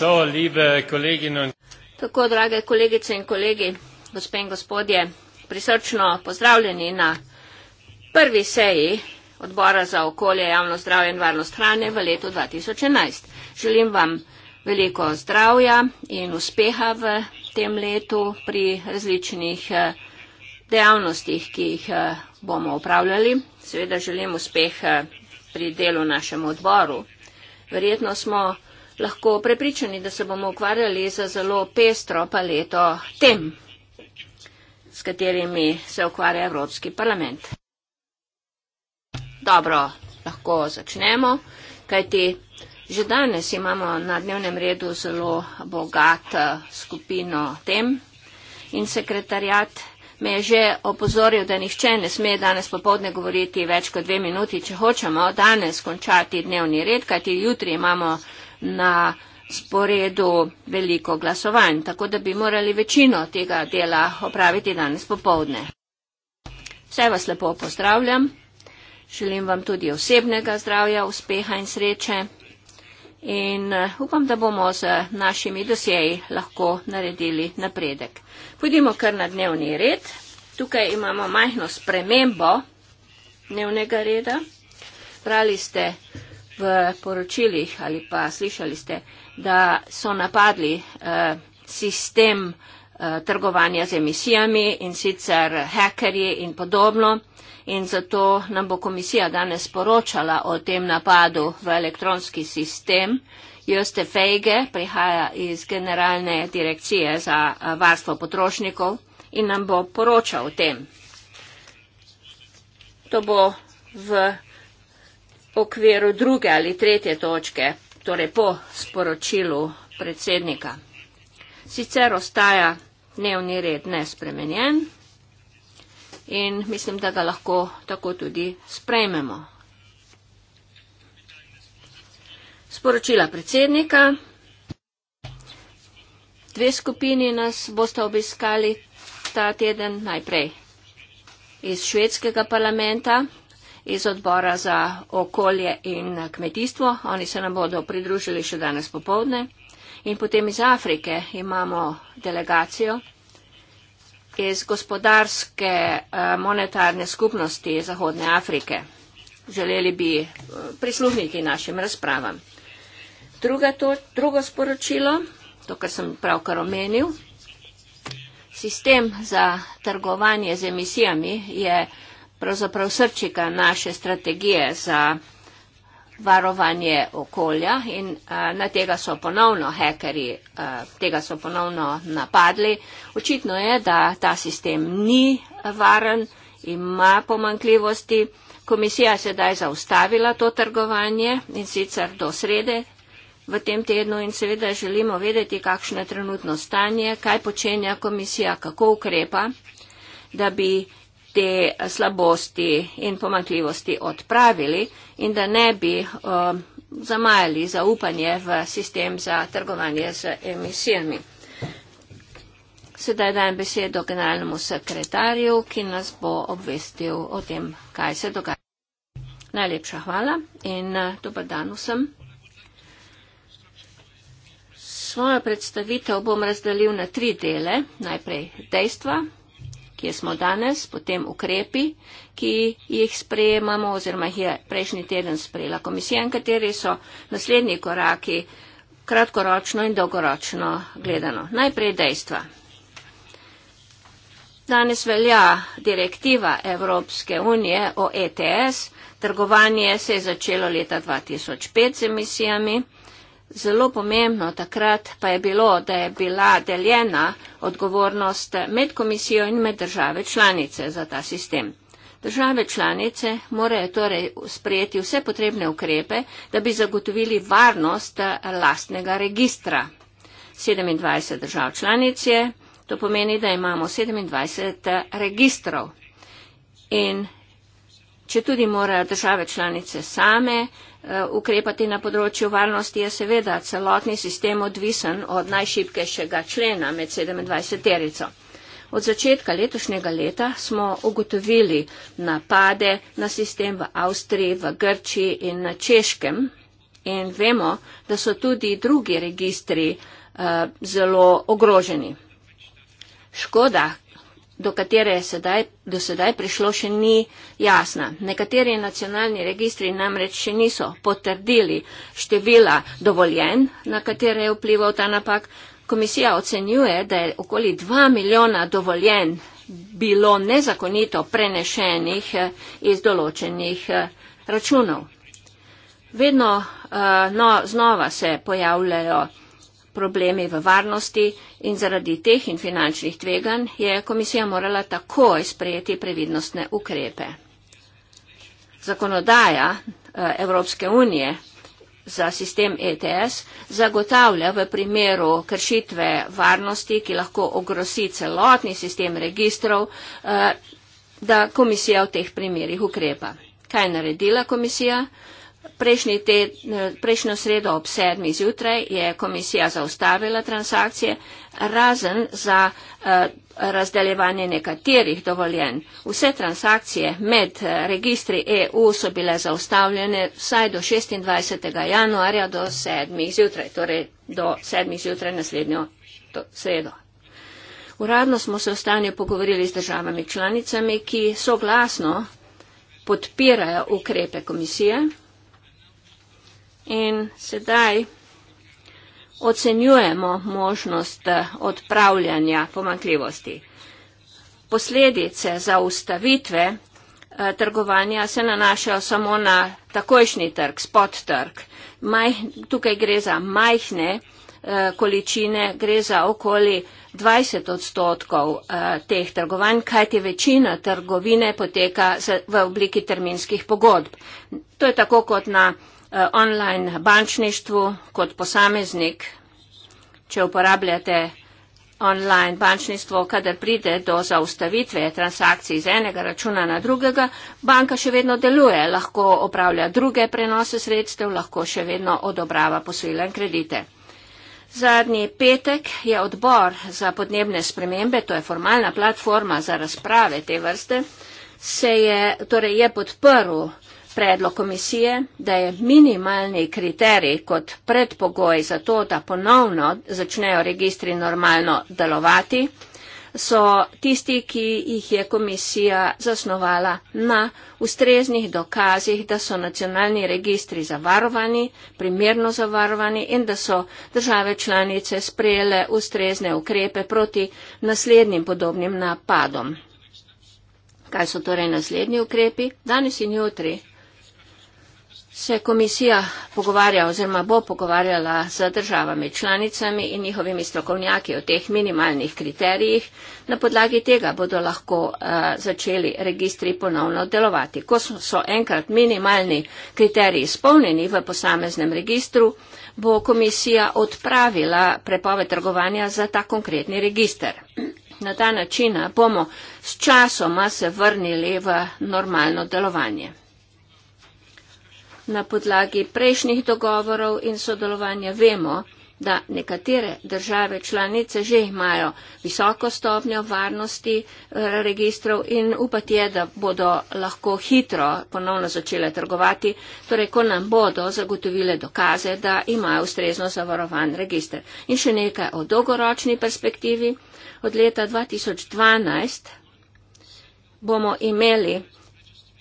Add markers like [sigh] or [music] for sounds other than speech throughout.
so, liebe Kolleginnen und Kollegen. Tako, drage kolegice in kolegi, gospe in gospodje, prisrčno pozdravljeni na prvi seji odbora za okolje, javno zdravje in varnost hrane v letu 2011. Želim vam veliko zdravja in uspeha v tem letu pri različnih eh, dejavnostih, ki jih eh, bomo upravljali. Seveda želim uspeh eh, pri delu našemu odboru. Verjetno smo lahko prepričani, da se bomo ukvarjali za zelo pestro paleto tem, s katerimi se ukvarja Evropski parlament. Dobro, lahko začnemo, kajti že danes imamo na dnevnem redu zelo bogat eh, skupino tem in sekretarjat me je že opozoril, da nihče ne sme danes popovdne govoriti več kot dve minuti, če hočemo danes končati dnevni red, kajti jutri imamo na sporedu veliko glasovanj, tako da bi morali večino tega dela opraviti danes popovdne. Vse vas lepo pozdravljam, želim vam tudi osebnega zdravja, uspeha in sreče in eh, upam, da bomo z našimi dosjeji lahko naredili napredek. Pojdimo kar na dnevni red. Tukaj imamo majhno spremembo dnevnega reda. Prali ste v poročilih ali pa slišali ste, da so napadli uh, sistem uh, trgovanja z emisijami in sicer hekerji in podobno. In zato nam bo komisija danes poročala o tem napadu v elektronski sistem. Joste Fejge prihaja iz Generalne direkcije za eh, varstvo potrošnikov in nam bo poročal o tem. To bo v okviru druge ali tretje točke, torej po sporočilu predsednika. Sicer ostaja dnevni red nespremenjen in mislim, da ga lahko tako tudi sprejmemo. Sporočila predsednika. Dve skupini nas boste obiskali ta teden najprej. Iz švedskega parlamenta iz odbora za okolje in kmetijstvo. Oni se nam bodo pridružili še danes popovdne. In potem iz Afrike imamo delegacijo iz gospodarske eh, monetarne skupnosti Zahodne Afrike. Želeli bi eh, prisluhniti našim razpravam. To, drugo sporočilo, to, kar sem pravkar omenil, sistem za trgovanje z emisijami je pravzaprav srčika naše strategije za varovanje okolja in a, na tega so ponovno hekeri, a, tega so ponovno napadli. Očitno je, da ta sistem ni varen, ima pomankljivosti. Komisija se daj zaustavila to trgovanje in sicer do srede v tem tednu in seveda želimo vedeti, kakšno je trenutno stanje, kaj počenja komisija, kako ukrepa, da bi te slabosti in pomankljivosti odpravili in da ne bi eh, zamajali zaupanje v sistem za trgovanje z emisijami. Sedaj dajem besedo generalnemu sekretarju, ki nas bo obvestil o tem, kaj se dogaja. Najlepša hvala in eh, dober dan vsem. Svojo predstavitev bom razdelil na tri dele. Najprej dejstva, kje smo danes, potem ukrepi, ki jih sprejemamo oziroma jih je prejšnji teden sprejela komisija in kateri so naslednji koraki kratkoročno in dolgoročno gledano. Najprej dejstva. Danes velja direktiva Evropske unije o ETS. Trgovanje se je začelo leta 2005 z emisijami. Zelo pomembno takrat pa je bilo, da je bila deljena odgovornost med komisijo in med države članice za ta sistem. Države članice morajo torej sprejeti vse potrebne ukrepe, da bi zagotovili varnost lastnega registra. 27 držav članic je, to pomeni, da imamo 27 eh, registrov. In če tudi morajo države članice same Eh, ukrepati na področju varnosti, je seveda celotni sistem odvisen od najšipkejšega člena med 27 terico. Od začetka letošnjega leta smo ugotovili napade na sistem v Avstriji, v Grčiji in na Češkem in vemo, da so tudi drugi registri uh, zelo ogroženi. Škoda, do katere je sedaj, do sedaj prišlo, še ni jasna. Nekateri nacionalni registri namreč še niso potrdili števila dovoljen, na katere je vplival ta napak. Komisija ocenjuje, da je okoli 2 milijona dovoljen bilo nezakonito prenešenih eh, iz določenih eh, računov. Vedno eh, no, znova se pojavljajo problemi v varnosti in zaradi teh in finančnih tveganj je komisija morala takoj sprejeti previdnostne ukrepe. Zakonodaja eh, Evropske unije za sistem ETS zagotavlja v primeru kršitve varnosti, ki lahko ogrosi celotni sistem registrov, eh, da komisija v teh primerih ukrepa. Kaj je naredila komisija? prejšnji teden, eh, prejšnjo sredo ob sedmi zjutraj je komisija zaustavila transakcije, razen za eh, razdeljevanje nekaterih dovoljen. Vse transakcije med eh, registri EU so bile zaustavljene vsaj do 26. januarja do sedmih zjutraj, torej do sedmih zjutraj naslednjo sredo. Uradno smo se v stanju pogovorili z državami članicami, ki soglasno podpirajo ukrepe komisije in sedaj ocenjujemo možnost eh, odpravljanja pomankljivosti. Posledice za ustavitve eh, trgovanja se nanašajo samo na takojšnji trg, spot trg. Maj, tukaj gre za majhne eh, količine, gre za okoli 20 odstotkov teh trgovanj, kajti večina trgovine poteka v obliki terminskih pogodb. To je tako kot na Eh, online bančništvu kot posameznik, če uporabljate online bančništvo, kadar pride do zaustavitve transakcij iz enega računa na drugega, banka še vedno deluje, lahko opravlja druge prenose sredstev, lahko še vedno odobrava posojila in kredite. Zadnji petek je odbor za podnebne spremembe, to je formalna platforma za razprave te vrste, se je, torej je podprl predlog komisije, da je minimalni kriterij kot predpogoj za to, da ponovno začnejo registri normalno delovati, so tisti, ki jih je komisija zasnovala na ustreznih dokazih, da so nacionalni registri zavarovani, primerno zavarovani in da so države članice sprejele ustrezne ukrepe proti naslednjim podobnim napadom. Kaj so torej naslednji ukrepi? Danes in jutri se komisija pogovarja oziroma bo pogovarjala z državami članicami in njihovimi strokovnjaki o teh minimalnih kriterijih. Na podlagi tega bodo lahko uh, začeli registri ponovno delovati. Ko so, so enkrat minimalni kriteriji izpolnjeni v posameznem registru, bo komisija odpravila prepoved trgovanja za ta konkretni register. Na ta način bomo s časoma se vrnili v normalno delovanje na podlagi prejšnjih dogovorov in sodelovanja vemo, da nekatere države članice že imajo visoko stopnjo varnosti eh, registrov in upati je, da bodo lahko hitro ponovno začele trgovati, torej ko nam bodo zagotovile dokaze, da imajo ustrezno zavarovan register. In še nekaj o dolgoročni perspektivi. Od leta 2012 bomo imeli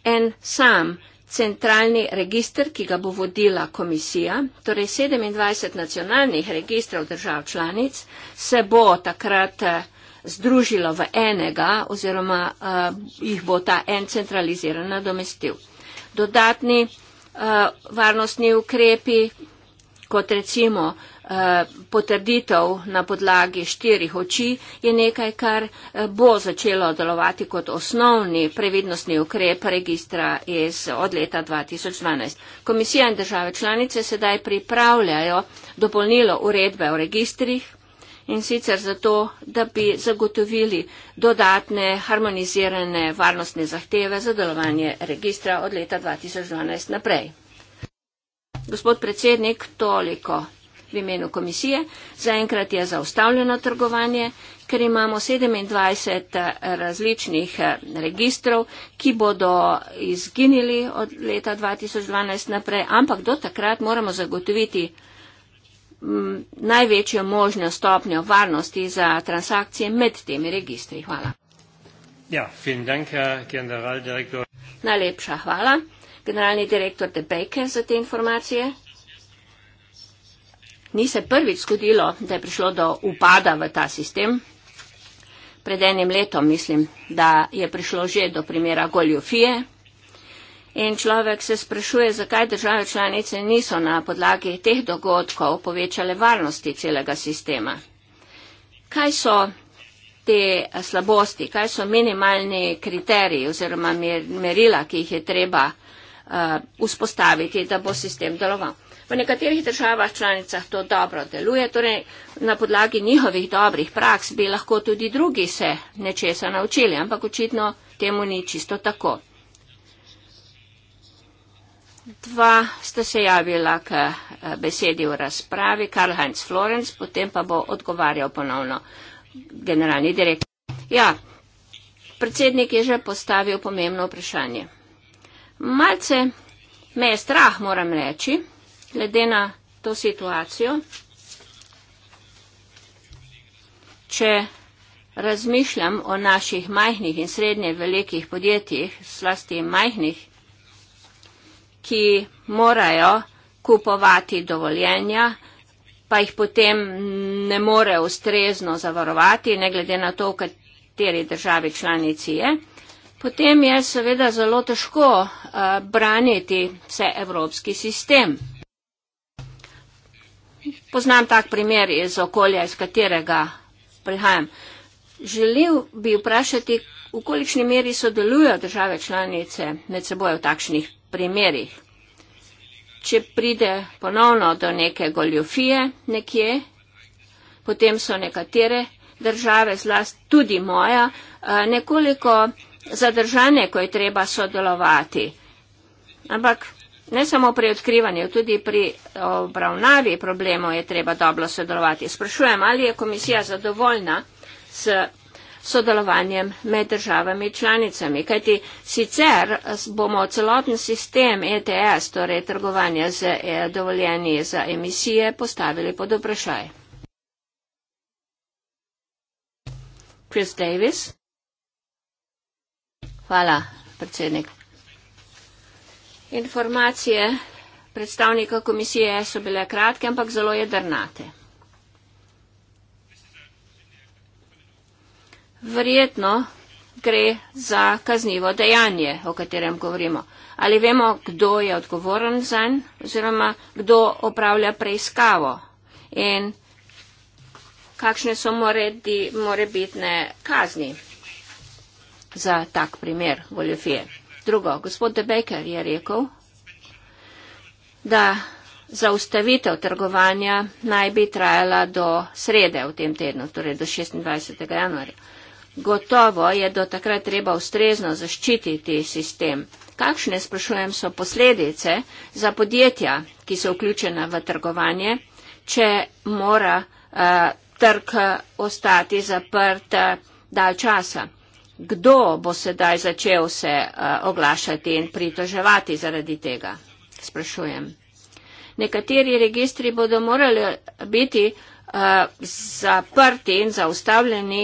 en sam centralni registr, ki ga bo vodila komisija, torej 27 nacionalnih registrov držav članic, se bo takrat eh, združilo v enega oziroma uh, jih bo ta en centraliziran nadomestil. Dodatni uh, varnostni ukrepi, kot recimo uh, Eh, potrditev na podlagi štirih oči je nekaj, kar eh, bo začelo delovati kot osnovni previdnostni ukrep registra iz e od leta 2012. Komisija in države članice sedaj pripravljajo dopolnilo uredbe o registrih in sicer zato, da bi zagotovili dodatne harmonizirane varnostne zahteve za delovanje registra od leta 2012 naprej. Gospod predsednik, toliko v imenu komisije. Zaenkrat je zaustavljeno trgovanje, ker imamo 27 eh, različnih eh, registrov, ki bodo izginili od leta 2012 naprej, ampak do takrat moramo zagotoviti mm, največjo možno stopnjo varnosti za transakcije med temi registri. Hvala. Ja, dank, Najlepša hvala, generalni direktor De Baker, za te informacije. Ni se prvič zgodilo, da je prišlo do upada v ta sistem. Pred enim letom mislim, da je prišlo že do primera goljofije. In človek se sprašuje, zakaj države članice niso na podlagi teh dogodkov povečale varnosti celega sistema. Kaj so te slabosti, kaj so minimalni kriteriji oziroma merila, ki jih je treba uh, vzpostaviti, da bo sistem deloval? V nekaterih državah članicah to dobro deluje, torej na podlagi njihovih dobrih praks bi lahko tudi drugi se nečesa naučili, ampak očitno temu ni čisto tako. Dva sta se javila k eh, besedi v razpravi, Karl Heinz Florenc, potem pa bo odgovarjal ponovno generalni direktor. Ja, predsednik je že postavil pomembno vprašanje. Malce me je strah, moram reči glede na to situacijo, če razmišljam o naših majhnih in srednje velikih podjetjih, slasti majhnih, ki morajo kupovati dovoljenja, pa jih potem ne more ustrezno zavarovati, ne glede na to, v kateri državi članici je, potem je seveda zelo težko uh, braniti vse evropski sistem. Poznam tak primer iz okolja, iz katerega prihajam. Želel bi vprašati, v kolikšni meri sodelujo države članice med seboj v takšnih primerih. Če pride ponovno do neke goljofije nekje, potem so nekatere države, zlast tudi moja, eh, nekoliko zadržane, ko je treba sodelovati. Ampak Ne samo pri odkrivanju, tudi pri obravnavi problemov je treba dobro sodelovati. Sprašujem, ali je komisija zadovoljna s sodelovanjem med državami članicami, kajti sicer bomo celoten sistem ETS, torej trgovanje z e, dovoljenji za emisije, postavili pod vprašaj. Chris Davis. Hvala, predsednik. Informacije predstavnika komisije so bile kratke, ampak zelo jedrnate. Verjetno gre za kaznivo dejanje, o katerem govorimo. Ali vemo, kdo je odgovoren za en, oziroma kdo opravlja preiskavo in kakšne so morebitne more kazni za tak primer goljofije. Drugo, gospod De Baker je rekel, da zaustavitev trgovanja naj bi trajala do srede v tem tednu, torej do 26. januarja. Gotovo je do takrat treba ustrezno zaščititi sistem. Kakšne, sprašujem, so posledice za podjetja, ki so vključena v trgovanje, če mora uh, trg ostati zaprt uh, eh, dal časa? kdo bo sedaj začel se uh, oglašati in pritoževati zaradi tega, sprašujem. Nekateri registri bodo morali biti uh, zaprti in zaustavljeni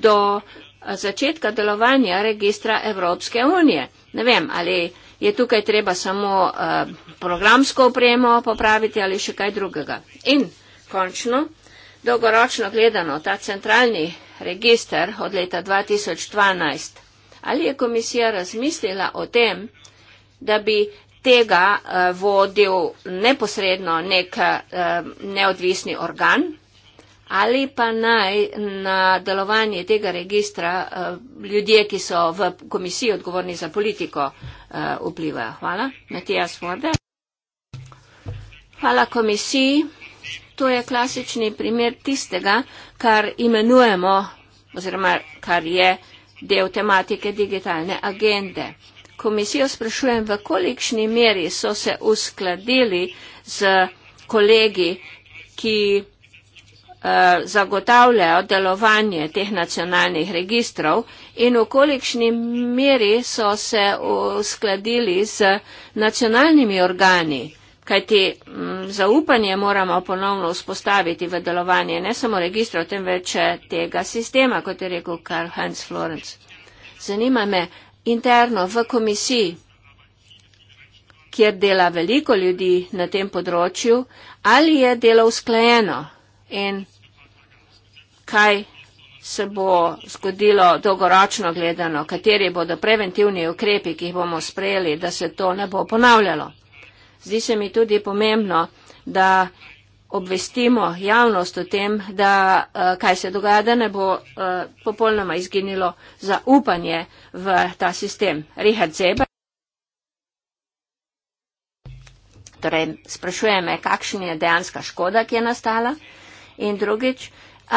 do eh, začetka delovanja registra Evropske unije. Ne vem, ali je tukaj treba samo uh, programsko opremo popraviti ali še kaj drugega. In končno, dolgoročno gledano, ta centralni register od leta 2012. Ali je komisija razmislila o tem, da bi tega uh, vodil neposredno nek uh, neodvisni organ ali pa naj na delovanje tega registra uh, ljudje, ki so v komisiji odgovorni za politiko, uh, vplivajo. Hvala. Matija Svorda. Hvala komisiji to je klasični primer tistega, kar imenujemo oziroma kar je del tematike digitalne agende. Komisijo sprašujem, v kolikšni meri so se uskladili z kolegi, ki eh, zagotavljajo delovanje teh nacionalnih registrov in v kolikšni meri so se uskladili z nacionalnimi organi, kajti m, mm, zaupanje moramo ponovno vzpostaviti v delovanje ne samo registra, temveč eh, tega sistema, kot je rekel Karl Heinz Florenc. Zanima me interno v komisiji, kjer dela veliko ljudi na tem področju, ali je delo usklajeno in kaj se bo zgodilo dolgoročno gledano, kateri bodo preventivni ukrepi, ki jih bomo sprejeli, da se to ne bo ponavljalo. Zdi se mi tudi pomembno, da obvestimo javnost o tem, da eh, kaj se dogaja, da ne bo eh, popolnoma izginilo zaupanje v ta sistem. Richard Zeber. Torej, sprašuje me, kakšna je dejanska škoda, ki je nastala. In drugič,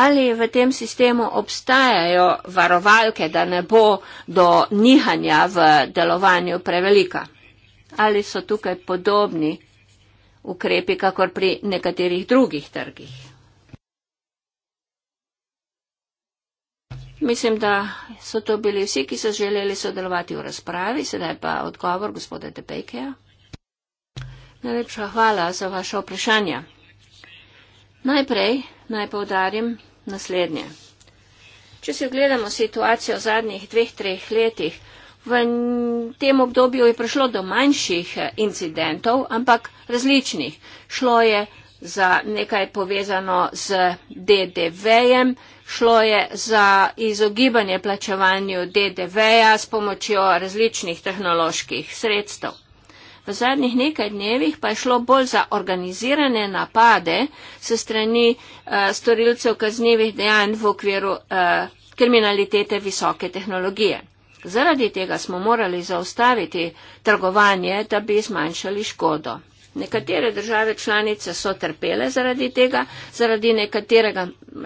ali v tem sistemu obstajajo varovalke, da ne bo do nihanja v delovanju prevelika ali so tukaj podobni ukrepi, kakor pri nekaterih drugih trgih. Mislim, da so to bili vsi, ki so želeli sodelovati v razpravi. Sedaj pa odgovor gospoda Depekeja. Najlepša hvala za vaše vprašanje. Najprej naj povdarim naslednje. Če si ogledamo situacijo v zadnjih dveh, treh letih, V tem obdobju je prišlo do manjših eh, incidentov, ampak različnih. Šlo je za nekaj povezano z DDV-jem, šlo je za izogibanje plačevanju DDV-ja s pomočjo različnih tehnoloških sredstev. V zadnjih nekaj dnevih pa je šlo bolj za organizirane napade se strani uh, storilcev kaznjivih dejanj v okviru uh, kriminalitete visoke tehnologije. Zaradi tega smo morali zaustaviti trgovanje, da bi zmanjšali škodo. Nekatere države članice so trpele zaradi tega, zaradi,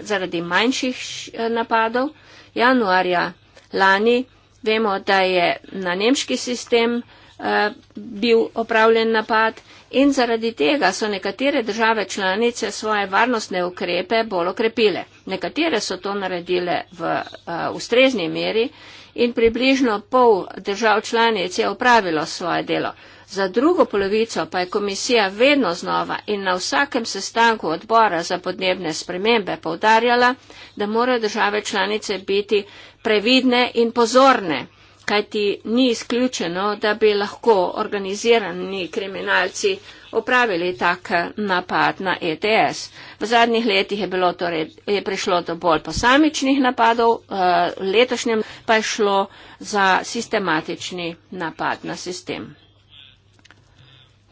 zaradi manjših eh, napadov. Januarja lani vemo, da je na nemški sistem eh, bil opravljen napad in zaradi tega so nekatere države članice svoje varnostne ukrepe bolj okrepile. Nekatere so to naredile v uh, ustrezni meri in približno pol držav članic je upravilo svoje delo. Za drugo polovico pa je komisija vedno znova in na vsakem sestanku odbora za podnebne spremembe povdarjala, da morajo države članice biti previdne in pozorne kajti ni izključeno, da bi lahko organizirani kriminalci opravili tak napad na ETS. V zadnjih letih je, bilo torej, je prišlo do bolj posamičnih napadov, eh, v letošnjem pa je šlo za sistematični napad na sistem.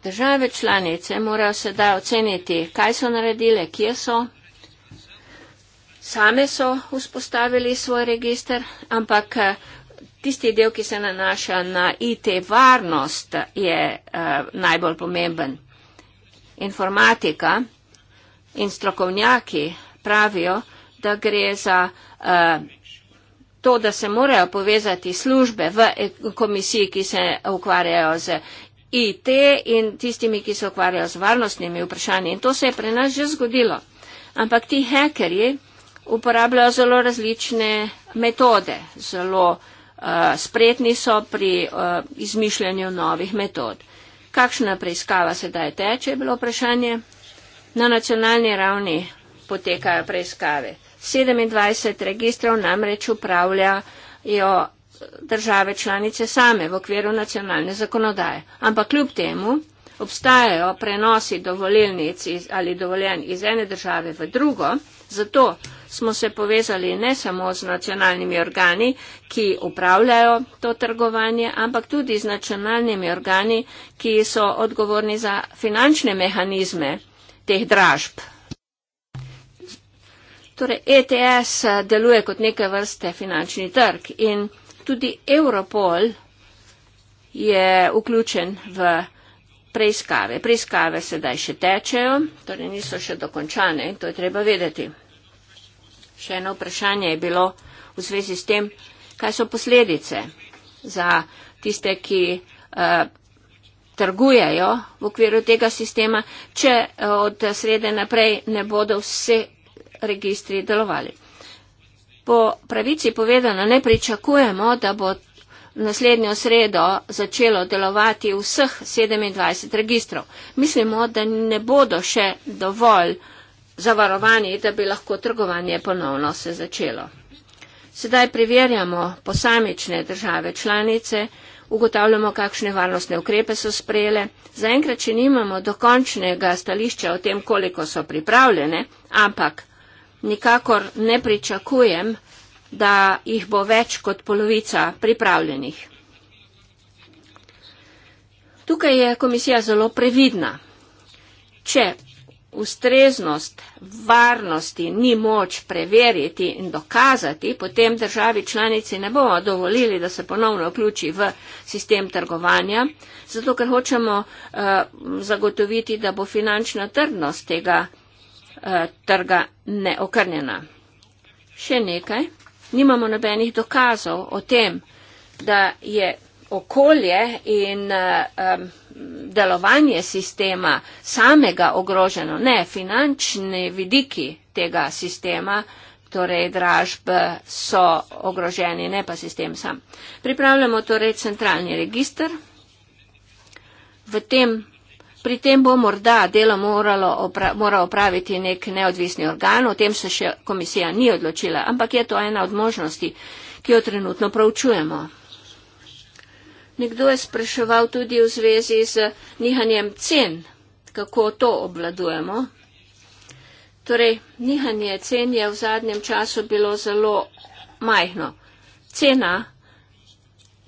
Države članice morajo sedaj oceniti, kaj so naredile, kje so. Same so vzpostavili svoj registr, ampak eh, Tisti del, ki se nanaša na IT varnost, je uh, najbolj pomemben. Informatika in strokovnjaki pravijo, da gre za uh, to, da se morajo povezati službe v e-, komisiji, ki se ukvarjajo z IT in tistimi, ki se ukvarjajo z varnostnimi vprašanji. In to se je pri nas že zgodilo. Ampak ti hekerji uporabljajo zelo različne metode, zelo uh, Eh, spretni so pri uh, izmišljanju novih metod. Kakšna preiskava sedaj teče, je bilo vprašanje. Na nacionalni ravni potekajo preiskave. 27 registrov namreč upravljajo države članice same v okviru nacionalne zakonodaje. Ampak kljub temu obstajajo prenosi dovoljenic ali dovoljen iz ene države v drugo. Zato smo se povezali ne samo z nacionalnimi organi, ki upravljajo to trgovanje, ampak tudi z nacionalnimi organi, ki so odgovorni za finančne mehanizme teh dražb. Torej, ETS deluje kot neke vrste finančni trg in tudi Europol je vključen v preiskave. Preiskave sedaj še tečejo, torej niso še dokončane in to je treba vedeti. Še eno vprašanje je bilo v zvezi s tem, kaj so posledice za tiste, ki uh, trgujejo v okviru tega sistema, če eh, od srede naprej ne bodo vse registri delovali. Po pravici povedano, ne pričakujemo, da bo naslednjo sredo začelo delovati vseh 27 registrov. Mislimo, da ne bodo še dovolj uh, zavarovani, da bi lahko trgovanje ponovno se začelo. Sedaj preverjamo posamične države članice, ugotavljamo, kakšne varnostne ukrepe so sprejele. Zaenkrat, če nimamo dokončnega stališča o tem, koliko so pripravljene, ampak nikakor ne pričakujem, da jih bo več kot polovica pripravljenih. Tukaj je komisija zelo previdna. Če ustreznost varnosti ni moč preveriti in dokazati, potem državi članici ne bomo dovolili, da se ponovno vključi v sistem trgovanja, zato ker hočemo uh, zagotoviti, da bo finančna trdnost tega uh, trga neokrnjena. Še nekaj. Nimamo nobenih dokazov o tem, da je okolje in um, delovanje sistema samega ogroženo, ne finančni vidiki tega sistema, torej dražb so ogroženi, ne pa sistem sam. Pripravljamo torej centralni register. V tem Pri tem bo morda delo moralo opra, mora opraviti nek neodvisni organ, o tem se še komisija ni odločila, ampak je to ena od možnosti, ki jo trenutno proučujemo. Nekdo je spraševal tudi v zvezi z nihanjem cen, kako to obvladujemo. Torej, nihanje cen je v zadnjem času bilo zelo majhno. Cena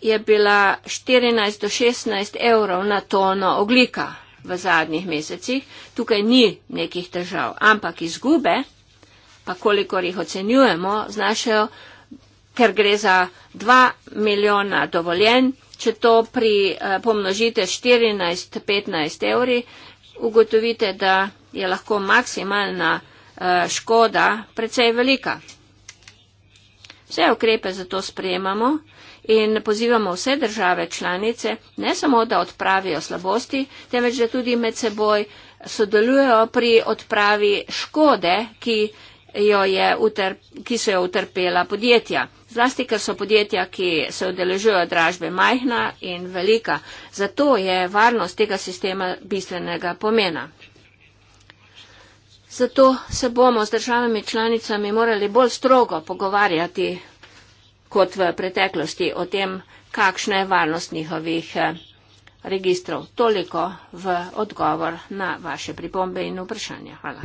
je bila 14 do 16 evrov na tono oglika v zadnjih mesecih. Tukaj ni nekih težav, ampak izgube, pa kolikor jih ocenjujemo, znašajo, ker gre za 2 milijona dovoljen, Če to pri, eh, pomnožite 14-15 evri, ugotovite, da je lahko maksimalna eh, škoda precej velika. Vse ukrepe za to sprejemamo in pozivamo vse države članice, ne samo, da odpravijo slabosti, temveč, da tudi med seboj sodelujo pri odpravi škode, ki, jo utrp, ki so jo utrpela podjetja zlasti, ker so podjetja, ki se odeležujejo dražbe, majhna in velika. Zato je varnost tega sistema bistvenega pomena. Zato se bomo z državami članicami morali bolj strogo pogovarjati kot v preteklosti o tem, kakšna je varnost njihovih eh, registrov. Toliko v odgovor na vaše pripombe in vprašanja. Hvala.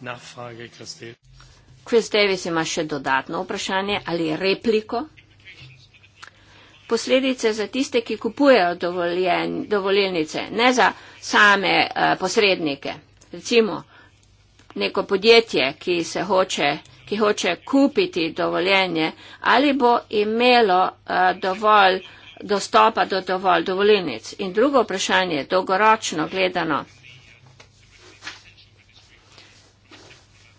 Nachfrage, Christine. Chris Davis ima še dodatno vprašanje ali repliko. Posledice za tiste, ki kupujejo dovoljen, dovoljenice, ne za same uh, posrednike. Recimo neko podjetje, ki, se hoče, ki hoče kupiti dovoljenje, ali bo imelo uh, dovolj dostopa do dovolj dovoljenic. In drugo vprašanje, dolgoročno gledano,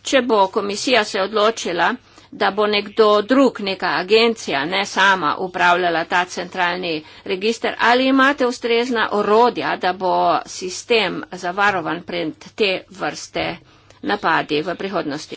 če bo komisija se odločila, da bo nekdo drug, neka agencija, ne sama upravljala ta centralni register, ali imate ustrezna orodja, da bo sistem zavarovan pred te vrste napadi v prihodnosti.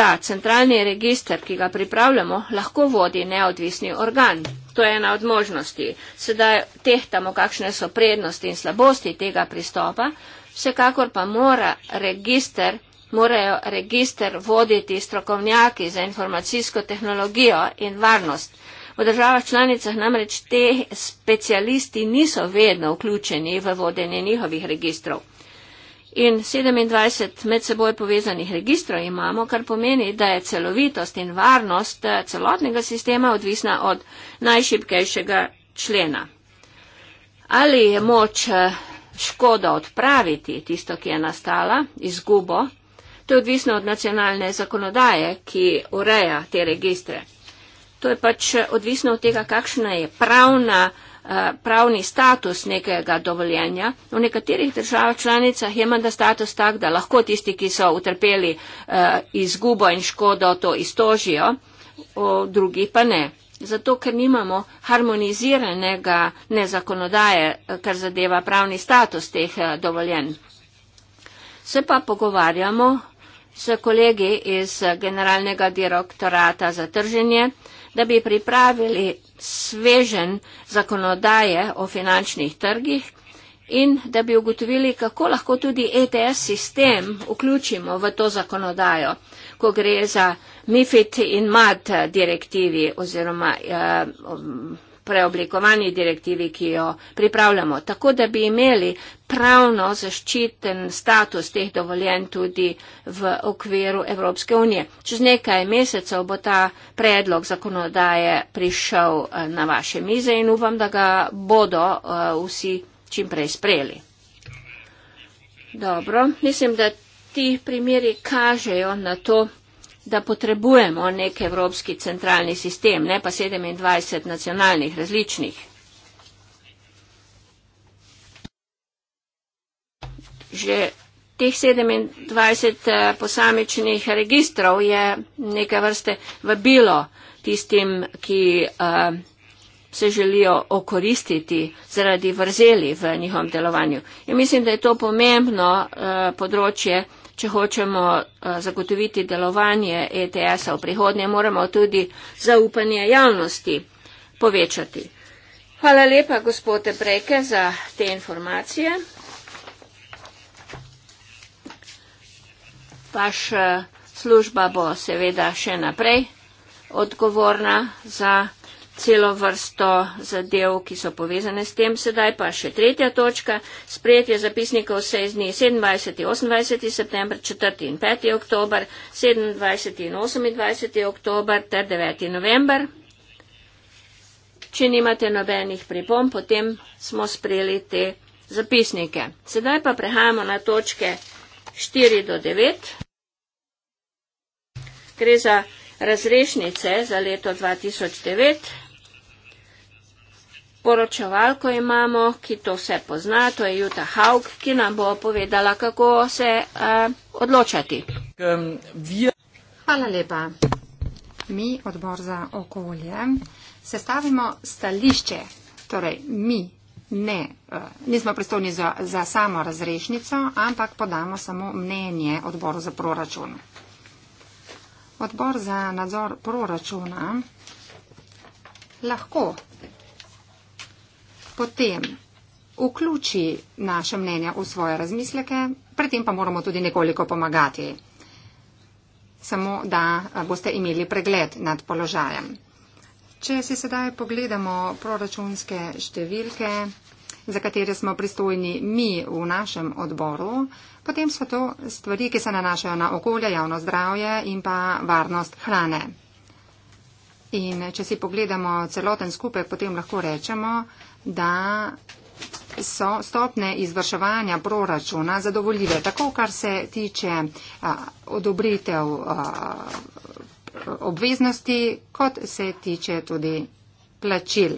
Da, centralni register, ki ga pripravljamo, lahko vodi neodvisni organ. To je ena od možnosti. Sedaj tehtamo, kakšne so prednosti in slabosti tega pristopa. Vsekakor pa mora register morajo register voditi strokovnjaki za informacijsko tehnologijo in varnost. V državah članicah namreč te specialisti niso vedno vključeni v vodenje njihovih registrov. In 27 med seboj povezanih registrov imamo, kar pomeni, da je celovitost in varnost eh, celotnega sistema odvisna od najšipkejšega člena. Ali je moč eh, škodo odpraviti tisto, ki je nastala, izgubo, To je odvisno od nacionalne zakonodaje, ki ureja te registre. To je pač eh, odvisno od tega, kakšna je pravna, eh, pravni status nekega dovoljenja. V nekaterih državah članicah je manda status tak, da lahko tisti, ki so utrpeli eh, izgubo in škodo, to istožijo, drugi pa ne. Zato, ker nimamo harmoniziranega nezakonodaje, kar zadeva pravni status teh dovoljen. Se pa pogovarjamo s kolegi iz Generalnega direktorata za trženje, da bi pripravili svežen zakonodaje o finančnih trgih in da bi ugotovili, kako lahko tudi ETS sistem vključimo v to zakonodajo, ko gre za MIFID in MAD direktivi oziroma eh, um, preoblikovani direktivi, ki jo pripravljamo, tako da bi imeli pravno zaščiten status teh dovoljen tudi v okviru Evropske unije. Čez nekaj mesecev bo ta predlog zakonodaje prišel eh, na vaše mize in upam, da ga bodo eh, vsi čim prej sprejeli. Dobro, mislim, da ti primeri kažejo na to, da potrebujemo nek evropski centralni sistem, ne pa 27 nacionalnih različnih. Že teh 27 eh, posamičnih registrov je neka vrste vabilo tistim, ki eh, se želijo okoristiti zaradi vrzeli v njihovem delovanju. In mislim, da je to pomembno uh, področje uh, če hočemo eh, zagotoviti delovanje ETS-a v prihodnje, moramo tudi zaupanje javnosti povečati. Hvala lepa, gospode Breke, za te informacije. Vaš eh, služba bo seveda še naprej odgovorna za celo vrsto zadev, ki so povezane s tem. Sedaj pa še tretja točka. Sprejetje zapisnikov se iz dne 27. in 28. september, 4. in 5. oktober, 27. in 28. oktober ter 9. november. Če nimate nobenih pripom, potem smo sprejeli te zapisnike. Sedaj pa prehajamo na točke 4 do 9. Gre za razrešnice za leto 2009 poročevalko imamo, ki to vse pozna, to je Juta Haug, ki nam bo povedala, kako se uh, odločati. Hvala lepa. Mi, odbor za okolje, sestavimo stališče, torej mi ne, eh, nismo pristovni za, za samo razrešnico, ampak podamo samo mnenje odboru za proračun. Odbor za nadzor proračuna lahko potem vključi naše mnenja v svoje razmisleke, pri tem pa moramo tudi nekoliko pomagati, samo da eh, boste imeli pregled nad položajem. Če si sedaj pogledamo proračunske številke, za katere smo pristojni mi v našem odboru, potem so to stvari, ki se nanašajo na okolje, javno zdravje in pa varnost hrane. In če si pogledamo celoten skupek, potem lahko rečemo, da so stopne izvrševanja proračuna zadovoljive, tako kar se tiče a, odobritev a, obveznosti, kot se tiče tudi plačil.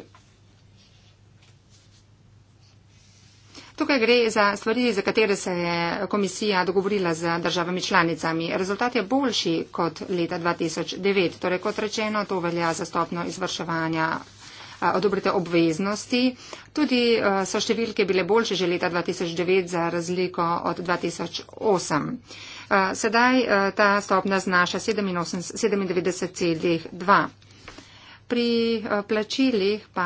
Tukaj gre za stvari, za katere se je komisija dogovorila z državami članicami. Rezultat je boljši kot leta 2009. Torej, kot rečeno, to velja za stopno izvrševanja odobrite obveznosti. Tudi so številke bile boljše že leta 2009 za razliko od 2008. Sedaj ta stopna znaša 97,2. Pri plačilih pa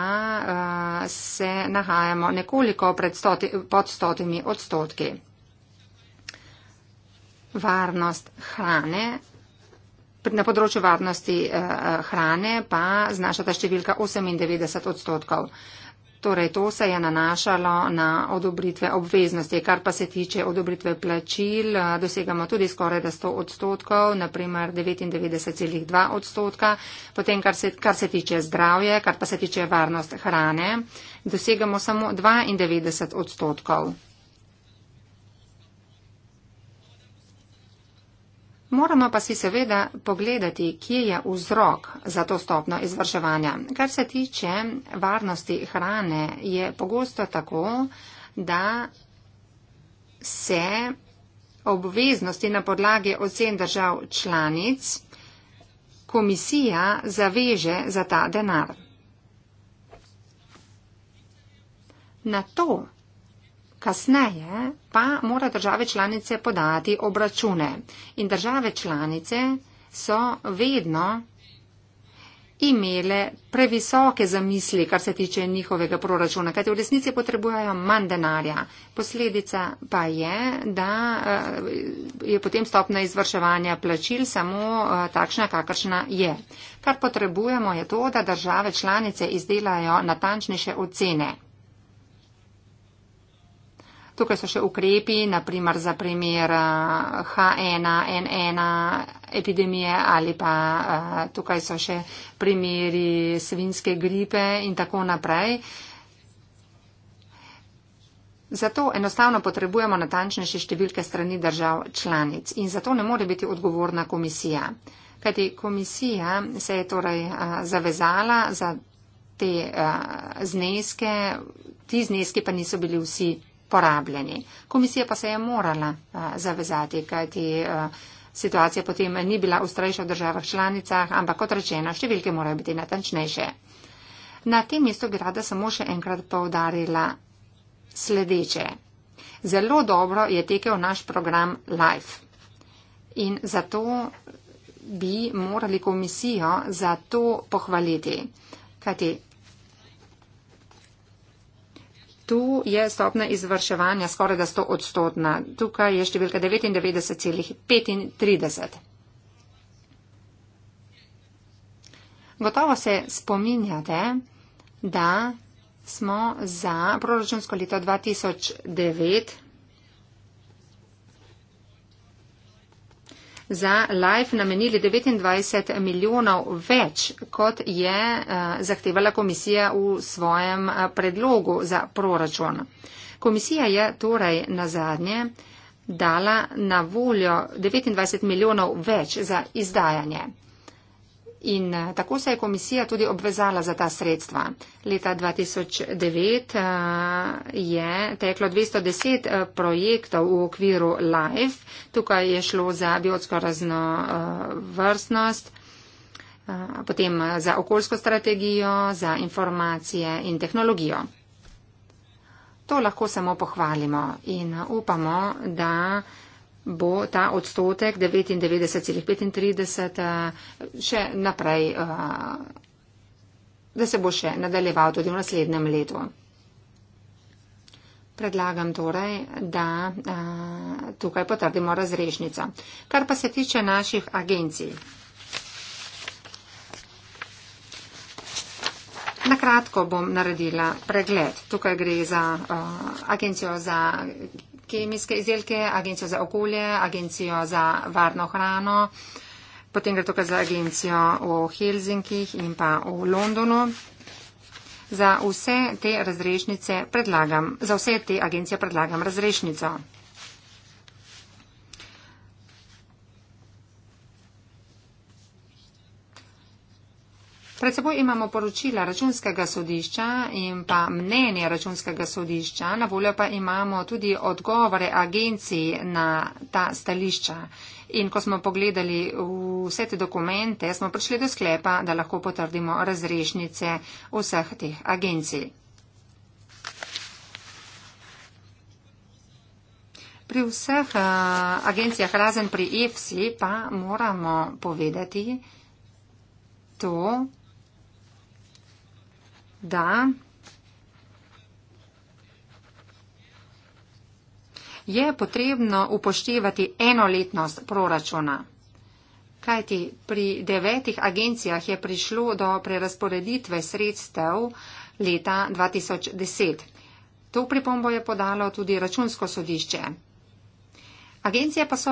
se nahajamo nekoliko stoti, pod stotimi odstotki. Varnost hrane na področju varnosti eh, hrane pa znaša ta številka 98 odstotkov. Torej, to se je nanašalo na odobritve obveznosti. Kar pa se tiče odobritve plačil, eh, dosegamo tudi skoraj da 100 odstotkov, naprimer 99,2 odstotka. Potem, kar se, kar se tiče zdravje, kar pa se tiče varnost hrane, dosegamo samo 92 odstotkov. Moramo pa si seveda pogledati, kje je vzrok za to stopno izvrševanja. Kar se tiče varnosti hrane, je pogosto tako, da se obveznosti na podlagi ocen držav članic komisija zaveže za ta denar. Na to Kasneje pa mora države članice podati obračune. In države članice so vedno imele previsoke zamisli, kar se tiče njihovega proračuna, kajti v resnici potrebujejo manj denarja. Posledica pa je, da eh, je potem stopna izvrševanja plačil samo eh, takšna, kakršna je. Kar potrebujemo je to, da države članice izdelajo natančnejše ocene. Tukaj so še ukrepi, naprimer za primer H1N1 eh, epidemije ali pa eh, tukaj so še primeri svinske gripe in tako naprej. Zato enostavno potrebujemo natančnejše številke strani držav članic in zato ne more biti odgovorna komisija. Kajti komisija se je torej eh, zavezala za te zneske, ti zneski pa niso bili vsi porabljeni. Komisija pa se je morala uh, zavezati, kajti uh, situacija potem ni bila ustrajša v državah članicah, ampak kot rečeno, številke morajo biti natančnejše. Na tem mestu bi rada samo še enkrat povdarila sledeče. Zelo dobro je tekel naš program LIFE in zato bi morali komisijo za to pohvaliti. Kajti Tu je stopna izvrševanja skoraj da 100 odstotna. Tukaj je številka 99,35. Gotovo se spominjate, da smo za proračunsko leto 2009 za LIFE namenili 29 milijonov več, kot je eh, zahtevala komisija v svojem eh, predlogu za proračun. Komisija je torej na zadnje dala na voljo 29 milijonov več za izdajanje. In eh, tako se je komisija tudi obvezala za ta sredstva. Leta 2009 eh, je teklo 210 eh, projektov v okviru LIFE. Tukaj je šlo za biotsko raznovrstnost, potem za okoljsko strategijo, za informacije in tehnologijo. To lahko samo pohvalimo in upamo, da bo ta odstotek 99,35 eh, še naprej, eh, da se bo še nadaljeval tudi v naslednjem letu. Predlagam torej, da a, eh, tukaj potrdimo razrešnico. Kar pa se tiče naših agencij. Nakratko bom naredila pregled. Tukaj gre za a, agencijo za kemijske izdelke, agencijo za okolje, agencijo za varno hrano, potem gre tukaj za agencijo v Helsinkih in pa v Londonu. Za vse te razrešnice predlagam, za vse te agencije predlagam razrešnico. Pred seboj imamo poročila računskega sodišča in pa mnenje računskega sodišča, na voljo pa imamo tudi odgovore agencij na ta stališča. In ko smo pogledali vse te dokumente, smo prišli do sklepa, da lahko potrdimo razrešnice vseh teh agencij. Pri vseh uh, agencijah, razen pri EFSI, pa moramo povedati to, da je potrebno upoštevati enoletnost proračuna. Kajti pri devetih agencijah je prišlo do prerasporeditve sredstev leta 2010. To pripombo je podalo tudi računsko sodišče. Agencije pa so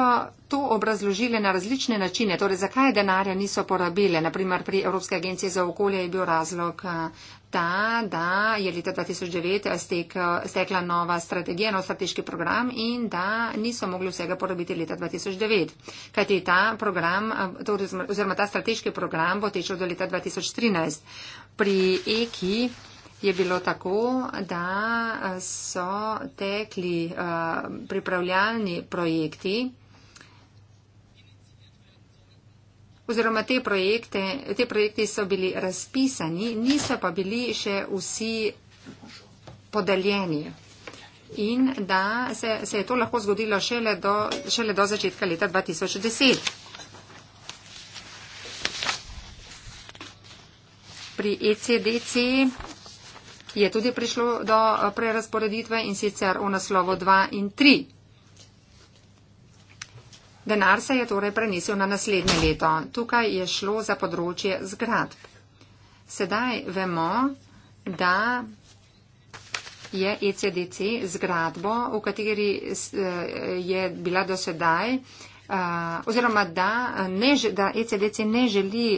to obrazložile na različne načine, torej zakaj denarja niso porabile. Naprimer pri Evropske agencije za okolje je bil razlog eh, ta, da je leta 2009 stekla nova strategija, nov strateški program in da niso mogli vsega porabiti leta 2009. Kajti ta program, eh, torej oziroma ta strateški program bo tečel do leta 2013. Pri EKI je bilo tako, da eh, so tekli eh, pripravljalni projekti oziroma te projekte, te projekti so bili razpisani, niso pa bili še vsi podeljeni in da se, se je to lahko zgodilo šele do, šele do začetka leta 2010. Pri ECDC je tudi prišlo do eh, prerasporeditve in sicer v naslovo 2 in 3. Denar se je torej prenesel na naslednje leto. Tukaj je šlo za področje zgradb. Sedaj vemo, da je ECDC zgradbo, v kateri eh, je bila do sedaj, eh, oziroma da, ne, da ECDC ne želi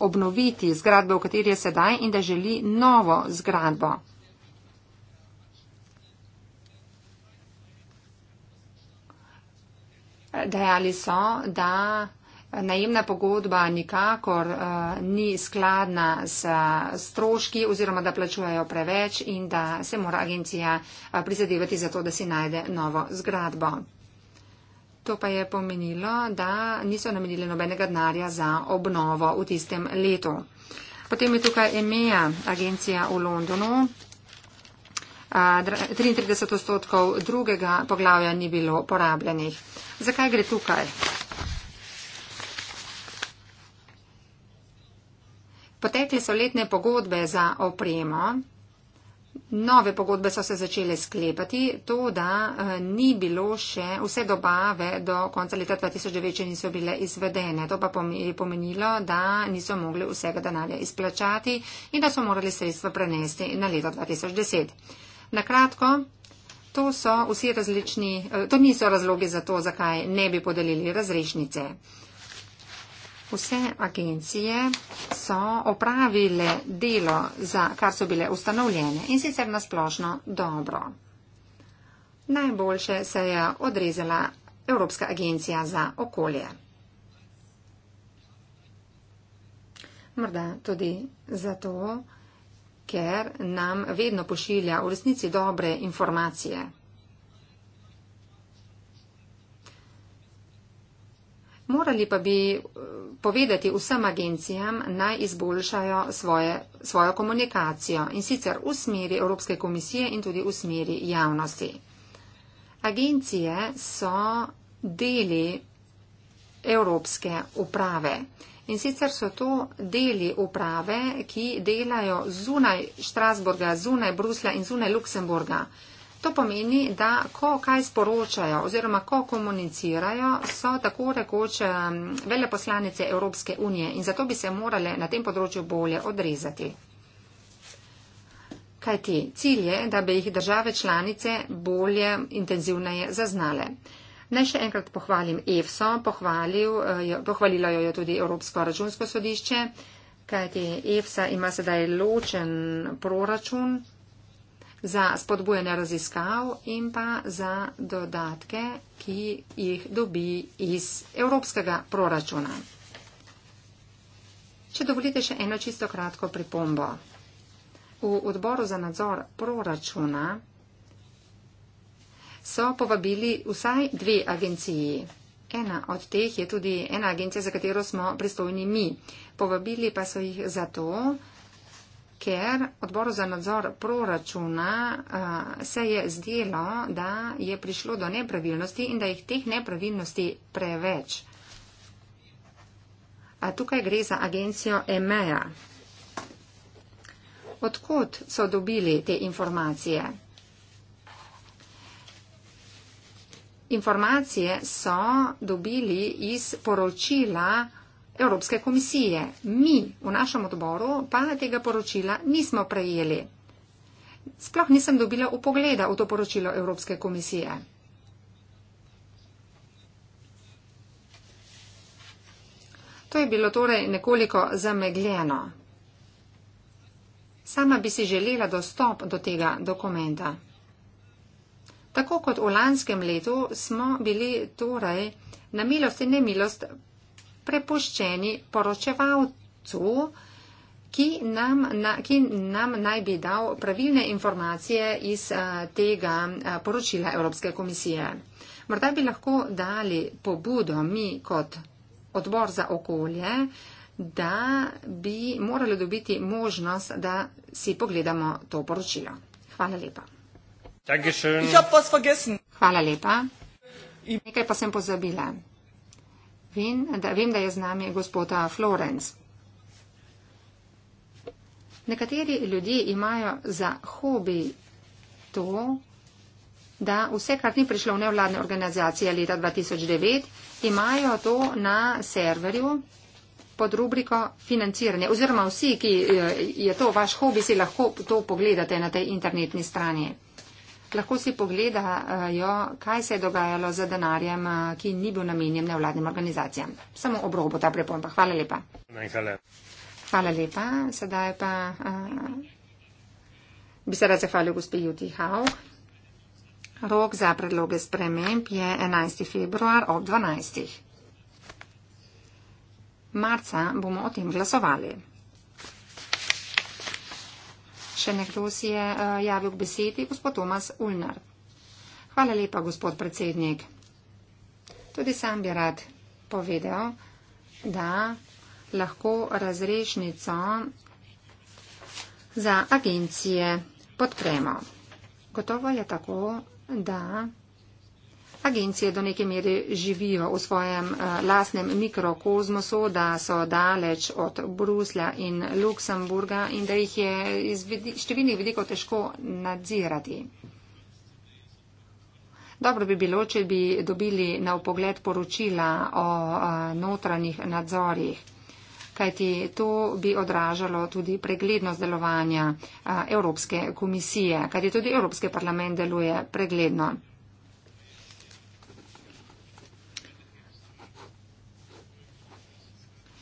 obnoviti zgradbo, v kateri je sedaj in da želi novo zgradbo. Dejali so, da najemna pogodba nikakor uh, ni skladna s stroški oziroma da plačujejo preveč in da se mora agencija eh, prizadevati za to, da si najde novo zgradbo. To pa je pomenilo, da niso namenili nobenega denarja za obnovo v tistem letu. Potem je tukaj EMEA, agencija v Londonu. 33 odstotkov drugega poglavja ni bilo porabljenih. Zakaj gre tukaj? Potekle so letne pogodbe za opremo, Nove pogodbe so se začele sklepati, to da eh, ni bilo še vse dobave do konca leta 2009, če niso bile izvedene. To pa je pomenilo, da niso mogli vsega denarja izplačati in da so morali sredstva prenesti na leto 2010. Na kratko, to, so vsi različni, eh, to niso razlogi za to, zakaj ne bi podelili razrešnice. Vse agencije so opravile delo, za kar so bile ustanovljene in sicer nasplošno dobro. Najboljše se je odrezala Evropska agencija za okolje. Morda tudi zato, ker nam vedno pošilja v resnici dobre informacije. Morali pa bi eh, povedati vsem agencijam naj izboljšajo svoje, svojo komunikacijo in sicer v smeri Evropske komisije in tudi v smeri javnosti. Agencije so deli Evropske uprave in sicer so to deli uprave, ki delajo zunaj Štrasburga, zunaj Brusla in zunaj Luksemburga. To pomeni, da ko kaj sporočajo oziroma ko komunicirajo, so tako rekoč veleposlanice Evropske unije in zato bi se morale na tem področju bolje odrezati. Kajti cilj je, da bi jih države članice bolje, intenzivneje zaznale. Naj še enkrat pohvalim EFSO, pohvalil, eh, pohvalilo jo je tudi Evropsko računsko sodišče, kajti EFSA ima sedaj ločen proračun za spodbujanje raziskav in pa za dodatke, ki jih dobi iz evropskega proračuna. Če dovolite še eno čisto kratko pripombo. V odboru za nadzor proračuna so povabili vsaj dve agenciji. Ena od teh je tudi ena agencija, za katero smo pristojni mi. Povabili pa so jih zato, ker odbor za nadzor proračuna uh, se je zdelo, da je prišlo do nepravilnosti in da jih teh nepravilnosti preveč. Uh, tukaj gre za agencijo EMEA. Odkot so dobili te informacije? Informacije so dobili iz poročila Evropske komisije. Mi v našem odboru pa tega poročila nismo prejeli. Sploh nisem dobila upogleda v to poročilo Evropske komisije. To je bilo torej nekoliko zamegljeno. Sama bi si želela dostop do tega dokumenta. Tako kot v lanskem letu smo bili torej na milost in nemilost prepuščeni poročevalcu, ki nam, na, ki nam naj bi dal pravilne informacije iz uh, tega uh, poročila Evropske komisije. Morda bi lahko dali pobudo mi kot odbor za okolje, da bi morali dobiti možnost, da si pogledamo to poročilo. Hvala lepa. Hvala lepa. Nekaj pa sem pozabila in da vem, da je z nami gospoda Florence. Nekateri ljudje imajo za hobi to, da vse, kar ni prišlo v nevladne organizacije leta 2009, imajo to na serverju pod rubriko financiranje. Oziroma vsi, ki eh, je to vaš hobi, si lahko to pogledate na tej internetni strani lahko si pogledajo, kaj se je dogajalo z denarjem, ki ni bil namenjen nevladnim organizacijam. Samo obrobo ta prepomba. Hvala lepa. Hvala lepa. Sedaj pa uh, bi se rad zahvalil gospe Juti Hau. Rok za predloge sprememb je 11. februar ob 12. Marca bomo o tem glasovali. Še nekdo si je uh, javil k besedi, gospod Tomas Ulnar. Hvala lepa, gospod predsednik. Tudi sam bi rad povedal, da lahko razrešnico za agencije podpremo. Gotovo je tako, da agencije do neke mere živijo v svojem eh, lastnem mikrokozmosu, da so daleč od Bruslja in Luksemburga in da jih je iz številnih vedikov težko nadzirati. Dobro bi bilo, če bi dobili na upogled poročila o eh, notranjih nadzorjih, kajti to bi odražalo tudi preglednost delovanja eh, Evropske komisije, kajti tudi Evropski parlament deluje pregledno.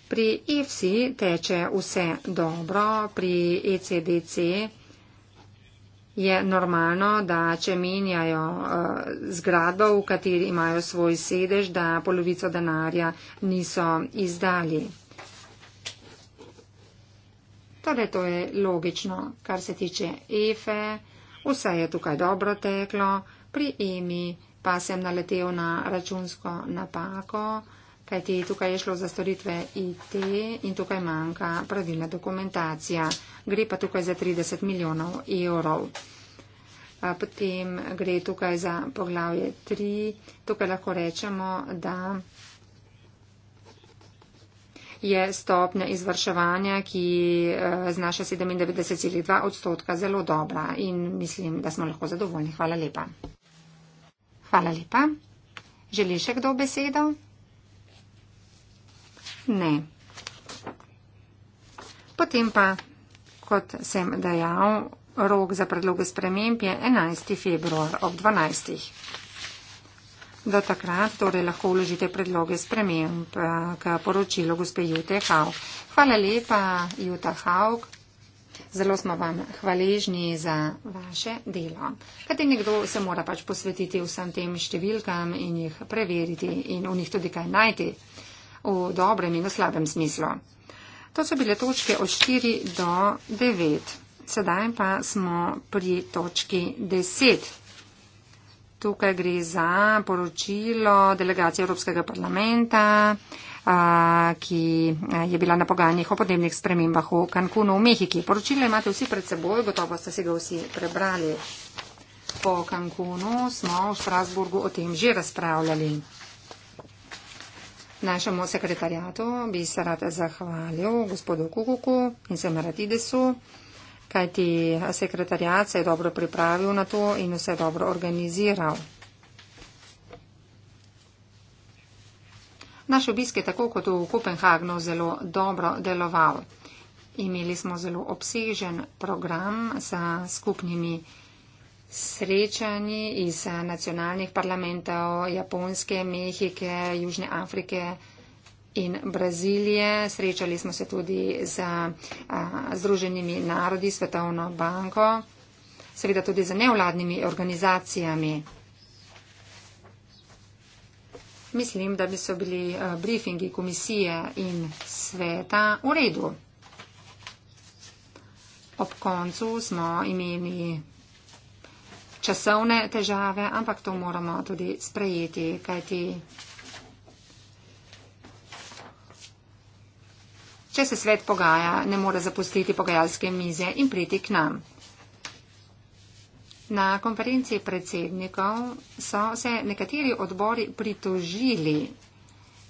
Pri IFSI e teče vse dobro, pri ECDC je normalno, da če menjajo eh, zgradbo, v kateri imajo svoj sedež, da polovico denarja niso izdali. Torej, to je logično, kar se tiče EFE, e. vse je tukaj dobro teklo, pri EMI pa sem naletel na računsko napako kajti tukaj je šlo za storitve IT in tukaj manjka pravilna dokumentacija. Gre pa tukaj za 30 milijonov evrov. Potem gre tukaj za poglavje 3. Tukaj lahko rečemo, da je stopnja izvrševanja, ki e, znaša 97,2 odstotka, zelo dobra in mislim, da smo lahko zadovoljni. Hvala lepa. Hvala lepa. Želi še kdo besedo? Ne. Potem pa, kot sem dejal, rok za predloge sprememb je 11. februar ob 12. Do takrat torej lahko vložite predloge sprememb eh, k poročilu gospe Jute Hauk. Hvala lepa, Juta Hauk. Zelo smo vam hvaležni za vaše delo. Kajti nekdo se mora pač posvetiti vsem tem številkam in jih preveriti in v njih tudi kaj najti v dobrem in v slabem smislu. To so bile točke od 4 do 9. Sedaj pa smo pri točki 10. Tukaj gre za poročilo delegacije Evropskega parlamenta, ki je bila na pogajanjih o podnebnih spremembah v Cancunu v Mehiki. Poročilo imate vsi pred seboj, gotovo ste si ga vsi prebrali. Po Cancunu smo v Strasburgu o tem že razpravljali našemu sekretarjatu bi se rad zahvalil gospodu Kukuku in se Maratidesu, kajti sekretarjat se je dobro pripravil na to in vse dobro organiziral. Naš obisk je tako kot v Kopenhagnu zelo dobro deloval. Imeli smo zelo obsežen program sa skupnimi srečanji iz eh, nacionalnih parlamentov Japonske, Mehike, Južne Afrike in Brazilije. Srečali smo se tudi z eh, Združenimi narodi, Svetovno banko, seveda tudi z nevladnimi organizacijami. Mislim, da bi so bili eh, briefingi komisije in sveta v redu. Ob koncu smo imeli časovne težave, ampak to moramo tudi sprejeti, kajti če se svet pogaja, ne more zapustiti pogajalske mize in priti k nam. Na konferenciji predsednikov so se nekateri odbori pritožili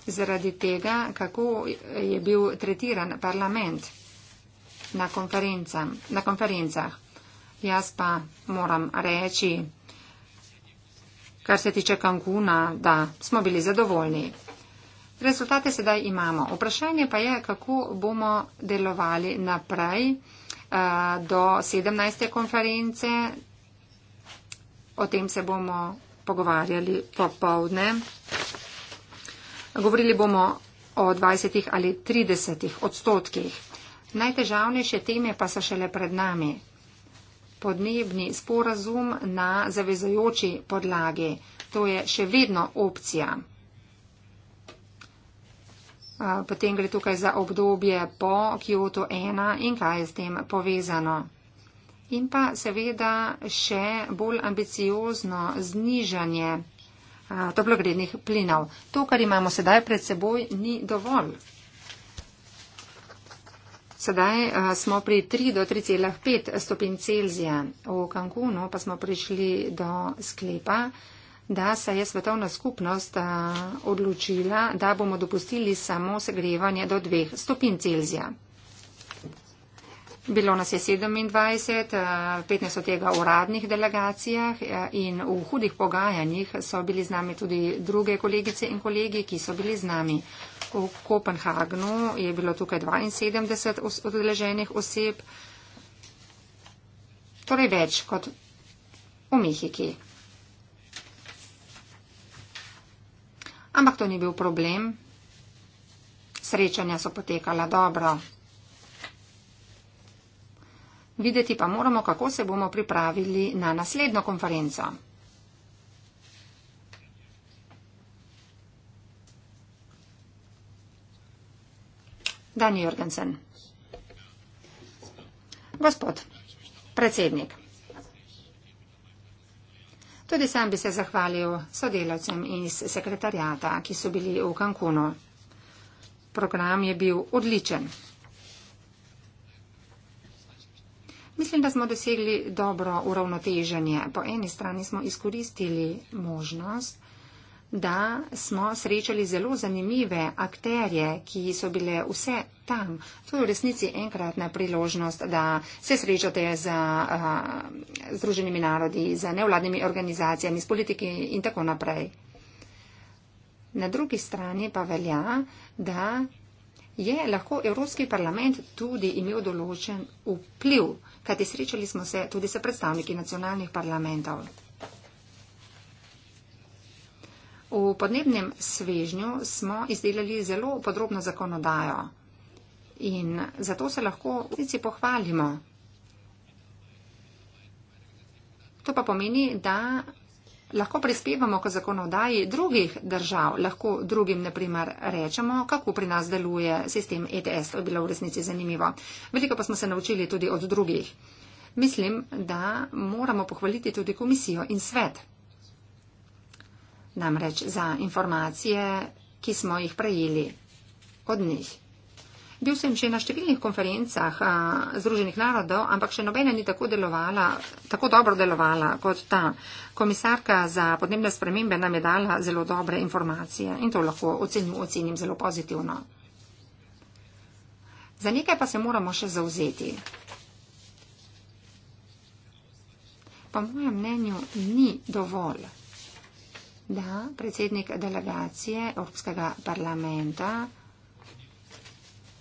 zaradi tega, kako je bil tretiran parlament na, konferenca, na konferencah. Jaz pa moram reči, kar se tiče Kanguna, da smo bili zadovoljni. Rezultate sedaj imamo. Vprašanje pa je, kako bomo delovali naprej eh, do 17. konference. O tem se bomo pogovarjali popovdne. Govorili bomo o 20 ali 30 odstotkih. Najtežavnejše teme pa so šele pred nami podnebni sporazum na zavezajoči podlagi. To je še vedno opcija. Potem gre tukaj za obdobje po Kyoto 1 in kaj je s tem povezano. In pa seveda še bolj ambiciozno znižanje toplogrednih plinov. To, kar imamo sedaj pred seboj, ni dovolj. Sedaj uh, smo pri 3 do 3,5 stopinj Celzija. V Cancunu pa smo prišli do sklepa, da se je svetovna skupnost uh, odločila, da bomo dopustili samo segrevanje do 2 stopinj Celzija. Bilo nas je 27, 15 od tega v uradnih delegacijah eh, in v hudih pogajanjih so bili z nami tudi druge kolegice in kolegi, ki so bili z nami. V Kopenhagnu je bilo tukaj 72 odleženih oseb, torej več kot v Mihiki. Ampak to ni bil problem. Srečanja so potekala dobro. Videti pa moramo, kako se bomo pripravili na naslednjo konferenco. Dani Jorgensen. Gospod, predsednik. Tudi sam bi se zahvalil sodelavcem iz sekretarjata, ki so bili v Cancunu. Program je bil odličen. Mislim, da smo dosegli dobro uravnoteženje. Po eni strani smo izkoristili možnost, da smo srečali zelo zanimive akterje, ki so bile vse tam. To je v resnici enkratna priložnost, da se srečate z eh, Združenimi narodi, z nevladnimi organizacijami, s politiki in tako naprej. Na drugi strani pa velja, da je lahko Evropski parlament tudi imel določen vpliv kajti srečali smo se tudi s predstavniki nacionalnih parlamentov. V podnebnem svežnju smo izdelali zelo podrobno zakonodajo in zato se lahko v resnici pohvalimo. To pa pomeni, da lahko prispevamo k zakonodaji drugih držav, lahko drugim, na primer, rečemo, kako pri nas deluje sistem ETS. To je bilo v resnici zanimivo. Veliko pa smo se naučili tudi od drugih. Mislim, da moramo pohvaliti tudi komisijo in svet. Namreč za informacije, ki smo jih prejeli od njih. Bil sem že na številnih konferencah Združenih narodov, ampak še nobena ni tako, delovala, tako dobro delovala kot ta. Komisarka za podnebne spremembe nam je dala zelo dobre informacije in to lahko ocenim, ocenim zelo pozitivno. Za nekaj pa se moramo še zauzeti. Po mojem mnenju ni dovolj, da predsednik delegacije Evropskega parlamenta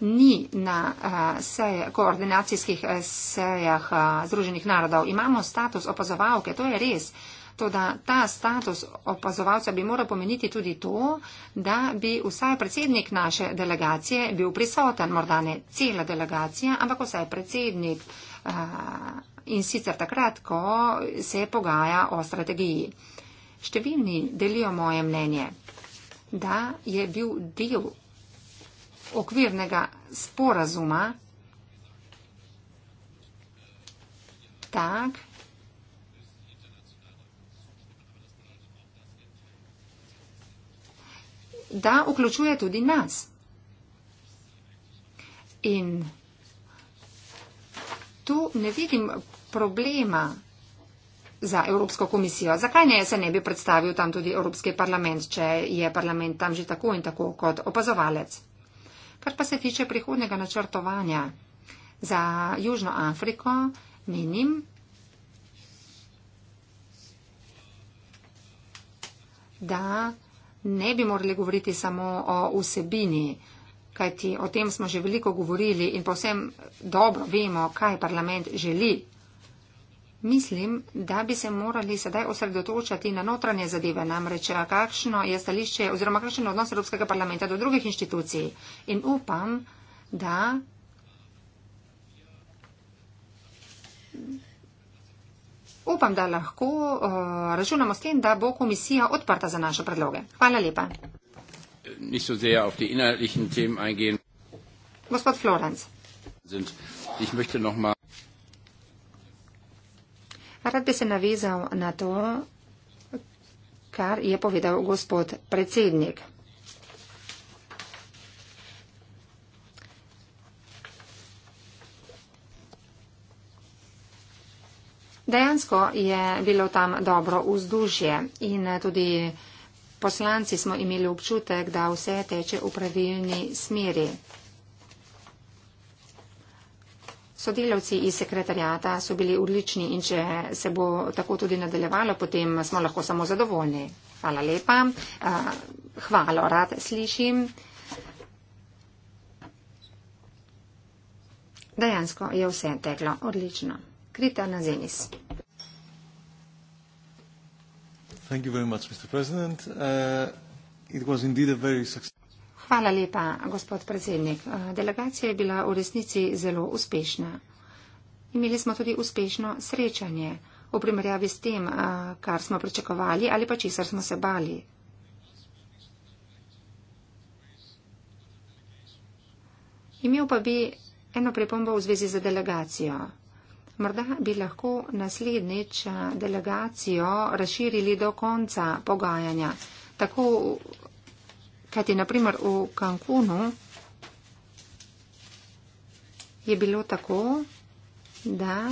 ni na eh, seje, koordinacijskih eh, sejah eh, Združenih narodov. Imamo status opazovalke, to je res. Toda ta status opazovalca bi moral pomeniti tudi to, da bi vsaj predsednik naše delegacije bil prisoten, morda ne cela delegacija, ampak vsaj predsednik in sicer takrat, ko se pogaja o strategiji. Številni delijo moje mnenje, da je bil del okvirnega sporazuma. Tak. da vključuje tudi nas. In tu ne vidim problema za Evropsko komisijo. Zakaj ne se ne bi predstavil tam tudi Evropski parlament, če je parlament tam že tako in tako kot opazovalec? Kar pa se tiče prihodnega načrtovanja za Južno Afriko, menim, da ne bi morali govoriti samo o vsebini, kajti o tem smo že veliko govorili in povsem dobro vemo, kaj parlament želi Mislim, da bi se morali sedaj osredotočati na notranje zadeve, namreč kakšno je stališče oziroma kakšen odnos Evropskega parlamenta do drugih inštitucij. In upam, da upam, da lahko uh, računamo s tem, da bo komisija odprta za naše predloge. Hvala lepa. Gospod Florenc. Rad bi se navezal na to, kar je povedal gospod predsednik. Dejansko je bilo tam dobro vzdušje in tudi poslanci smo imeli občutek, da vse teče v pravilni smeri. Sodelavci iz sekretarjata so bili odlični in če se bo tako tudi nadaljevalo, potem smo lahko samo zadovoljni. Hvala lepa. Hvala, rad slišim. Dejansko je vse teklo odlično. Krita na zenis. Thank you very much, Mr. President. Uh, it was indeed a very successful. Hvala lepa, gospod predsednik. Eh, delegacija je bila v resnici zelo uspešna. Imeli smo tudi uspešno srečanje v primerjavi s tem, eh, kar smo pričakovali ali pa česar smo se bali. Imel pa bi eno pripombo v zvezi z delegacijo. Morda bi lahko naslednjič eh, delegacijo razširili do konca pogajanja, tako Kajti, na primer, v Cancunu je bilo tako, da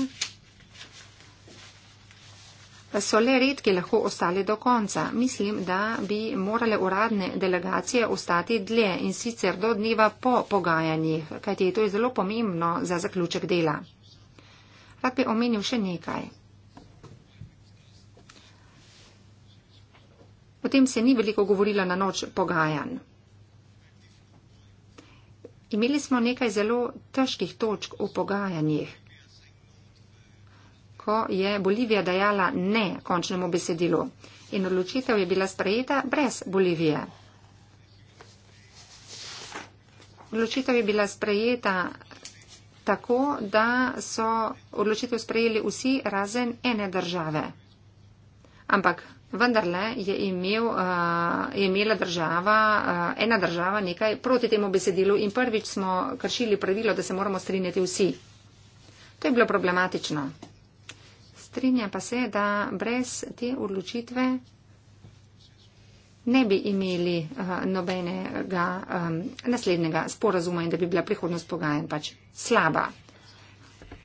so le redki lahko ostali do konca. Mislim, da bi morale uradne delegacije ostati dlje in sicer do dneva po pogajanjih, kajti to je zelo pomembno za zaključek dela. Rad bi omenil še nekaj. O tem se ni veliko govorila na noč pogajanj. Imeli smo nekaj zelo težkih točk v pogajanjih. Ko je Bolivija dejala ne končnemu besedilu in odločitev je bila sprejeta brez Bolivije. Odločitev je bila sprejeta tako, da so odločitev sprejeli vsi razen ene države. Ampak Vendar le je, imel, uh, je imela država, uh, ena država nekaj proti temu besedilu in prvič smo kršili pravilo, da se moramo strinjati vsi. To je bilo problematično. Strinja pa se, da brez te odločitve ne bi imeli uh, nobenega um, naslednjega sporazuma in da bi bila prihodnost pogajen pač slaba.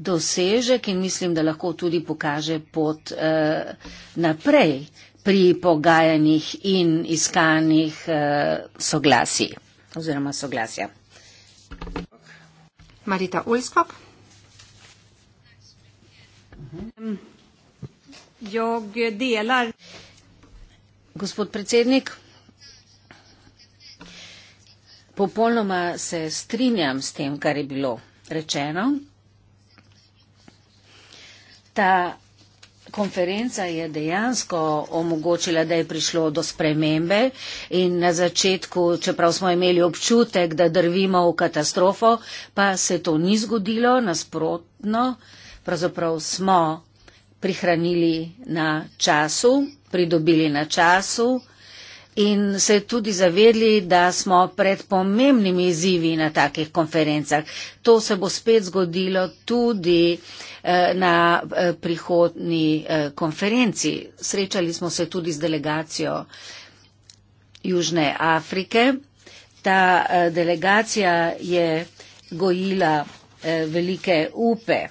dosežek in mislim, da lahko tudi pokaže pot eh, naprej pri pogajanjih in iskanjih eh, soglasij oziroma soglasja. Marita Ulskop. Jog delar. Gospod predsednik, popolnoma se strinjam s tem, kar je bilo rečeno ta konferenca je dejansko omogočila, da je prišlo do spremembe in na začetku, čeprav smo imeli občutek, da drvimo v katastrofo, pa se to ni zgodilo, nasprotno, pravzaprav smo prihranili na času, pridobili na času in se tudi zavedli, da smo pred pomembnimi izzivi na takih konferencah. To se bo spet zgodilo tudi eh, na eh, prihodni eh, konferenci. Srečali smo se tudi z delegacijo Južne Afrike. Ta delegacija je gojila velike upe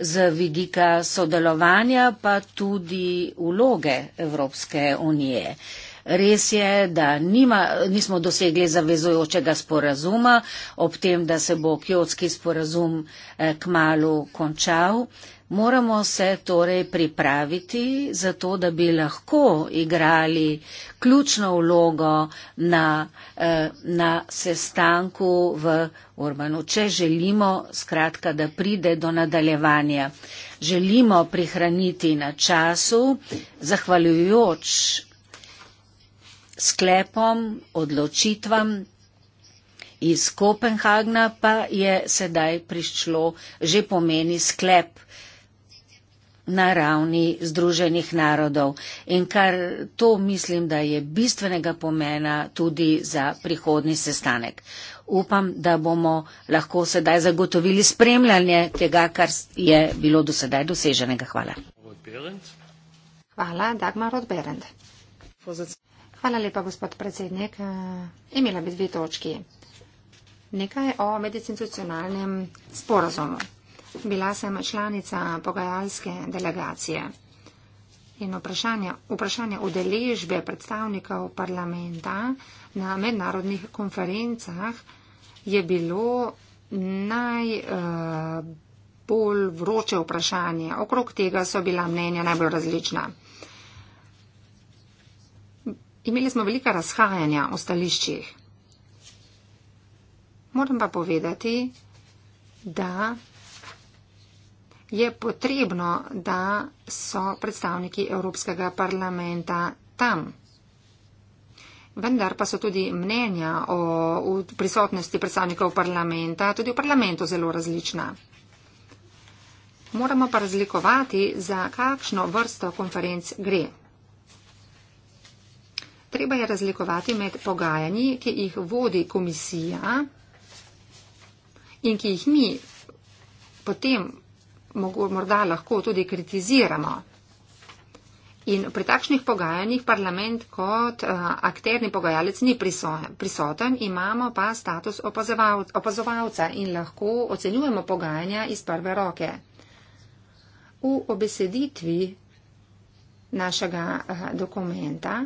z vidika sodelovanja, pa tudi vloge Evropske unije. Uh, Res je, da nima, nismo dosegli zavezujočega sporazuma, ob tem, da se bo kjotski sporazum eh, k malu končal. Moramo se torej pripraviti za to, da bi lahko igrali ključno vlogo na, eh, na sestanku v Urbanu, če želimo skratka, da pride do nadaljevanja. Želimo prihraniti na času, zahvaljujoč sklepom, odločitvam. Iz Kopenhagna pa je sedaj prišlo že pomeni sklep na ravni Združenih narodov in kar to mislim, da je bistvenega pomena tudi za prihodni sestanek. Upam, da bomo lahko sedaj zagotovili spremljanje tega, kar je bilo do sedaj doseženega. Hvala. Hvala, Dagmar Odberend. Hvala lepa, gospod predsednik. Eh, Imela bi dve točki. Nekaj o medicinstitucionalnem sporazumu. Bila sem članica pogajalske delegacije in vprašanje, vprašanje udeležbe predstavnikov parlamenta na mednarodnih konferencah je bilo najbolj eh, uh, vroče vprašanje. Okrog tega so bila mnenja najbolj različna. Imeli smo velika razhajanja o stališčih. Moram pa povedati, da je potrebno, da so predstavniki Evropskega parlamenta tam. Vendar pa so tudi mnenja o prisotnosti predstavnikov parlamenta tudi v parlamentu zelo različna. Moramo pa razlikovati, za kakšno vrsto konferenc gre. Treba je razlikovati med pogajanji, ki jih vodi komisija in ki jih mi potem morda lahko tudi kritiziramo. In pri takšnih pogajanjih parlament kot uh, akterni pogajalec ni priso prisoten, imamo pa status opazoval opazovalca in lahko ocenjujemo pogajanja iz prve roke. V obeseditvi našega uh, dokumenta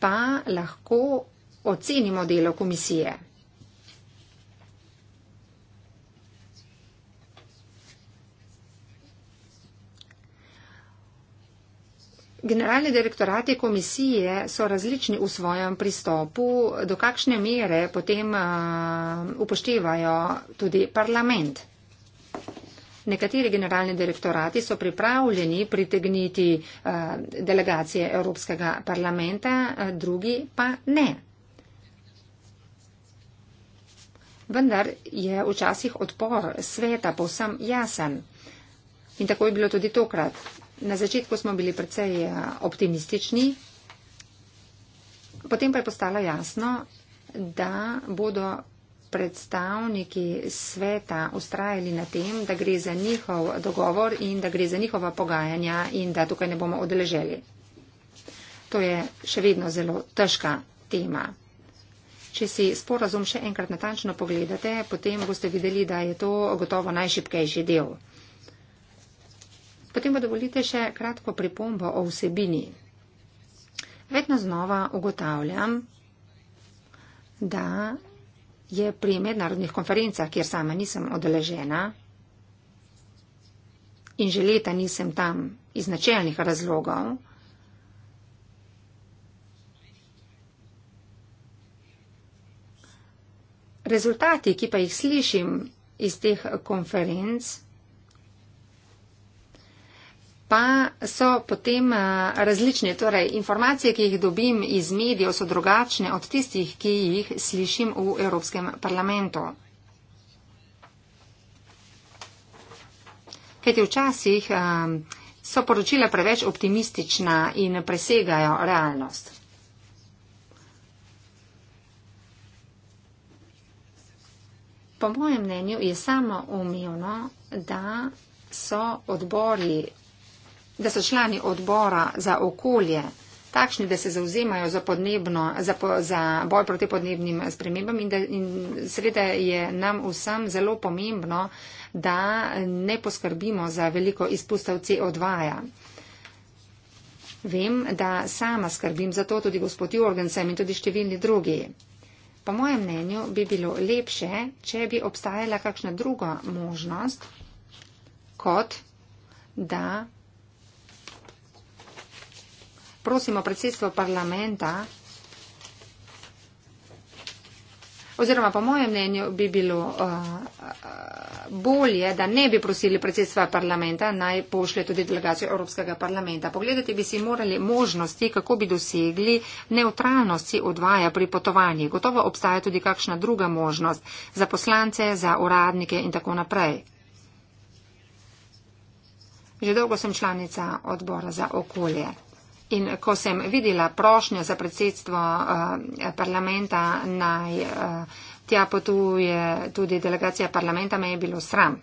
pa lahko ocenimo delo komisije. Generalni direktorati komisije so različni v svojem pristopu, do kakšne mere potem uh, upoštevajo tudi parlament. Nekateri generalni direktorati so pripravljeni pritegniti eh, delegacije Evropskega parlamenta, eh, drugi pa ne. Vendar je včasih odpor sveta povsem jasen. In tako je bilo tudi tokrat. Na začetku smo bili precej eh, optimistični, potem pa je postalo jasno, da bodo predstavniki sveta ustrajali na tem, da gre za njihov dogovor in da gre za njihova pogajanja in da tukaj ne bomo odeleželi. To je še vedno zelo težka tema. Če si sporazum še enkrat natančno pogledate, potem boste videli, da je to gotovo najšipkejši del. Potem pa dovolite še kratko pripombo o vsebini. Vedno znova ugotavljam, da je pri mednarodnih konferencah, kjer sama nisem odeležena in že leta nisem tam iz načelnih razlogov, rezultati, ki pa jih slišim iz teh konferenc, pa so potem eh, različne. Torej, informacije, ki jih dobim iz medijev, so drugačne od tistih, ki jih slišim v Evropskem parlamentu. Kajti včasih eh, so poročila preveč optimistična in presegajo realnost. Po mojem mnenju je samo umivno, da so odbori da so člani odbora za okolje takšni, da se zauzemajo za, podnebno, za, po, za boj proti podnebnim spremembam in, da, in seveda je nam vsem zelo pomembno, da ne poskrbimo za veliko izpustov CO2. -ja. Vem, da sama skrbim za to, tudi gospod Jorgensen in tudi številni drugi. Po mojem mnenju bi bilo lepše, če bi obstajala kakšna druga možnost, kot da prosimo predsedstvo parlamenta, oziroma po mojem mnenju bi bilo uh, uh bolje, da ne bi prosili predsedstva parlamenta, naj pošle tudi delegacijo Evropskega parlamenta. Pogledati bi si morali možnosti, kako bi dosegli neutralnosti odvaja pri potovanju. Gotovo obstaja tudi kakšna druga možnost za poslance, za uradnike in tako naprej. Že dolgo sem članica odbora za okolje. In ko sem videla prošnjo za predsedstvo eh, parlamenta naj eh, tja potuje tudi delegacija parlamenta, me je bilo sram.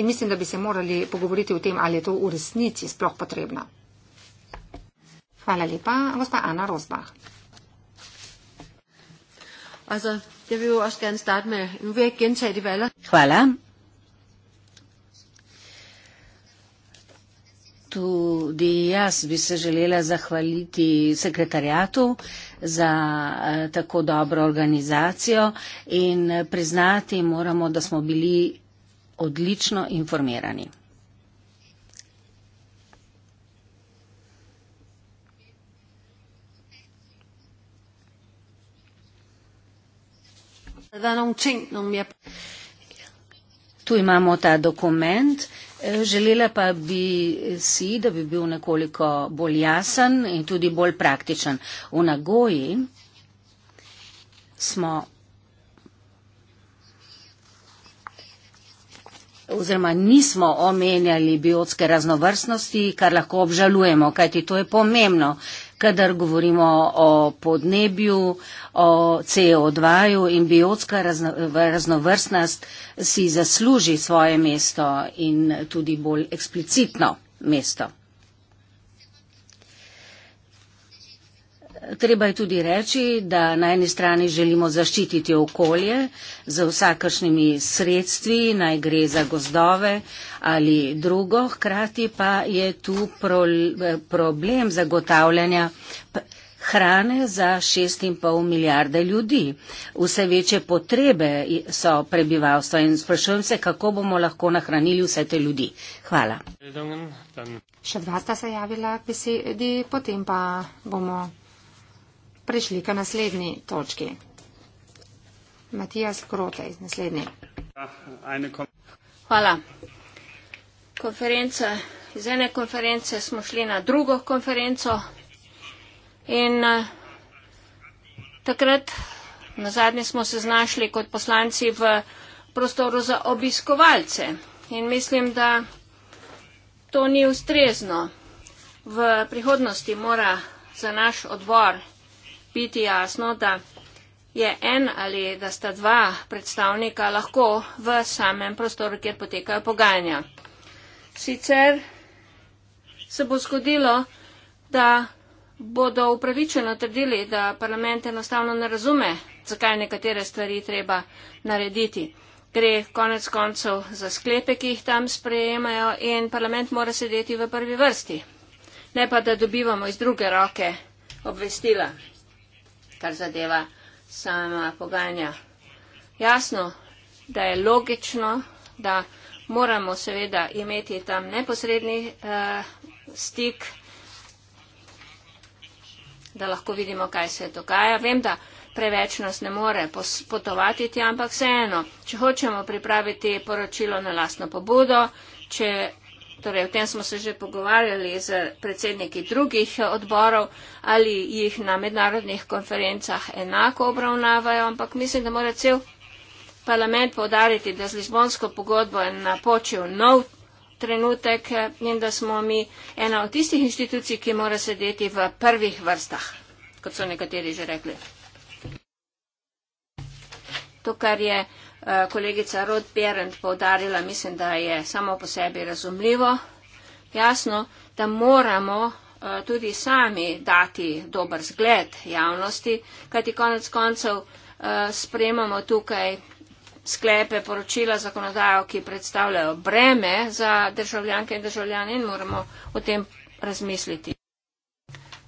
In mislim, da bi se morali pogovoriti o tem, ali je to v resnici sploh potrebno. Hvala lepa, gospa Ana Rozbah. Hvala. Tudi jaz bi se želela zahvaliti sekretarjatu za eh, tako dobro organizacijo in priznati moramo, da smo bili odlično informirani. Tu imamo ta dokument. Želela pa bi si, da bi bil nekoliko bolj jasen in tudi bolj praktičen. V Nagoji smo, oziroma nismo omenjali biotske raznovrstnosti, kar lahko obžalujemo, kajti to je pomembno kadar govorimo o podnebju, o CO2 in biotska raznovrstnost si zasluži svoje mesto in tudi bolj eksplicitno mesto. Treba je tudi reči, da na eni strani želimo zaščititi okolje z vsakršnimi sredstvi, naj gre za gozdove ali drugo, hkrati pa je tu problem zagotavljanja hrane za 6,5 milijarde ljudi. Vse večje potrebe so prebivalstva in sprašujem se, kako bomo lahko nahranili vse te ljudi. Hvala. Še dva sta se javila k besedi, potem pa bomo prešli k naslednji točki. Matijas Krotej, naslednji. Hvala. Konference, iz ene konference smo šli na drugo konferenco in eh, takrat na zadnje smo se znašli kot poslanci v prostoru za obiskovalce in mislim, da to ni ustrezno. V prihodnosti mora za naš odbor biti jasno, da je en ali da sta dva predstavnika lahko v samem prostoru, kjer potekajo pogajanja. Sicer se bo zgodilo, da bodo upravičeno trdili, da parlament enostavno ne razume, zakaj nekatere stvari treba narediti. Gre konec koncev za sklepe, ki jih tam sprejemajo in parlament mora sedeti v prvi vrsti. Ne pa, da dobivamo iz druge roke obvestila kar zadeva sama pogajanja. Jasno, da je logično, da moramo seveda imeti tam neposredni eh, stik, da lahko vidimo, kaj se dogaja. Vem, da preveč nas ne more potovati, ampak vseeno, če hočemo pripraviti poročilo na lastno pobudo, če Torej, o tem smo se že pogovarjali z predsedniki drugih eh, odborov, ali jih na mednarodnih konferencah enako obravnavajo, ampak mislim, da mora cel parlament povdariti, da z Lizbonsko pogodbo je napočil nov trenutek eh, in da smo mi ena od tistih inštitucij, ki mora sedeti v prvih vrstah, kot so nekateri že rekli. To, kar je kolegica Rod Berend povdarila, mislim, da je samo po sebi razumljivo, jasno, da moramo eh, tudi sami dati dober zgled javnosti, kajti konec koncev eh, sprejemamo tukaj sklepe, poročila, zakonodajo, ki predstavljajo breme za državljanke in državljane in moramo o tem razmisliti.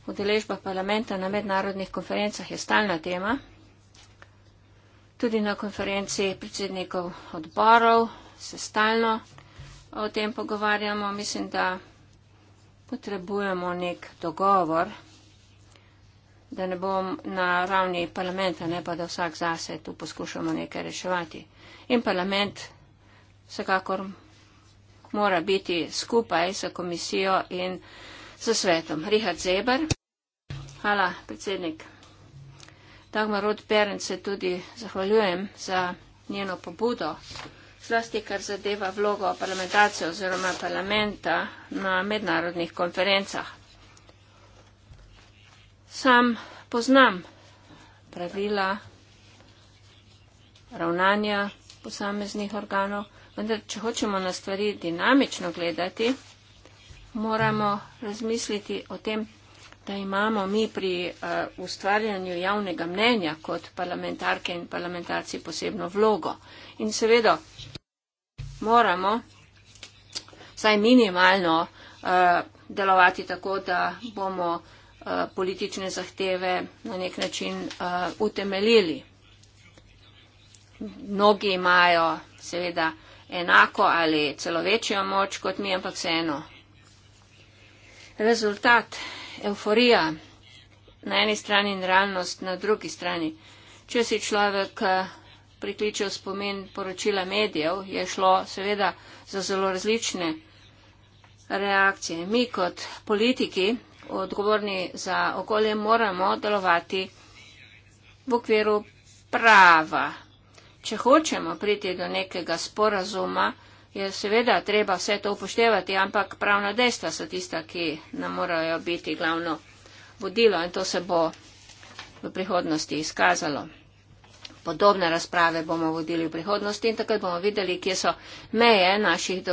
Udeležba parlamenta na mednarodnih konferencah je stalna tema tudi na konferenci predsednikov odborov, se stalno o tem pogovarjamo. Mislim, da potrebujemo nek dogovor, da ne bom na ravni parlamenta, ne pa da vsak zase tu poskušamo nekaj reševati. In parlament vsekakor mora biti skupaj s komisijo in s svetom. Richard Zeber. Hvala, predsednik. Dagmar Rod Berend se tudi zahvaljujem za njeno pobudo, zlasti kar zadeva vlogo parlamentacije oziroma parlamenta na mednarodnih konferencah. Sam poznam pravila ravnanja posameznih organov, vendar če hočemo na stvari dinamično gledati, moramo razmisliti o tem, da imamo mi pri uh, ustvarjanju javnega mnenja kot parlamentarke in parlamentarci posebno vlogo. In seveda moramo vsaj minimalno uh, delovati tako, da bomo uh, politične zahteve na nek način uh, utemeljili. Mnogi imajo seveda enako ali celo večjo moč kot mi, ampak vseeno. Rezultat euforija na eni strani in realnost na drugi strani. Če si človek eh, prikličil spomin poročila medijev, je šlo seveda za zelo različne reakcije. Mi kot politiki, odgovorni za okolje, moramo delovati v okviru prava. Če hočemo priti do nekega sporazuma, je seveda treba vse to upoštevati, ampak pravna dejstva so tista, ki nam morajo biti glavno vodilo in to se bo v prihodnosti izkazalo. Podobne razprave bomo vodili v prihodnosti in takrat bomo videli, kje so meje naših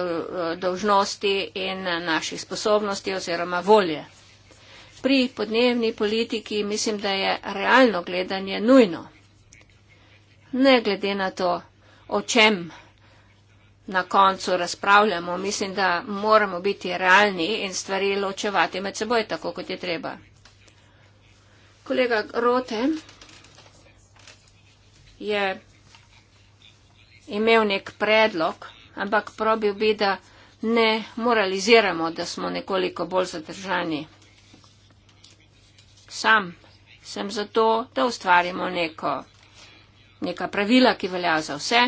dolžnosti in naših sposobnosti oziroma volje. Pri podnebni politiki mislim, da je realno gledanje nujno. Ne glede na to, o čem na koncu razpravljamo. Mislim, da moramo biti realni in stvari ločevati med seboj tako, kot je treba. Kolega Rote je imel nek predlog, ampak probil bi, da ne moraliziramo, da smo nekoliko bolj zadržani. Sam sem zato, da ustvarimo neko, neka pravila, ki velja za vse,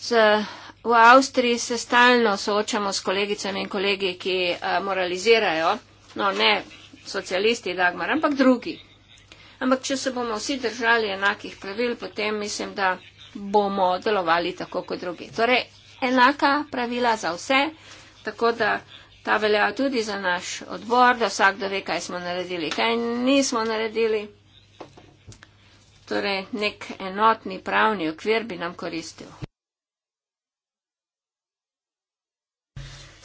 z, v Avstriji se stalno soočamo s kolegicami in kolegi, ki eh, moralizirajo, no ne socialisti Dagmar, ampak drugi. Ampak če se bomo vsi držali enakih pravil, potem mislim, da bomo delovali tako kot drugi. Torej, enaka pravila za vse, tako da ta velja tudi za naš odbor, da vsak da ve, kaj smo naredili, kaj nismo naredili. Torej, nek enotni pravni okvir bi nam koristil.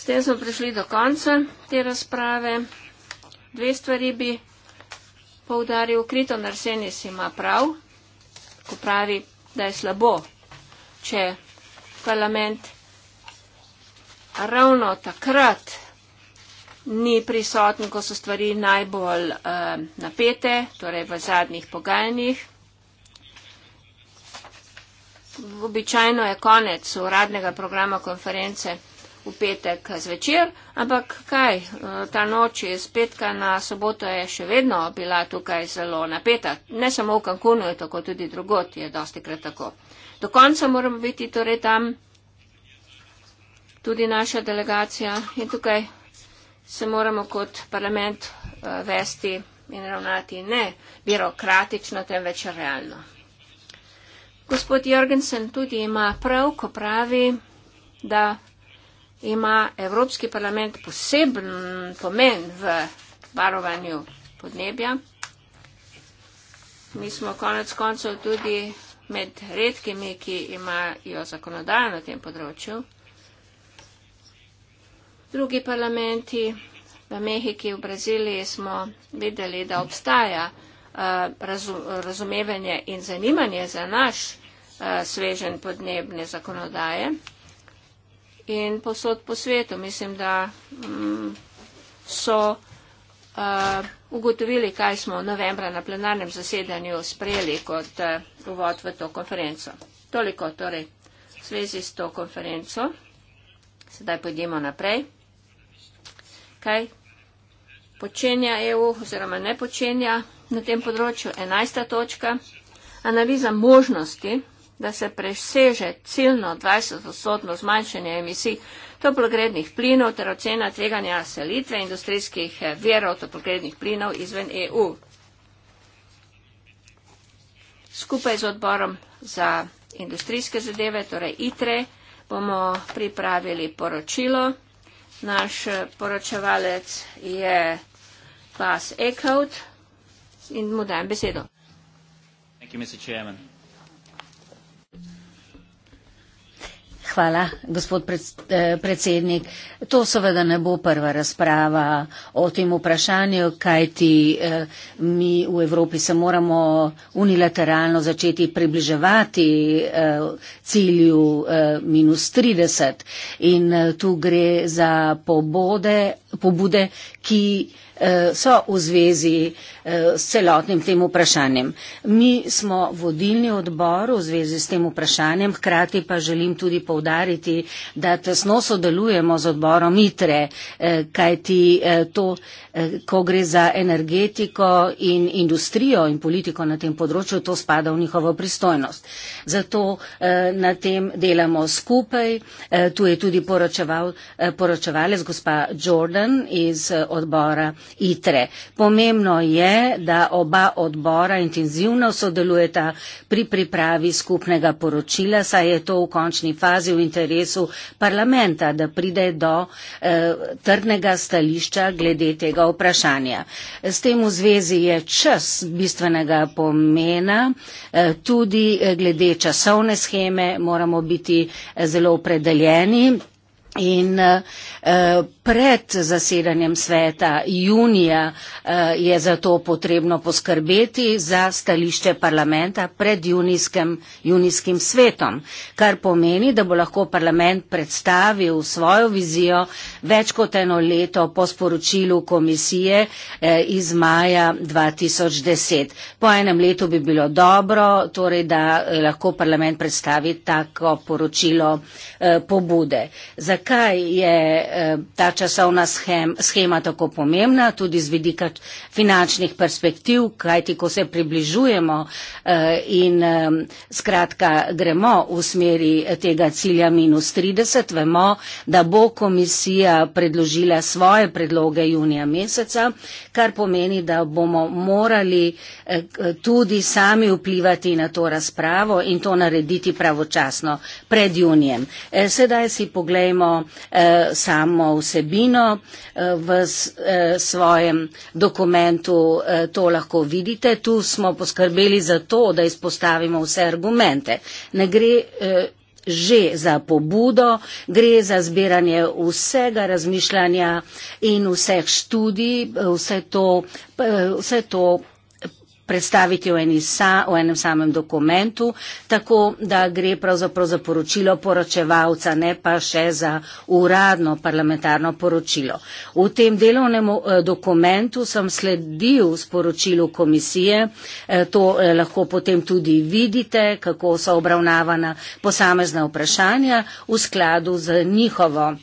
S tem smo prišli do konca te razprave. Dve stvari bi poudaril. Krito Narsenis ima prav, ko pravi, da je slabo, če parlament ravno takrat ni prisoten, ko so stvari najbolj uh, napete, torej v zadnjih pogajanjih. Običajno je konec uradnega programa konference v petek zvečer, ampak kaj, eh, ta noč iz petka na soboto je še vedno bila tukaj zelo napeta. Ne samo v Cancunu je tako, tudi drugot je dosti krat tako. Do konca moramo biti torej tam tudi naša delegacija in tukaj se moramo kot parlament eh, vesti in ravnati ne birokratično, temveč realno. Gospod Jorgensen tudi ima prav, ko pravi, da ima Evropski parlament poseben pomen v varovanju podnebja. Mi smo konec koncev tudi med redkimi, ki imajo zakonodajo na tem področju. Drugi parlamenti v Mehiki, v Braziliji smo videli, da obstaja eh, razumevanje in zanimanje za naš eh, svežen podnebne zakonodaje in posod po svetu. Mislim, da mm, so uh, ugotovili, kaj smo novembra na plenarnem zasedanju sprejeli kot uh, uvod v to konferenco. Toliko torej v zvezi s to konferenco. Sedaj pojdimo naprej. Kaj počenja EU oziroma ne počenja na tem področju? 11. točka. Analiza možnosti da se preseže ciljno 20-odstotno zmanjšanje emisij toplogrednih plinov ter ocena tveganja selitve industrijskih eh, verov toplogrednih plinov izven EU. Skupaj z odborom za industrijske zadeve, torej ITRE, bomo pripravili poročilo. Naš eh, poročevalec je Klaas Ekhout in mu dajem besedo. Thank you, Mr. Chairman. Hvala, gospod eh, predsednik. To seveda ne bo prva razprava o tem vprašanju, kajti eh, mi v Evropi se moramo unilateralno začeti približevati eh, cilju minus 30 in tu gre za pobode, pobude, ki so v zvezi Eh, s celotnim tem vprašanjem. Mi smo vodilni odbor v zvezi s tem vprašanjem, hkrati pa želim tudi povdariti, da tesno sodelujemo z odborom ITRE, eh, kajti eh, to, ko gre za energetiko in industrijo in politiko na tem področju, to spada v njihovo pristojnost. Zato na tem delamo skupaj. Tu je tudi poročeval, poročevalec gospa Jordan iz odbora ITRE. Pomembno je, da oba odbora intenzivno sodelujeta pri pripravi skupnega poročila, saj je to v končni fazi v interesu parlamenta, da pride do eh, trdnega stališča glede tega vprašanja. S tem v zvezi je čas bistvenega pomena, eh, tudi eh, glede časovne scheme moramo biti eh, zelo opredeljeni. In eh, eh, pred zasedanjem sveta junija eh, je zato potrebno poskrbeti za stališče parlamenta pred junijskem, junijskim svetom, kar pomeni, da bo lahko parlament predstavil svojo vizijo več kot eno leto po sporočilu komisije eh, iz maja 2010. Po enem letu bi bilo dobro, torej, da eh, lahko parlament predstavi tako poročilo eh, pobude. Zakaj zakaj je eh, ta časovna schema tako pomembna, tudi z vidika finančnih perspektiv, kajti ko se približujemo eh, in skratka gremo v smeri tega cilja minus 30, vemo, da bo komisija predložila svoje predloge junija meseca, kar pomeni, da bomo morali eh, tudi sami vplivati na to razpravo in to narediti pravočasno pred junijem. Sedaj si poglejmo Eh, samo vsebino. Eh, v eh, svojem dokumentu to lahko vidite. Tu smo poskrbeli za to, da izpostavimo vse argumente. Ne gre že za pobudo, gre za zbiranje vsega razmišljanja in vseh študij, vse to, vse to predstaviti v, sa, v enem samem dokumentu, tako da gre pravzaprav za poročilo poročevalca, ne pa še za uradno parlamentarno poročilo. V tem delovnem eh, dokumentu sem sledil sporočilu komisije, eh, to eh, lahko potem tudi vidite, kako so obravnavana posamezna vprašanja v skladu z njihovo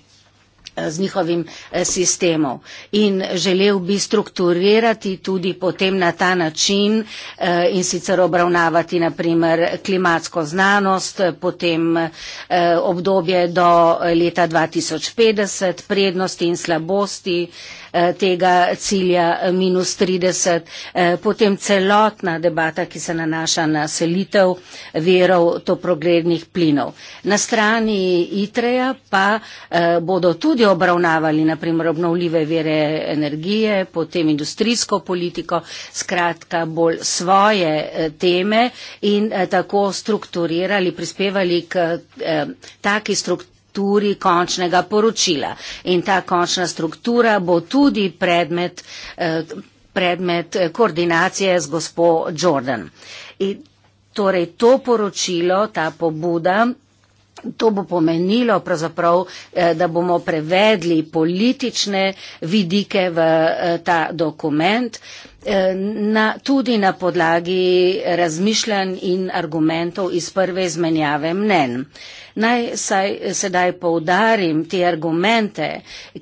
z njihovim eh, sistemom. In želel bi strukturirati tudi potem na ta način eh, in sicer obravnavati naprimer klimatsko znanost, potem eh, obdobje do leta 2050, prednosti in slabosti. Eh, tega cilja eh, minus 30, eh, potem celotna debata, ki se nanaša na selitev verov toproglednih plinov. Na strani ITREA pa bodo tudi obravnavali naprimer obnovljive vere energije, potem industrijsko politiko, skratka bolj svoje teme in tako strukturirali, prispevali k taki strukturi strukturi končnega poročila. In ta končna struktura bo tudi predmet, eh, predmet eh, koordinacije z gospo Jordan. In torej to poročilo, ta pobuda, To bo pomenilo pravzaprav, eh, da bomo prevedli politične vidike v ta dokument na, tudi na podlagi razmišljanj in argumentov iz prve izmenjave mnen. Naj saj eh, sedaj poudarim te argumente,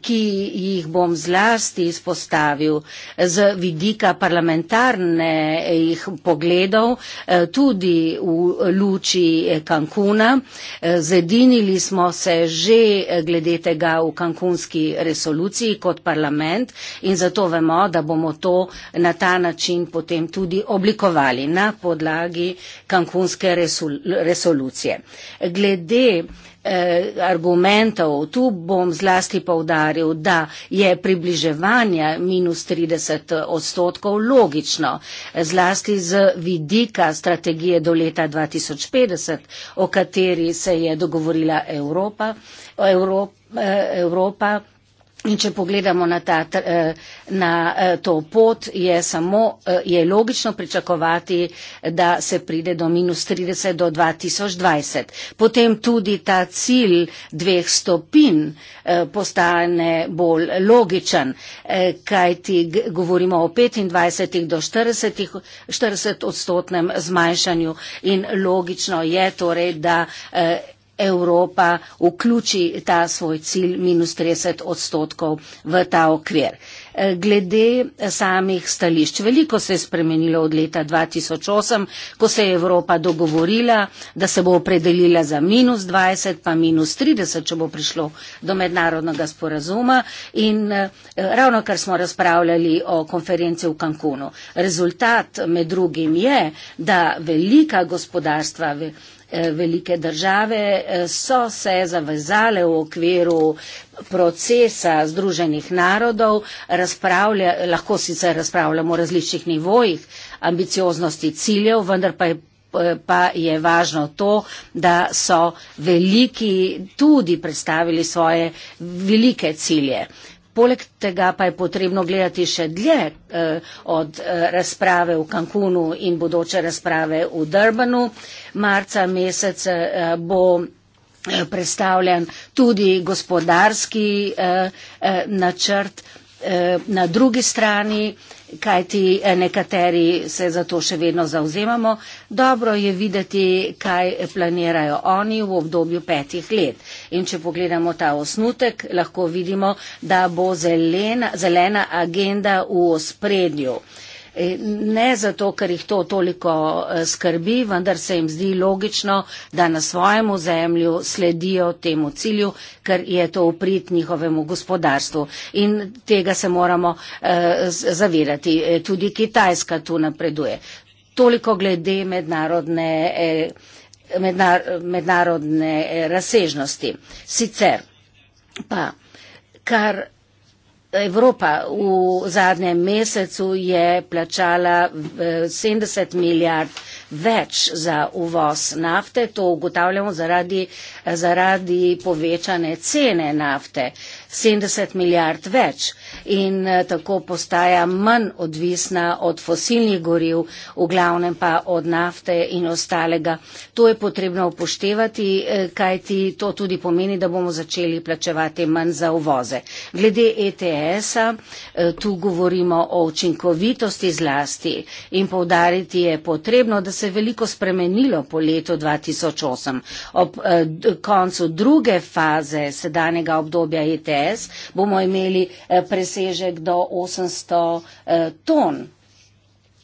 ki jih bom zlasti izpostavil z vidika parlamentarnih pogledov, eh, tudi v luči Kankuna. Eh, zedinili smo se že glede tega v kankunski resoluciji kot parlament in zato vemo, da bomo to na ta način potem tudi oblikovali na podlagi kankunske resolucije. Glede Eh, argumentov, tu bom zlasti povdaril, da je približevanje minus 30 odstotkov logično, zlasti z vidika strategije do leta 2050, o kateri se je dogovorila Evropa. Eh, Evropa, Evropa In če pogledamo na, ta, eh, na eh, to pot, je, samo, eh, je logično pričakovati, da se pride do minus 30 do 2020. Potem tudi ta cilj dveh stopin postane bolj logičen, kajti govorimo o 25 do 40, 40 odstotnem zmanjšanju in logično je torej, da Evropa vključi ta svoj cilj minus 30 odstotkov v ta okvir. Eh, glede samih stališč, veliko se je spremenilo od leta 2008, ko se je Evropa dogovorila, da se bo opredelila za minus 20 pa minus 30, če bo prišlo do mednarodnega sporazuma. In eh, ravno kar smo razpravljali o konferenci v Cancunu, rezultat med drugim je, da velika gospodarstva. Eh, velike države eh, so se zavezale v okviru procesa Združenih narodov, lahko sicer razpravljamo o različnih nivojih ambicioznosti ciljev, vendar pa je eh, pa je važno to, da so veliki tudi predstavili svoje velike cilje. Poleg tega pa je potrebno gledati še dlje eh, od eh, razprave v Cancunu in bodoče razprave v Durbanu. Marca mesec eh, bo predstavljen tudi gospodarski načrt na drugi strani kajti eh, nekateri se za to še vedno zauzemamo. Dobro je videti, kaj planirajo oni v obdobju petih let. In če pogledamo ta osnutek, lahko vidimo, da bo zelena, zelena agenda v ospredju. E, ne zato, ker jih to toliko e, skrbi, vendar se jim zdi logično, da na svojemu zemlju sledijo temu cilju, ker je to uprit njihovemu gospodarstvu. In tega se moramo e, zavirati. Tudi Kitajska tu napreduje. Toliko glede mednarodne, mednar, mednarodne razsežnosti. Sicer pa, kar Evropa v zadnjem mesecu je plačala 70 eh, milijard več za uvoz nafte. To ugotavljamo zaradi, zaradi povečane cene nafte. 70 milijard več in tako postaja manj odvisna od fosilnih goriv, v glavnem pa od nafte in ostalega. To je potrebno upoštevati, kajti to tudi pomeni, da bomo začeli plačevati manj za uvoze. Glede ETS-a, eh, tu govorimo o učinkovitosti zlasti in povdariti je potrebno, da se veliko spremenilo po letu 2008. Ob eh, koncu druge faze sedanjega obdobja ETS bomo imeli eh, presežek do 800 eh, ton.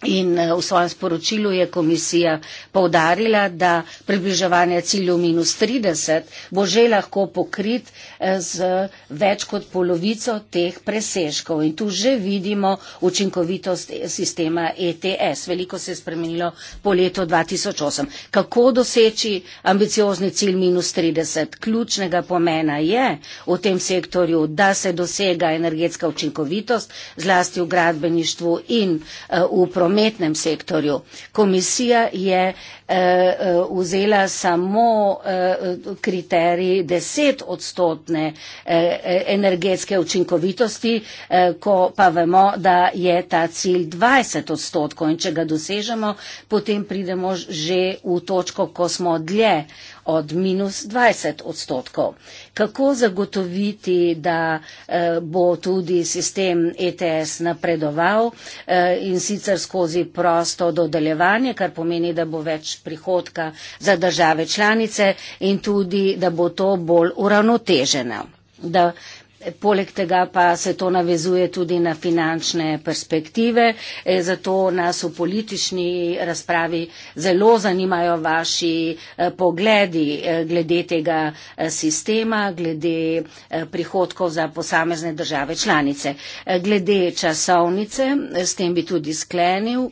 In eh, v svojem sporočilu je komisija povdarila, da približevanje cilju minus 30 bo že lahko pokrit eh, z več kot polovico teh presežkov. In tu že vidimo učinkovitost eh, sistema ETS. Veliko se je spremenilo po letu 2008. Kako doseči ambiciozni cilj minus 30? Ključnega pomena je v tem sektorju, da se dosega energetska učinkovitost, zlasti v gradbeništvu in v prometu prometnem sektorju. Komisija je eh, eh, vzela samo eh, kriterij desetodstotne eh, energetske učinkovitosti, eh, ko pa vemo, da je ta cilj dvajset odstotkov in če ga dosežemo, potem pridemo že v točko, ko smo dlje od minus 20 odstotkov. Kako zagotoviti, da eh, bo tudi sistem ETS napredoval eh, in sicer skozi prosto dodeljevanje, kar pomeni, da bo več prihodka za države članice in tudi, da bo to bolj uravnoteženo, da Poleg tega pa se to navezuje tudi na finančne perspektive, e, zato nas v politični razpravi zelo zanimajo vaši e, pogledi e, glede tega sistema, glede prihodkov za posamezne države članice. Glede časovnice, s tem bi tudi sklenil.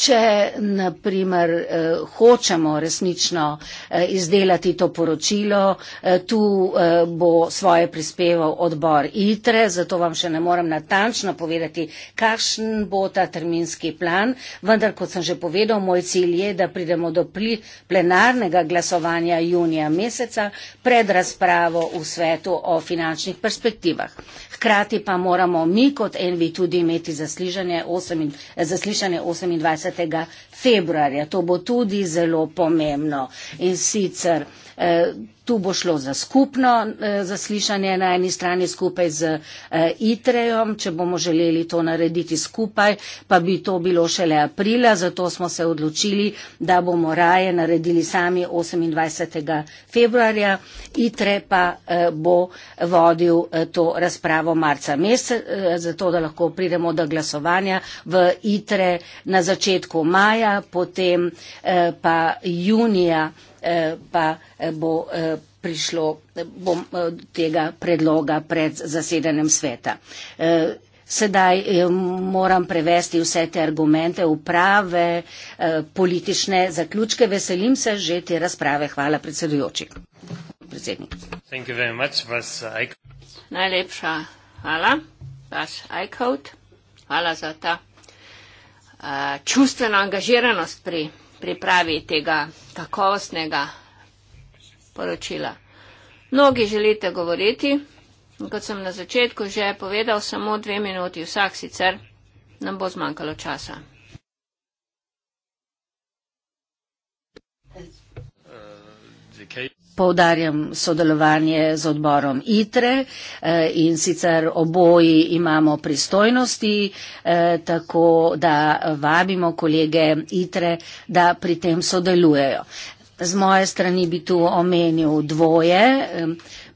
Če naprimer eh, hočemo resnično eh, izdelati to poročilo, eh, tu bo svoje prispeval odbor ITRE, zato vam še ne morem natančno povedati, kakšen bo ta terminski plan, vendar kot sem že povedal, moj cilj je, da pridemo do plenarnega glasovanja junija meseca pred razpravo v svetu o finančnih perspektivah. Hkrati pa moramo mi kot NV tudi imeti zaslišanje 28. 20. februarja. To bo tudi zelo pomembno. In sicer eh, tu bo šlo za skupno eh, zaslišanje na eni strani skupaj z eh, ITREJOM, če bomo želeli to narediti skupaj, pa bi to bilo šele aprila, zato smo se odločili, da bomo raje naredili sami 28. februarja. ITRE pa eh, bo vodil eh, to razpravo marca mesec, eh, zato da lahko pridemo do glasovanja v ITRE na začetku maja, potem eh, pa junija. Eh, pa eh, bo eh, prišlo bo tega predloga pred zasedanjem sveta. Sedaj moram prevesti vse te argumente v prave politične zaključke. Veselim se že te razprave. Hvala predsedujoči. Predsednik. Najlepša hvala, vaš Aikaut. Hvala za ta uh, čustveno angažiranost pri pripravi tega kakovostnega poročila. Mnogi želite govoriti, kot sem na začetku že povedal, samo dve minuti vsak sicer nam bo zmanjkalo časa. poudarjam sodelovanje z odborom ITRE eh, in sicer oboji imamo pristojnosti, eh, tako da vabimo kolege ITRE, da pri tem sodelujejo. Z moje strani bi tu omenil dvoje. Eh,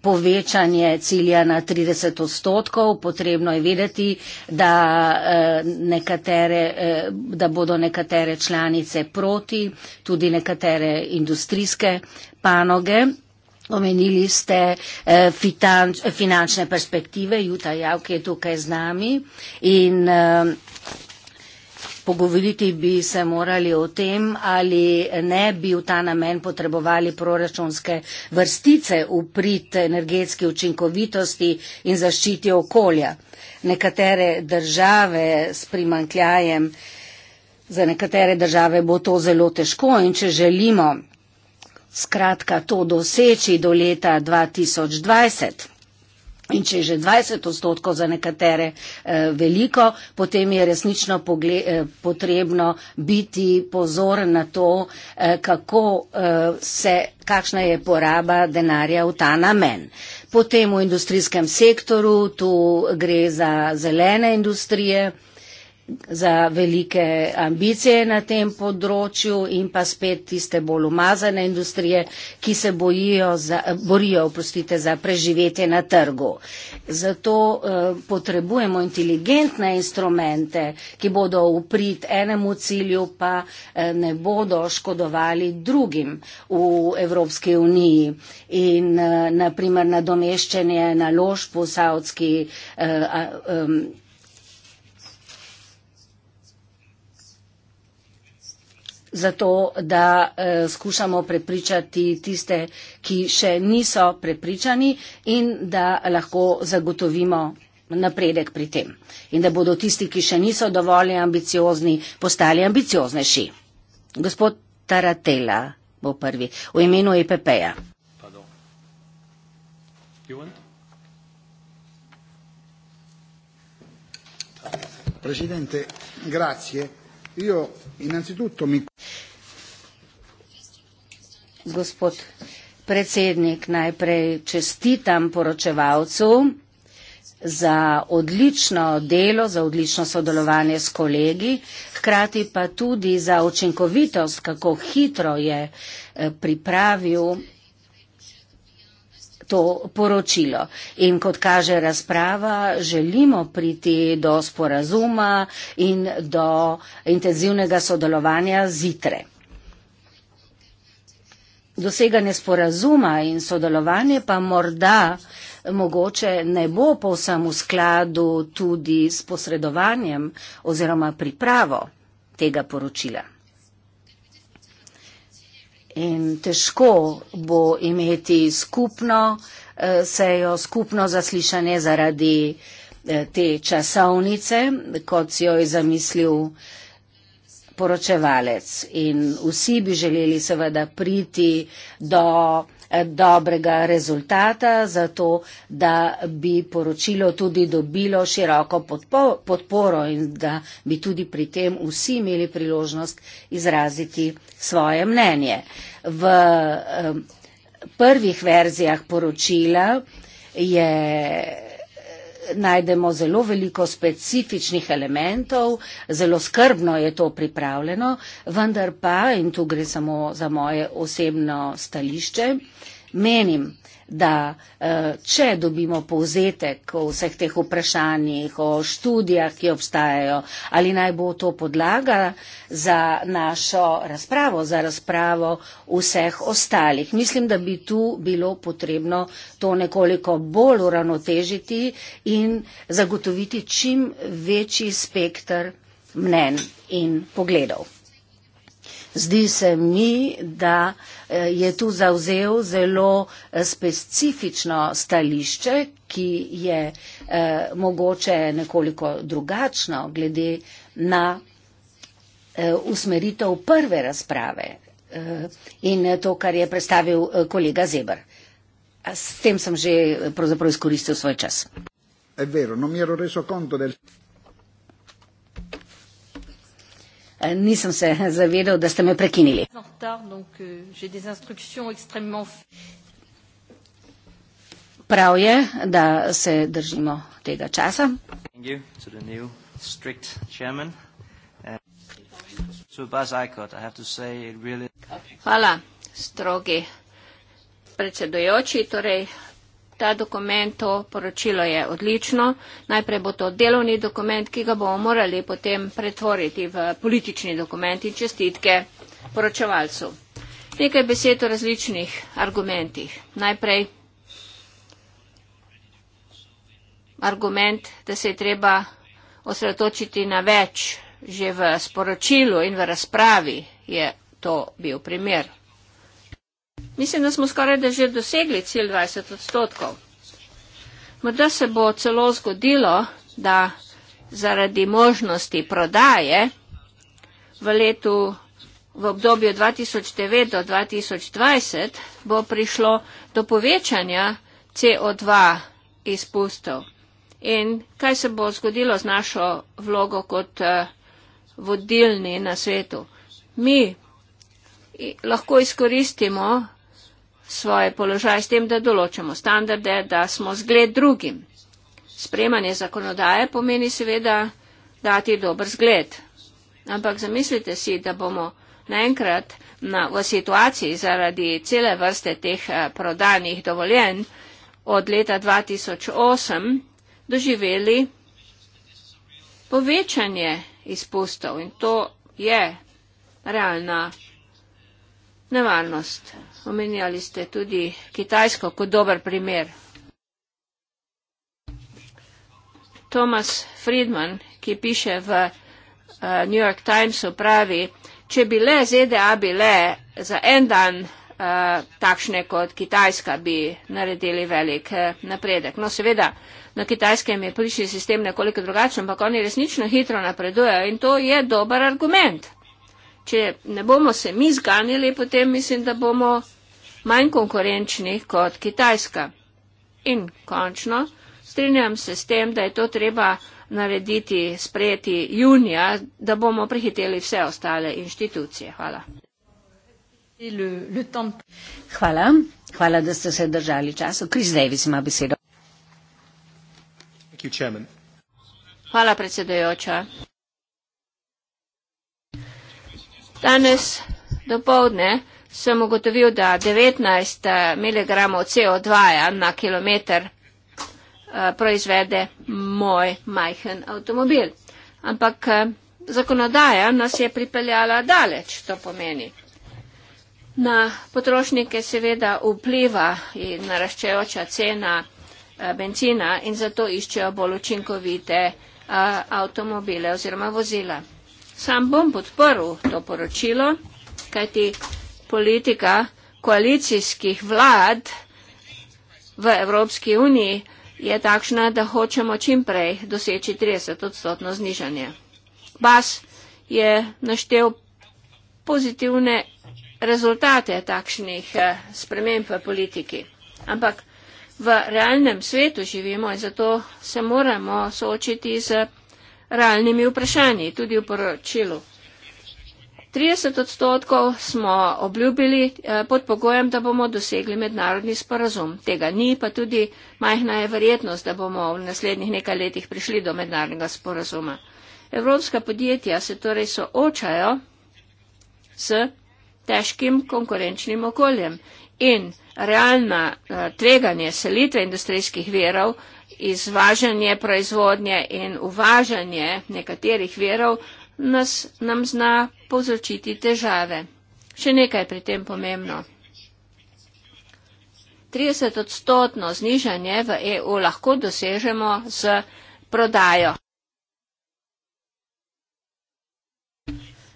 povečanje cilja na 30 odstotkov, potrebno je vedeti, da, nekatere, da bodo nekatere članice proti, tudi nekatere industrijske panoge. Omenili ste eh, fitan, finančne perspektive, Juta Jav, ki je tukaj z nami. In eh, pogovoriti bi se morali o tem, ali ne bi v ta namen potrebovali proračunske vrstice v prid energetske učinkovitosti in zaščiti okolja. Nekatere države s primankljajem, za nekatere države bo to zelo težko in če želimo skratka to doseči do leta 2020. In če je že 20 odstotkov za nekatere eh, veliko, potem je resnično pogle, eh, potrebno biti pozoren na to, eh, kako eh, se, kakšna je poraba denarja v ta namen. Potem v industrijskem sektoru, tu gre za zelene industrije za velike ambicije na tem področju in pa spet tiste bolj umazane industrije, ki se za, borijo oprostite, za preživetje na trgu. Zato eh, potrebujemo inteligentne instrumente, ki bodo uprit enemu cilju, pa eh, ne bodo škodovali drugim v Evropski uniji. In eh, naprimer nadomeščenje naložb v Saudski eh, eh, zato, da eh, skušamo prepričati tiste, ki še niso prepričani in da lahko zagotovimo napredek pri tem. In da bodo tisti, ki še niso dovolj ambiciozni, postali ambicioznejši. Gospod Taratela bo prvi v imenu EPP-ja. Presidente, grazie. Io innanzitutto mi. Gospod predsednik, najprej čestitam poročevalcu za odlično delo, za odlično sodelovanje s kolegi, hkrati pa tudi za učinkovitost, kako hitro je eh, pripravil to poročilo. In kot kaže razprava, želimo priti do sporazuma in do intenzivnega sodelovanja zitre. Doseganje sporazuma in sodelovanje pa morda mogoče ne bo povsem v skladu tudi s posredovanjem oziroma pripravo tega poročila in težko bo imeti skupno eh, sejo, skupno zaslišanje zaradi eh, te časovnice, kot si jo je zamislil poročevalec. In vsi bi želeli seveda priti do dobrega rezultata, zato da bi poročilo tudi dobilo široko podporo in da bi tudi pri tem vsi imeli priložnost izraziti svoje mnenje. V eh, prvih verzijah poročila je najdemo zelo veliko specifičnih elementov, zelo skrbno je to pripravljeno, vendar pa, in tu gre samo za moje osebno stališče, uh, Menim, da eh, če dobimo povzetek o vseh teh vprašanjih, o študijah, ki obstajajo, ali naj bo to podlaga za našo razpravo, za razpravo vseh ostalih. Mislim, da bi tu bilo potrebno to nekoliko bolj uravnotežiti in zagotoviti čim večji spektr mnen in pogledov. Zdi se mi, da eh, je tu zauzel zelo eh, specifično stališče, ki je eh, mogoče nekoliko drugačno glede na usmeritev prve razprave in to, kar je predstavil kolega Zebr. S tem sem že pravzaprav izkoristil svoj čas. Vero, del... nisem se zavedal, da ste me prekinili. Euh, Prav je, da se držimo tega časa. Uh, Hvala, strogi predsedujoči. Torej, ta dokument, to poročilo je odlično. Najprej bo to delovni dokument, ki ga bomo morali potem pretvoriti v politični dokument in čestitke poročevalcu. Nekaj besed o različnih argumentih. Najprej argument, da se je treba osredotočiti na več že v sporočilu in v razpravi je to bil primer. Mislim, da smo skoraj da že dosegli cilj 20 odstotkov. Morda se bo celo zgodilo, da zaradi možnosti prodaje v letu v obdobju 2009 do 2020 bo prišlo do povečanja CO2 izpustov. In kaj se bo zgodilo z našo vlogo kot eh, vodilni na svetu? Mi lahko izkoristimo svoje položaje s tem, da določamo standarde, da smo zgled drugim. Spremanje zakonodaje pomeni seveda dati dober zgled. Ampak zamislite si, da bomo naenkrat na, v situaciji zaradi cele vrste teh eh, prodanih dovoljen od leta 2008 doživeli povečanje izpustov in to je realna nevarnost. Omenjali ste tudi Kitajsko kot dober primer. Thomas Friedman, ki piše v eh, New York Timesu, pravi, če bi le ZDA bile za en dan eh, takšne kot Kitajska, bi naredili velik eh, napredek. No, seveda, na Kitajskem je politični sistem nekoliko drugačen, ampak oni resnično hitro napredujejo in to je dober argument. Če ne bomo se mi zganili, potem mislim, da bomo manj konkurenčni kot Kitajska. In končno, strinjam se s tem, da je to treba narediti, sprejeti junija, da bomo prihiteli vse ostale inštitucije. Hvala. Hvala. Hvala, da ste se držali času. Kris Davis ima besedo. Hvala, predsedajoča. Danes do povdne sem ugotovil, da 19 mg CO2 na kilometr eh, proizvede moj majhen avtomobil. Ampak eh, zakonodaja nas je pripeljala daleč, to pomeni. Na potrošnike seveda vpliva in naraščajoča cena eh, benzina in zato iščejo bolj učinkovite avtomobile oziroma vozila. Sam bom podporil to poročilo, kajti politika koalicijskih vlad v Evropski uniji je takšna, da hočemo čim prej doseči 30 odstotno znižanje. Bas je naštel pozitivne rezultate takšnih eh, sprememb v politiki. Ampak v realnem svetu živimo in zato se moramo soočiti z realnimi vprašanji, tudi v poročilu. 30 odstotkov smo obljubili eh, pod pogojem, da bomo dosegli mednarodni sporazum. Tega ni, pa tudi majhna je verjetnost, da bomo v naslednjih nekaj letih prišli do mednarodnega sporazuma. Evropska podjetja se torej soočajo s težkim konkurenčnim okoljem in realna eh, tveganje selitve industrijskih verov, izvažanje proizvodnje in uvažanje nekaterih verov nas, nam zna povzročiti težave. Še nekaj je pri tem pomembno. 30 odstotno znižanje v EU lahko dosežemo z prodajo.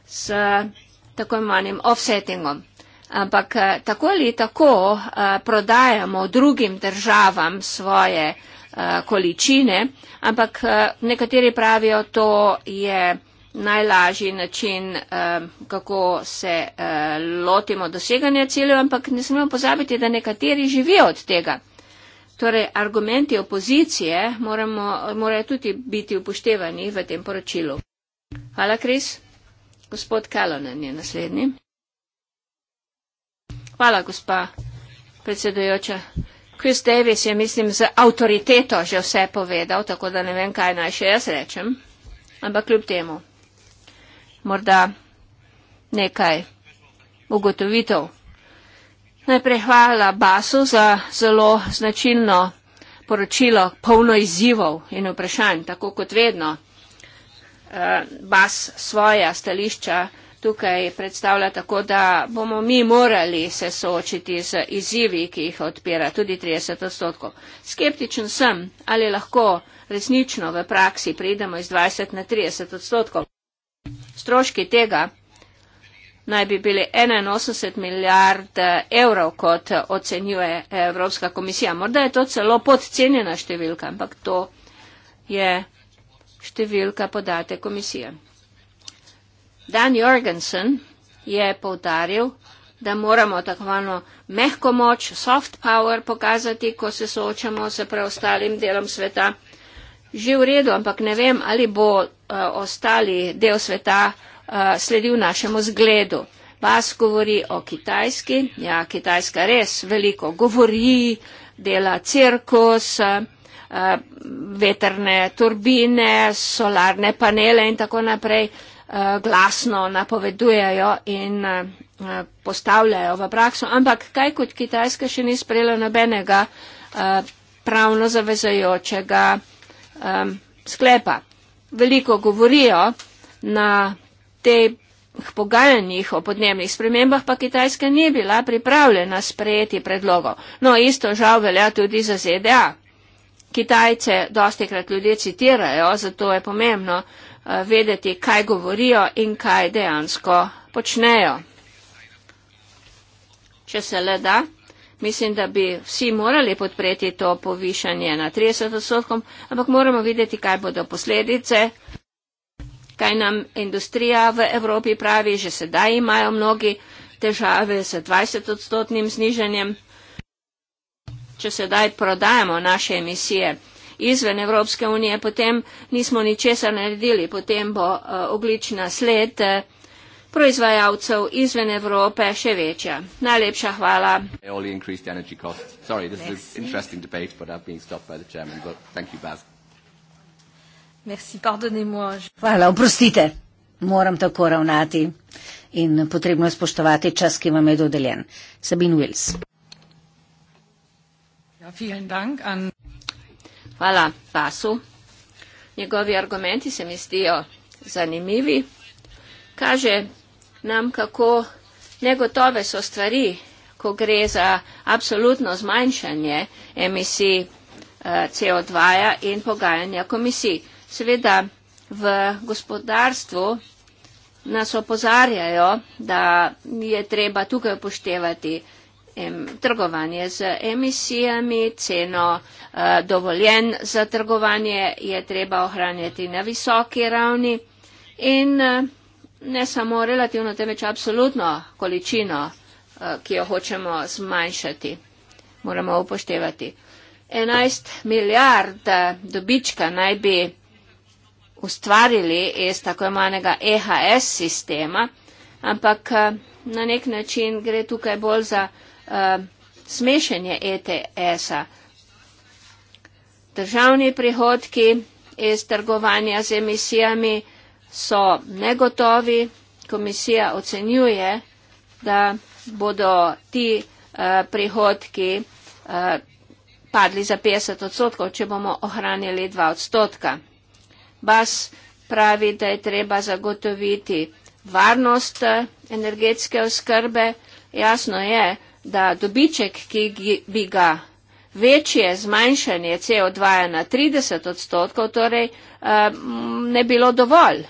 S tako imenim offsettingom. Ampak eh, tako ali tako uh, prodajamo drugim državam svoje uh, količine, ampak uh, nekateri pravijo, to je najlažji način, eh, kako se eh, lotimo doseganja ciljev, ampak ne smemo pozabiti, da nekateri živijo od tega. Torej, argumenti opozicije moramo, morajo tudi biti upoštevani v tem poročilu. Hvala, Kris. Gospod Kalonen je naslednji. Hvala, gospa predsedujoča. Kris Davis je, mislim, z avtoriteto že vse povedal, tako da ne vem, kaj naj še jaz rečem. Ampak kljub temu morda nekaj ugotovitev. Najprej hvala Basu za zelo značilno poročilo, polno izzivov in vprašanj, tako kot vedno. Eh, Bas svoja stališča tukaj predstavlja tako, da bomo mi morali se soočiti z izzivi, ki jih odpira tudi 30 odstotkov. Skeptičen sem, ali lahko resnično v praksi pridemo iz 20 na 30 odstotkov. Stroški tega naj bi bili 81 milijard eh, evrov, kot eh, ocenjuje Evropska komisija. Morda je to celo podcenjena številka, ampak to je številka podate komisije. Dan Jorgensen je povdaril, da moramo takvano mehko moč, soft power pokazati, ko se soočamo s preostalim delom sveta. Že v redu, ampak ne vem, ali bo uh, ostali del sveta uh, sledil našemu zgledu. Bas govori o Kitajski, ja, Kitajska res veliko govori, dela cirkus, uh, eh, veterne turbine, solarne panele in tako naprej uh, glasno napovedujejo in uh, postavljajo v prakso. Ampak kaj kot Kitajska še ni sprejela nobenega uh, pravno zavezajočega um, sklepa veliko govorijo na teh pogajanjih o podnebnih spremembah, pa Kitajska ni bila pripravljena sprejeti predlogov. No, isto žal velja tudi za ZDA. Kitajce dostikrat ljudje citirajo, zato je pomembno eh, vedeti, kaj govorijo in kaj dejansko počnejo. Če se le da. Mislim, da bi vsi morali podpreti to povišanje na 30 odstotkom, ampak moramo videti, kaj bodo posledice, kaj nam industrija v Evropi pravi, že sedaj imajo mnogi težave z 20 odstotnim znižanjem. Če sedaj prodajamo naše emisije izven Evropske unije, potem nismo ničesar naredili, potem bo uh, eh, oglična sled. Uh, proizvajalcev izven Evrope še večja. Najlepša hvala. Hvala, oprostite, moram tako ravnati in potrebno je spoštovati čas, ki vam je dodeljen. Sabine Wills. Ja, hvala Vasu. Njegovi argumenti se mi zdijo zanimivi. Kaže nam, kako negotove so stvari, ko gre za absolutno zmanjšanje emisij eh, CO2 -ja in pogajanja komisij. Seveda v gospodarstvu nas opozarjajo, da je treba tukaj upoštevati trgovanje z emisijami, ceno eh, dovoljen za trgovanje je treba ohranjati na visoki ravni in eh, Ne samo relativno, temveč absolutno količino, eh, ki jo hočemo zmanjšati, moramo upoštevati. 11 milijard eh, dobička naj bi ustvarili iz tako imenega EHS sistema, ampak eh, na nek način gre tukaj bolj za uh, smešenje ETS-a. Državni prihodki iz trgovanja z emisijami so negotovi. Komisija ocenjuje, da bodo ti eh, prihodki eh, padli za 50 odstotkov, če bomo ohranili 2 odstotka. BAS pravi, da je treba zagotoviti varnost eh, energetske oskrbe. Jasno je, da dobiček, ki bi ga večje zmanjšanje CO2 na 30 odstotkov torej eh, ne bilo dovolj.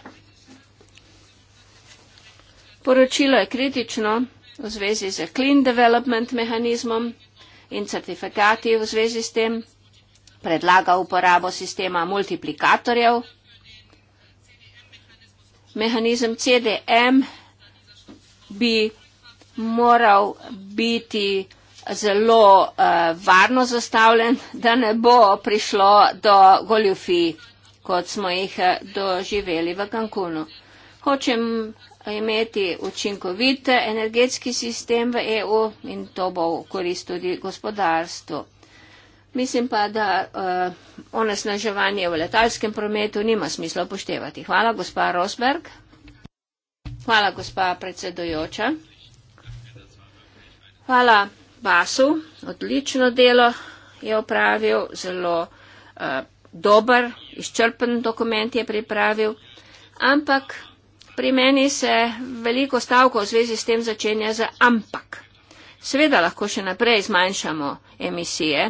Poročilo je kritično v zvezi z clean development mehanizmom in certifikati v zvezi s tem, predlaga uporabo sistema multiplikatorjev. Mehanizem CDM bi moral biti zelo uh, varno zastavljen, da ne bo prišlo do goljufij, kot smo jih eh, doživeli v Cancunu. Hočem imeti učinkovit eh, energetski sistem v EU in to bo v korist tudi gospodarstvu. Mislim pa, da uh, onesnaževanje v letalskem prometu nima smisla upoštevati. Hvala, gospa Rosberg. Hvala, gospa predsedujoča. Hvala. Basov, odlično delo je opravil, zelo uh, dober, izčrpen dokument je pripravil, ampak pri meni se veliko stavkov v zvezi s tem začenja z ampak. Seveda lahko še naprej zmanjšamo emisije,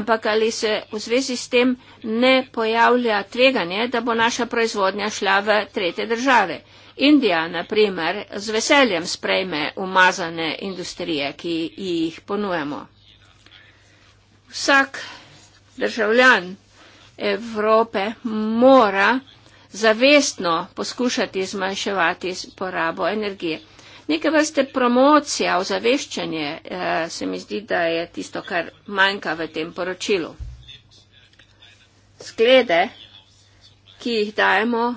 ampak ali se v zvezi s tem ne pojavlja tveganje, da bo naša proizvodnja šla v tretje države. Indija, na primer, z veseljem sprejme umazane industrije, ki jih ponujemo. Vsak državljan Evrope mora zavestno poskušati zmanjševati porabo energije. Neka vrste promocija, ozaveščanje eh, se mi zdi, da je tisto, kar manjka v tem poročilu. Sklede, ki jih dajemo,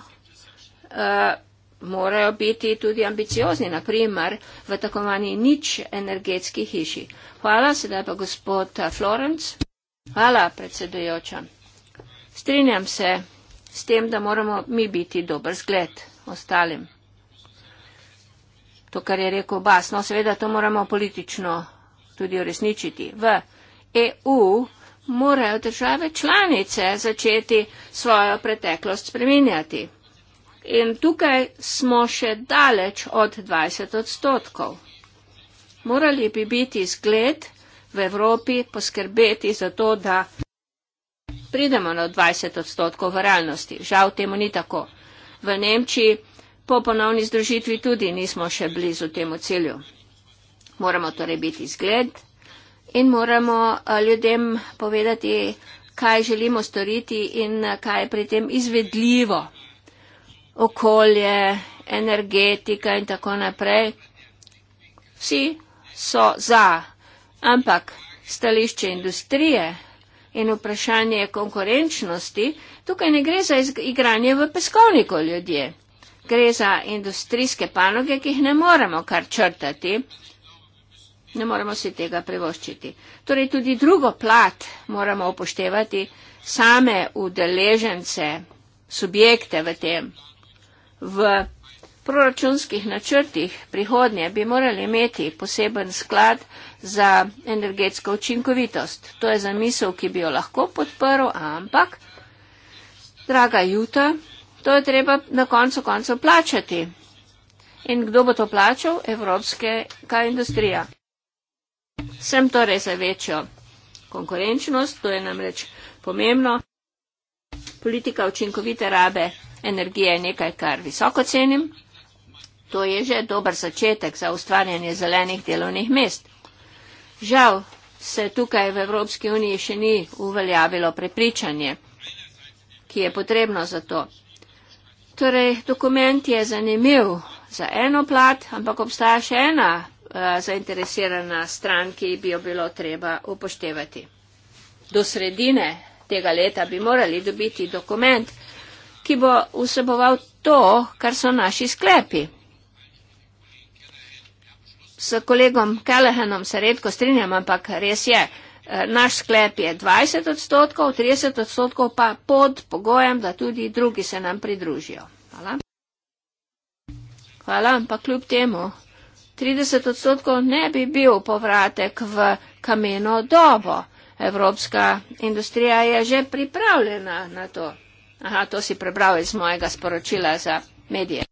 eh, morajo biti tudi ambiciozni, naprimer v tako manji nič energetski hiši. Hvala, sedaj pa gospod Florence. Hvala, predsedujoča. Strinjam se s tem, da moramo mi biti dober zgled ostalim. To, kar je rekel Bas, no seveda to moramo politično tudi uresničiti. V EU morajo države članice začeti svojo preteklost spreminjati. In tukaj smo še daleč od 20 odstotkov. Morali bi biti zgled v Evropi poskrbeti za to, da pridemo na 20 odstotkov v realnosti. Žal temu ni tako. V Nemčiji po ponovni združitvi tudi nismo še blizu temu cilju. Moramo torej biti zgled in moramo eh, ljudem povedati, kaj želimo storiti in eh, kaj je pri tem izvedljivo okolje, energetika in tako naprej. Vsi so za, ampak stališče industrije in vprašanje konkurenčnosti, tukaj ne gre za igranje v peskovniku ljudje. Gre za industrijske panoge, ki jih ne moremo kar črtati. Ne moremo si tega privoščiti. Torej tudi drugo plat moramo upoštevati same udeležence, subjekte v tem v proračunskih načrtih prihodnje bi morali imeti poseben sklad za energetsko učinkovitost. To je zamisel, ki bi jo lahko podprl, ampak, draga Juta, to je treba na koncu koncev plačati. In kdo bo to plačal? Evropska industrija. Sem torej za večjo konkurenčnost, to je namreč pomembno. Politika učinkovite rabe Energija je nekaj, kar visoko cenim. To je že dober začetek za ustvarjanje zelenih delovnih mest. Žal se tukaj v Evropski uniji še ni uveljavilo prepričanje, ki je potrebno za to. Torej, dokument je zanimiv za eno plat, ampak obstaja še ena eh, zainteresirana stran, ki bi jo bilo treba upoštevati. Do sredine tega leta bi morali dobiti dokument, ki bo vseboval to, kar so naši sklepi. S kolegom Kelehenom se redko strinjam, ampak res je, eh, naš sklep je 20 odstotkov, 30 odstotkov pa pod pogojem, da tudi drugi se nam pridružijo. Hvala. Hvala, ampak kljub temu 30 odstotkov ne bi bil povratek v kameno dobo. Evropska industrija je že pripravljena na to. Aha, to si prebral iz mojega sporočila za medije.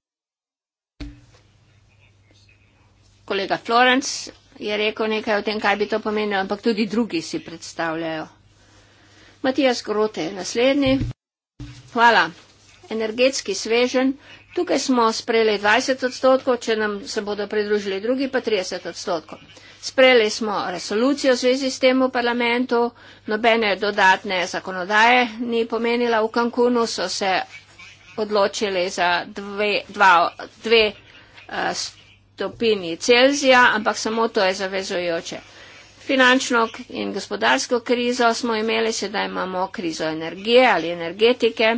Kolega Florence je rekel nekaj o tem, kaj bi to pomenilo, ampak tudi drugi si predstavljajo. Matijas Grote je naslednji. Hvala. Energetski svežen. Tukaj smo sprejeli 20 odstotkov, če nam se bodo pridružili drugi, pa 30 odstotkov. Sprejeli smo resolucijo v zvezi s tem v parlamentu, nobene dodatne zakonodaje ni pomenila v Cancunu, so se odločili za dve, dva, dve eh, stopini Celzija, ampak samo to je zavezujoče. Finančno in gospodarsko krizo smo imeli, sedaj imamo krizo energije ali energetike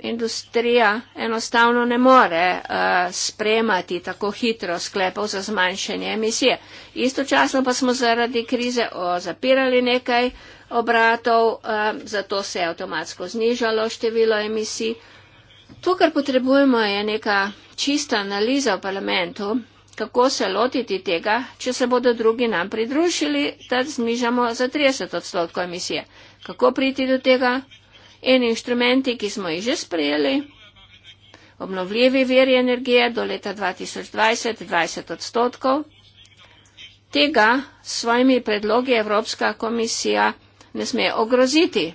industrija enostavno ne more uh, eh, spremati tako hitro sklepov za zmanjšanje emisije. Istočasno pa smo zaradi krize zapirali nekaj obratov, uh, zato se je avtomatsko znižalo število emisij. To, kar potrebujemo, je neka čista analiza v parlamentu, kako se lotiti tega, če se bodo drugi nam pridružili, da znižamo za 30 odstotkov emisije. Kako priti do tega? in inštrumenti, ki smo jih že sprejeli, obnovljivi veri energije do leta 2020, 20 odstotkov. Tega s svojimi predlogi Evropska komisija ne sme ogroziti.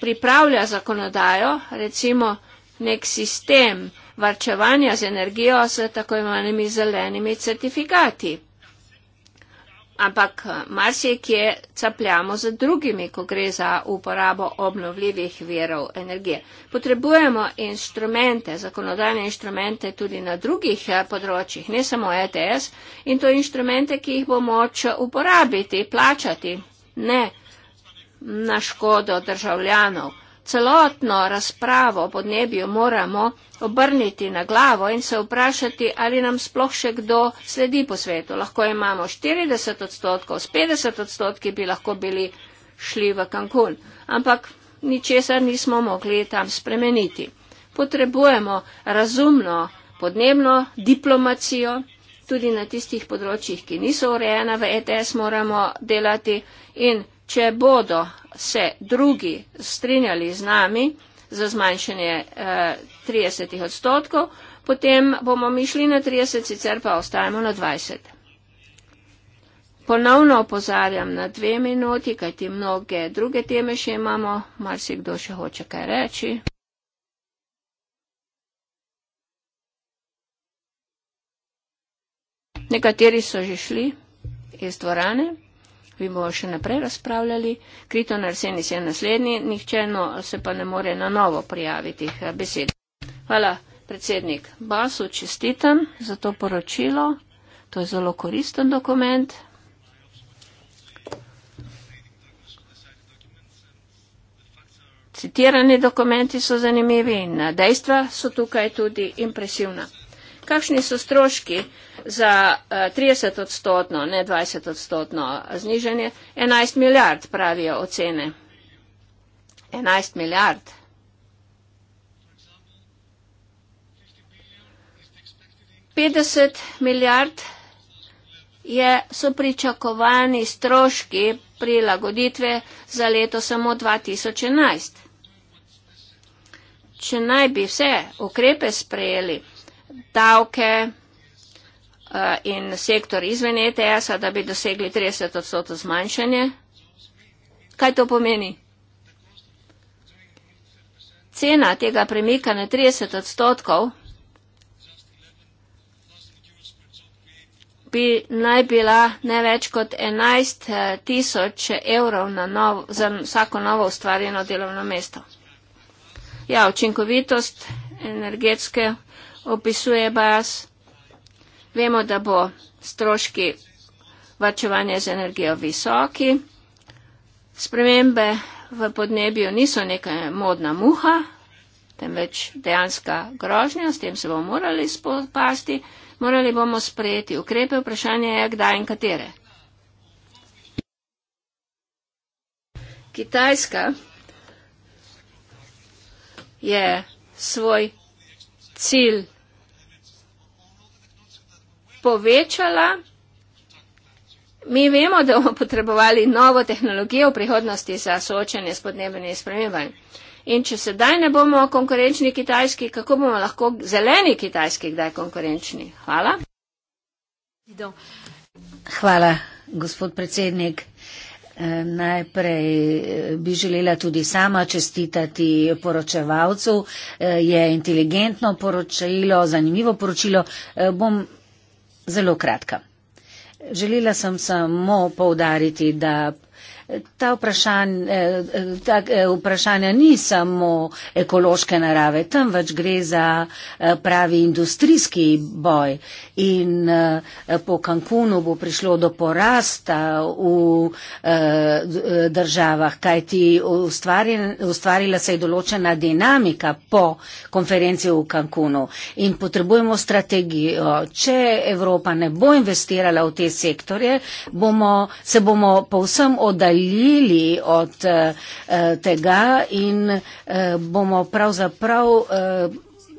Pripravlja zakonodajo, recimo nek sistem varčevanja z energijo s tako imenimi zelenimi certifikati. Ampak eh, marsik je, kje capljamo za drugimi, ko gre za uporabo obnovljivih verov energije. Potrebujemo inštrumente, zakonodajne inštrumente tudi na drugih eh, področjih, ne samo ETS, in to inštrumente, ki jih bo moč uporabiti, plačati, ne na škodo državljanov celotno razpravo o podnebju moramo obrniti na glavo in se vprašati, ali nam sploh še kdo sledi po svetu. Lahko imamo 40 odstotkov, s 50 odstotki bi lahko bili šli v Cancun, ampak ničesar nismo mogli tam spremeniti. Potrebujemo razumno podnebno diplomacijo, tudi na tistih področjih, ki niso urejena v ETS, moramo delati in če bodo se drugi strinjali z nami za zmanjšanje e, eh, 30 odstotkov, potem bomo mišli na 30, sicer pa ostajamo na 20. Ponovno opozarjam na dve minuti, kajti mnoge druge teme še imamo, marsikdo še hoče kaj reči. Nekateri so že šli iz dvorane. Vi bomo še naprej razpravljali. Kriton Arsenis je naslednji, nihče no, se pa ne more na novo prijaviti besed. Hvala, predsednik Basu, čestitam za to poročilo. To je zelo koristen dokument. Citirani dokumenti so zanimivi in dejstva so tukaj tudi impresivna kakšni so stroški za 30 eh, odstotno, ne 20 odstotno zniženje. 11 milijard pravijo ocene. 11 milijard. Je, so pričakovani stroški prilagoditve za leto samo 2011. Če naj bi vse ukrepe sprejeli, davke eh, in sektor izven ETS-a, da bi dosegli 30 odstotov zmanjšanje. Kaj to pomeni? Cena tega premika na 30 odstotkov bi naj bila ne več kot 11 eh, tisoč evrov na nov, za vsako novo ustvarjeno delovno mesto. Ja, učinkovitost energetske opisuje vas. Vemo, da bo stroški vrčevanja z energijo visoki. Spremembe v podnebju niso neka modna muha, temveč dejanska grožnja, s tem se bomo morali spopasti. Morali bomo sprejeti ukrepe, vprašanje je, kdaj in katere. Kitajska je svoj cilj povečala. Mi vemo, da bomo potrebovali novo tehnologijo v prihodnosti za soočanje s podnebnimi spremembami. In če sedaj ne bomo konkurenčni kitajski, kako bomo lahko zeleni kitajski kdaj konkurenčni? Hvala. Hvala, gospod predsednik. Eh, najprej eh, bi želela tudi sama čestitati poročevalcu. Eh, je inteligentno poročilo, zanimivo poročilo. Bom Zelo kratka. Želela sem samo poudariti, da ta eh, eh, vprašanja ni samo ekološke narave, temveč gre za eh, pravi industrijski boj. In po Cancunu bo prišlo do porasta v državah, kajti ustvarila se je določena dinamika po konferenci v Cancunu. In potrebujemo strategijo. Če Evropa ne bo investirala v te sektorje, bomo, se bomo povsem oddaljili oddaljili od uh, tega in uh, bomo pravzaprav. Uh,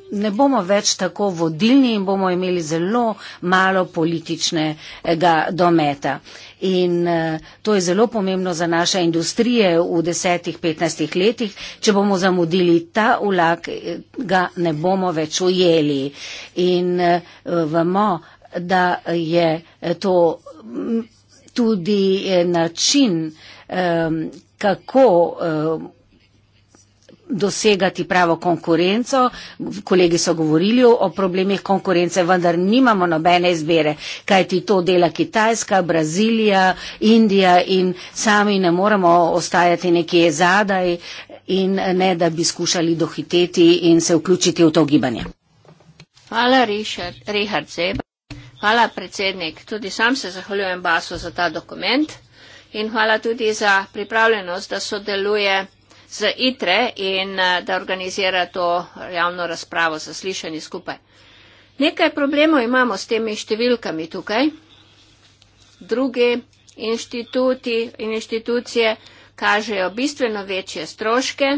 Ne bomo več tako vodilni in bomo imeli zelo malo političnega dometa. In to je zelo pomembno za naše industrije v desetih, petnajstih letih. Če bomo zamudili ta vlak, ga ne bomo več ujeli. In vemo, da je to tudi eh, način, kako dosegati pravo konkurenco. Kolegi so govorili o problemih konkurence, vendar nimamo nobene izbere, kajti to dela Kitajska, Brazilija, Indija in sami ne moremo ostajati nekje zadaj in ne, da bi skušali dohiteti in se vključiti v to gibanje. Hvala, Richard. Richard Hvala, predsednik. Tudi sam se zahvaljujem Basu za ta dokument in hvala tudi za pripravljenost, da sodeluje z ITRE in eh, da organizira to javno razpravo za slišanje skupaj. Nekaj problemov imamo s temi številkami tukaj. Drugi inštituti in inštitucije kažejo bistveno večje stroške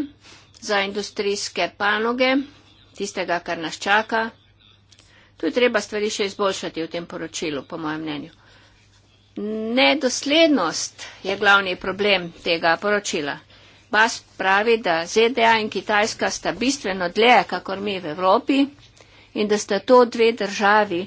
za industrijske panoge, tistega, kar nas čaka, Tu je treba stvari še izboljšati v tem poročilu, po mojem mnenju. Nedoslednost je glavni problem tega poročila. Bas pravi, da ZDA in Kitajska sta bistveno dlje, kakor mi v Evropi, in da sta to dve državi,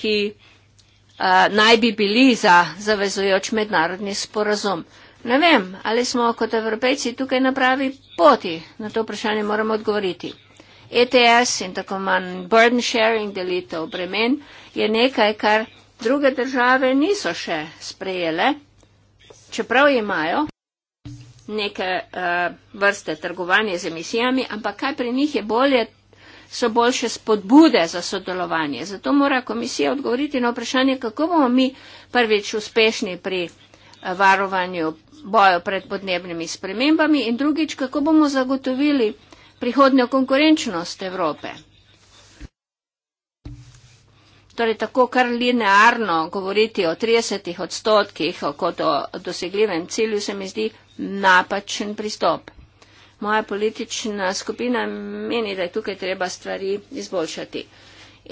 ki uh, naj bi bili za zavezujoč mednarodni sporazum. Ne vem, ali smo kot evropejci tukaj na pravi poti. Na to vprašanje moramo odgovoriti. ETS in tako manj burden sharing, delitev bremen, je nekaj, kar druge države niso še sprejele, čeprav imajo neke uh, vrste trgovanja z emisijami, ampak kaj pri njih je bolje, so boljše spodbude za sodelovanje. Zato mora komisija odgovoriti na vprašanje, kako bomo mi prvič uspešni pri eh, varovanju boju pred podnebnimi spremembami in drugič, kako bomo zagotovili prihodnjo konkurenčnost Evrope. Torej, tako kar linearno govoriti o 30 odstotkih kot o dosegljivem cilju, se mi zdi napačen pristop. Moja politična skupina meni, da je tukaj treba stvari izboljšati. E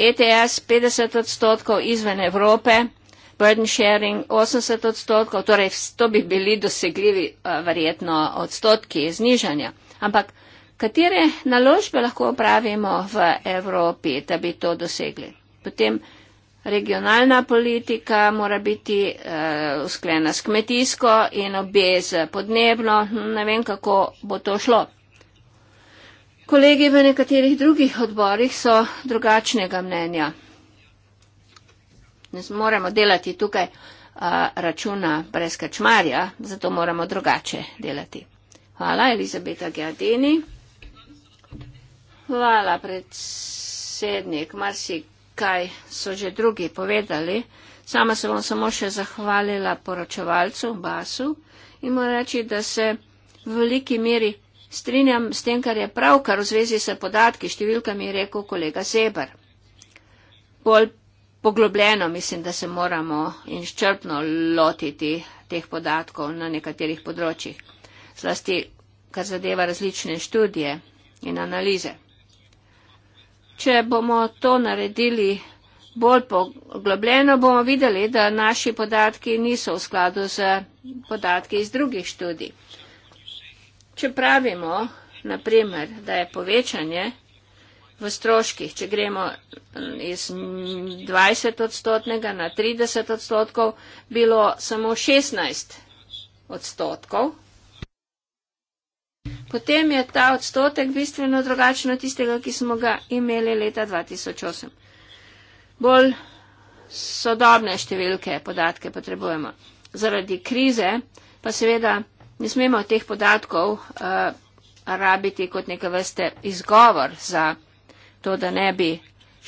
ETS 50 odstotkov izven Evrope, burden sharing 80 odstotkov, torej to bi bili dosegljivi eh, verjetno odstotki znižanja. Ampak katere naložbe lahko opravimo v Evropi, da bi to dosegli. Potem regionalna politika mora biti uh, eh, usklena s kmetijsko in obe z podnebno. Ne vem, kako bo to šlo. Kolegi v nekaterih drugih odborih so drugačnega mnenja. Ne moremo delati tukaj uh, računa brez kačmarja, zato moramo drugače delati. Hvala, Elizabeta Gjadini. Hvala, predsednik. Marsi, kaj so že drugi povedali. Sama se bom samo še zahvalila poročevalcu, Basu, in moram reči, da se v veliki meri strinjam s tem, kar je pravkar v zvezi s podatki, številkami je rekel kolega Zebr. Bolj poglobljeno mislim, da se moramo in ščrpno lotiti teh podatkov na nekaterih področjih, zlasti kar zadeva različne študije in analize. Če bomo to naredili bolj poglobljeno, bomo videli, da naši podatki niso v skladu z podatki iz drugih študij. Če pravimo, naprimer, da je povečanje v stroških, če gremo iz 20 odstotnega na 30 odstotkov, bilo samo 16 odstotkov Potem je ta odstotek bistveno drugačen od tistega, ki smo ga imeli leta 2008. Bolj sodobne številke podatke potrebujemo. Zaradi krize pa seveda ne smemo teh podatkov uh, rabiti kot neke vrste izgovor za to, da ne bi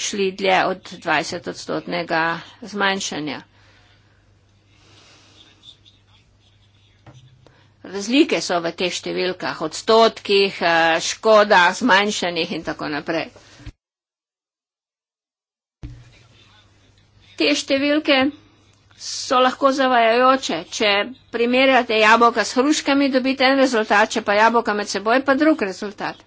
šli dlje od 20-odstotnega zmanjšanja. Razlike so v teh številkah, odstotkih, eh, škoda, zmanjšanih in tako naprej. Te številke so lahko zavajajoče. Če primerjate jabolka s hruškami, dobite en rezultat, če pa jabolka med seboj, pa drug rezultat.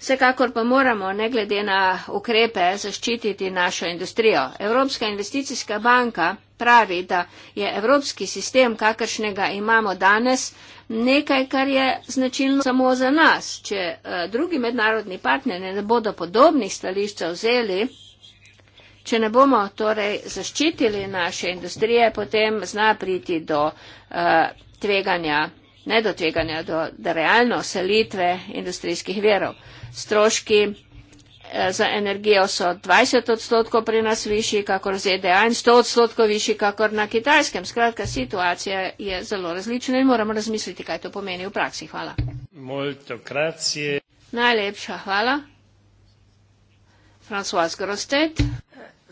Vsekakor pa moramo, ne glede na ukrepe, zaščititi našo industrijo. Evropska investicijska banka pravi, da je evropski sistem, kakršnega imamo danes, nekaj, kar je značilno samo za nas. Če uh, drugi mednarodni partnerji ne bodo podobnih stališč zauzeli, če ne bomo torej zaščitili naše industrije, potem zna priti do uh, tveganja, ne do tveganja, do, do realno selitve industrijskih verov. Stroški Eh, za energijo so 20 odstotkov pri nas višji, kakor ZDA in 100 odstotkov višji, kakor na kitajskem. Skratka, situacija je zelo različna in moramo razmisliti, kaj to pomeni v praksi. Hvala. Multokracije. Najlepša hvala. Françoise Grostet.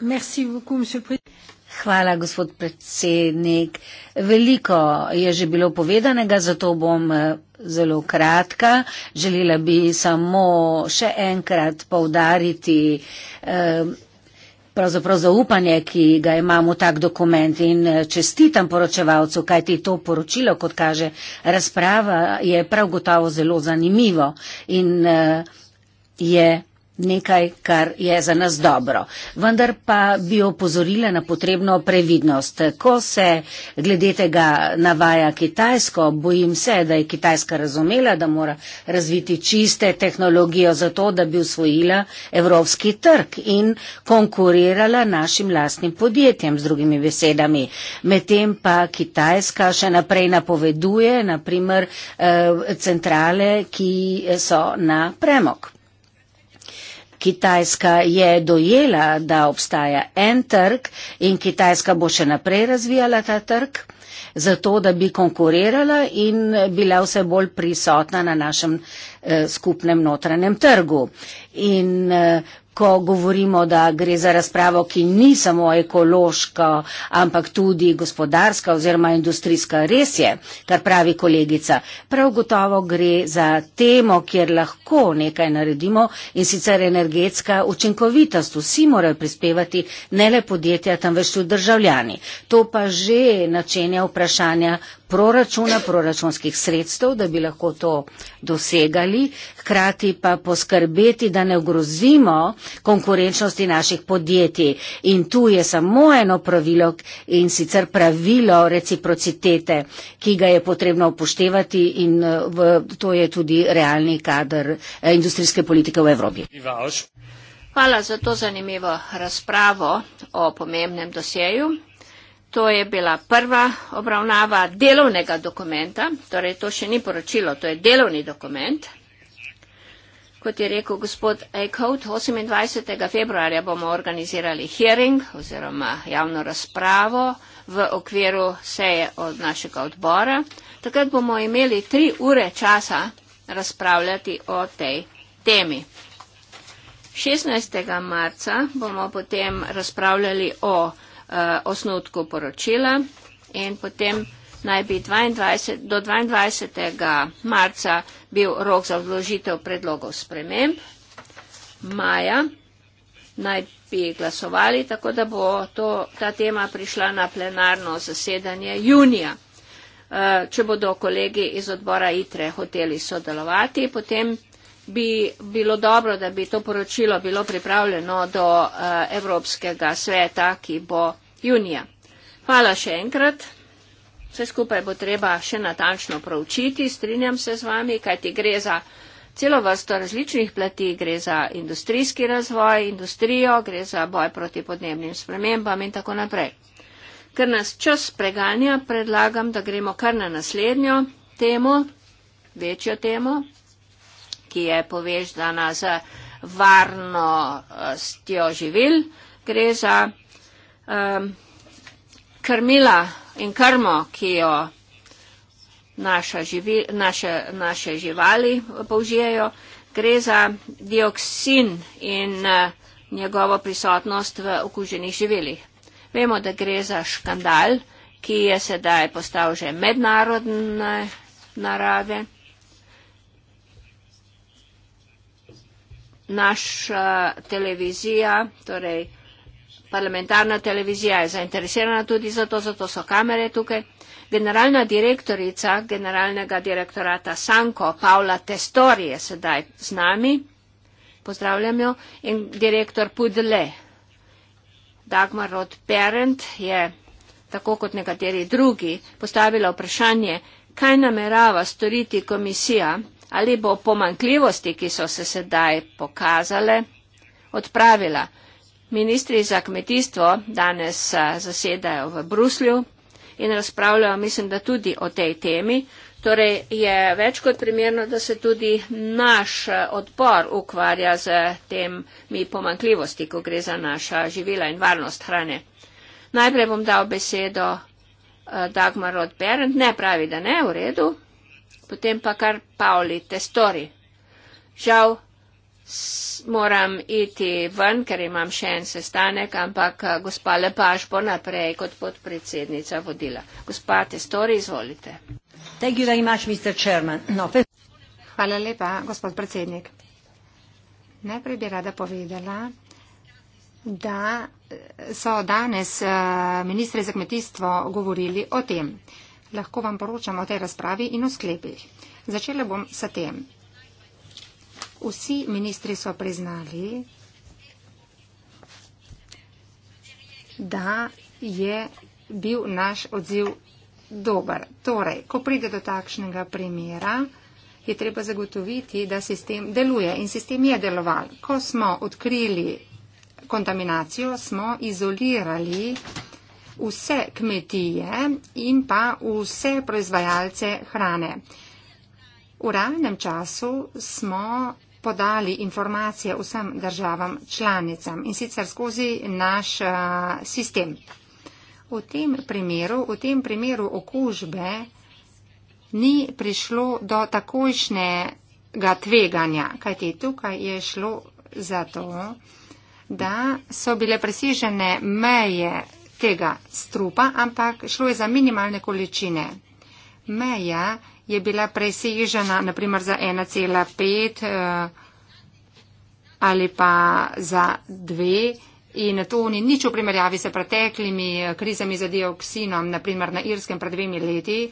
Merci beaucoup, monsieur le président. Hvala, gospod predsednik. Veliko je že bilo povedanega, zato bom eh, zelo kratka. Želela bi samo še enkrat povdariti eh, pravzaprav zaupanje, ki ga imamo v tak dokument in eh, čestitam poročevalcu, kaj ti to poročilo, kot kaže razprava, je prav gotovo zelo zanimivo in je nekaj, kar je za nas dobro. Vendar pa bi opozorila na potrebno previdnost. Ko se glede tega navaja Kitajsko, bojim se, da je Kitajska razumela, da mora razviti čiste tehnologijo za to, da bi usvojila evropski trg in konkurirala našim lastnim podjetjem z drugimi besedami. Medtem pa Kitajska še naprej napoveduje, naprimer, eh, centrale, ki so na premok. Kitajska je dojela, da obstaja en trg in Kitajska bo še naprej razvijala ta trg, zato da bi konkurirala in bila vse bolj prisotna na našem eh, skupnem notranjem trgu. In eh, ko govorimo, da gre za razpravo, ki ni samo ekološka, ampak tudi gospodarska oziroma industrijska. Res je, kar pravi kolegica. Prav gotovo gre za temo, kjer lahko nekaj naredimo in sicer energetska učinkovitost. Vsi morajo prispevati, ne le podjetja, temveč tudi državljani. To pa že načenja vprašanja proračuna, proračunskih sredstev, da bi lahko to dosegali, hkrati pa poskrbeti, da ne ogrozimo konkurenčnosti naših podjetij. In tu je samo eno pravilo in sicer pravilo reciprocitete, ki ga je potrebno upoštevati in eh, v, to je tudi realni kader eh, industrijske politike v Evropi. Hvala za to zanimivo razpravo o pomembnem dosjeju. To je bila prva obravnava delovnega dokumenta, torej to še ni poročilo, to je delovni dokument. Kot je rekel gospod Eichhout, 28. februarja bomo organizirali hearing oziroma javno razpravo v okviru seje od našega odbora. Takrat bomo imeli tri ure časa razpravljati o tej temi. 16. marca bomo potem razpravljali o Eh, osnotku poročila in potem naj bi 22, do 22. marca bil rok za vložitev predlogov sprememb. Maja naj bi glasovali, tako da bo to, ta tema prišla na plenarno zasedanje junija. Eh, če bodo kolegi iz odbora ITRE hoteli sodelovati, potem bi bilo dobro, da bi to poročilo bilo pripravljeno do eh, Evropskega sveta, ki bo junija. Hvala še enkrat. Vse skupaj bo treba še natančno proučiti, strinjam se z vami, kajti gre za celo vrsto različnih plati, gre za industrijski razvoj, industrijo, gre za boj proti podnebnim spremembam in tako naprej. Ker nas čas preganja, predlagam, da gremo kar na naslednjo temo, večjo temo, ki je povezana z varnostjo živil. Gre za um, krmila in krmo, ki jo živi, naše, naše živali použijajo. Gre za dioksin in uh, njegovo prisotnost v okuženih živilih. Vemo, da gre za škandal, ki je sedaj postal že mednarodne narave. naša televizija, torej parlamentarna televizija je zainteresirana tudi za to, zato so kamere tukaj. Generalna direktorica generalnega direktorata Sanko, Paula Testori je sedaj z nami, pozdravljam jo, in direktor Pudle, Dagmar Rod Perent je, tako kot nekateri drugi, postavila vprašanje, kaj namerava storiti komisija ali bo pomankljivosti, ki so se sedaj pokazale, odpravila. Ministri za kmetijstvo danes zasedajo v Bruslju in razpravljajo, mislim, da tudi o tej temi. Torej je več kot primerno, da se tudi naš odpor ukvarja z temi pomankljivosti, ko gre za naša živila in varnost hrane. Najprej bom dal besedo Dagmar od Berend. Ne pravi, da ne, v redu potem pa kar Pavli te stori. Žal moram iti ven, ker imam še en sestanek, ampak eh, gospa Lepaš bo naprej kot podpredsednica vodila. Gospa te stori, izvolite. No, Hvala lepa, gospod predsednik. Najprej bi rada povedala, da eh, so danes eh, ministri za kmetijstvo govorili o tem lahko vam poročam o tej razpravi in o sklepih. Začela bom s tem. Vsi ministri so priznali, da je bil naš odziv dober. Torej, ko pride do takšnega primera, je treba zagotoviti, da sistem deluje in sistem je deloval. Ko smo odkrili kontaminacijo, smo izolirali vse kmetije in pa vse proizvajalce hrane. V realnem času smo podali informacije vsem državam članicam in sicer skozi naš a, eh, sistem. V tem, primeru, v tem primeru okužbe ni prišlo do takojšnjega tveganja, kajti tukaj je šlo za to, da so bile presižene meje tega strupa, ampak šlo je za minimalne količine. Meja je bila presežena naprimer za 1,5 eh, ali pa za 2 in to ni nič v primerjavi s preteklimi eh, krizami za dioksinom, naprimer na Irskem pred dvemi leti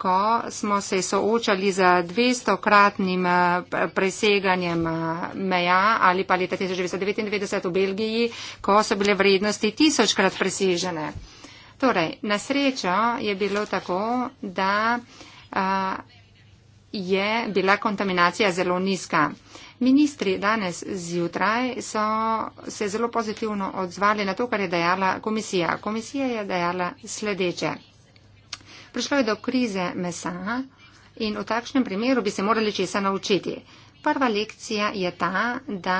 ko smo se soočali z 200-kratnim eh, preseganjem eh, meja ali pa leta 1999 v Belgiji, ko so bile vrednosti tisočkrat presežene. Torej, na srečo je bilo tako, da a, eh, je bila kontaminacija zelo nizka. Ministri danes zjutraj so se zelo pozitivno odzvali na to, kar je dejala komisija. Komisija je dejala sledeče. Prišlo je do krize mesa in v takšnem primeru bi se morali česa naučiti. Prva lekcija je ta, da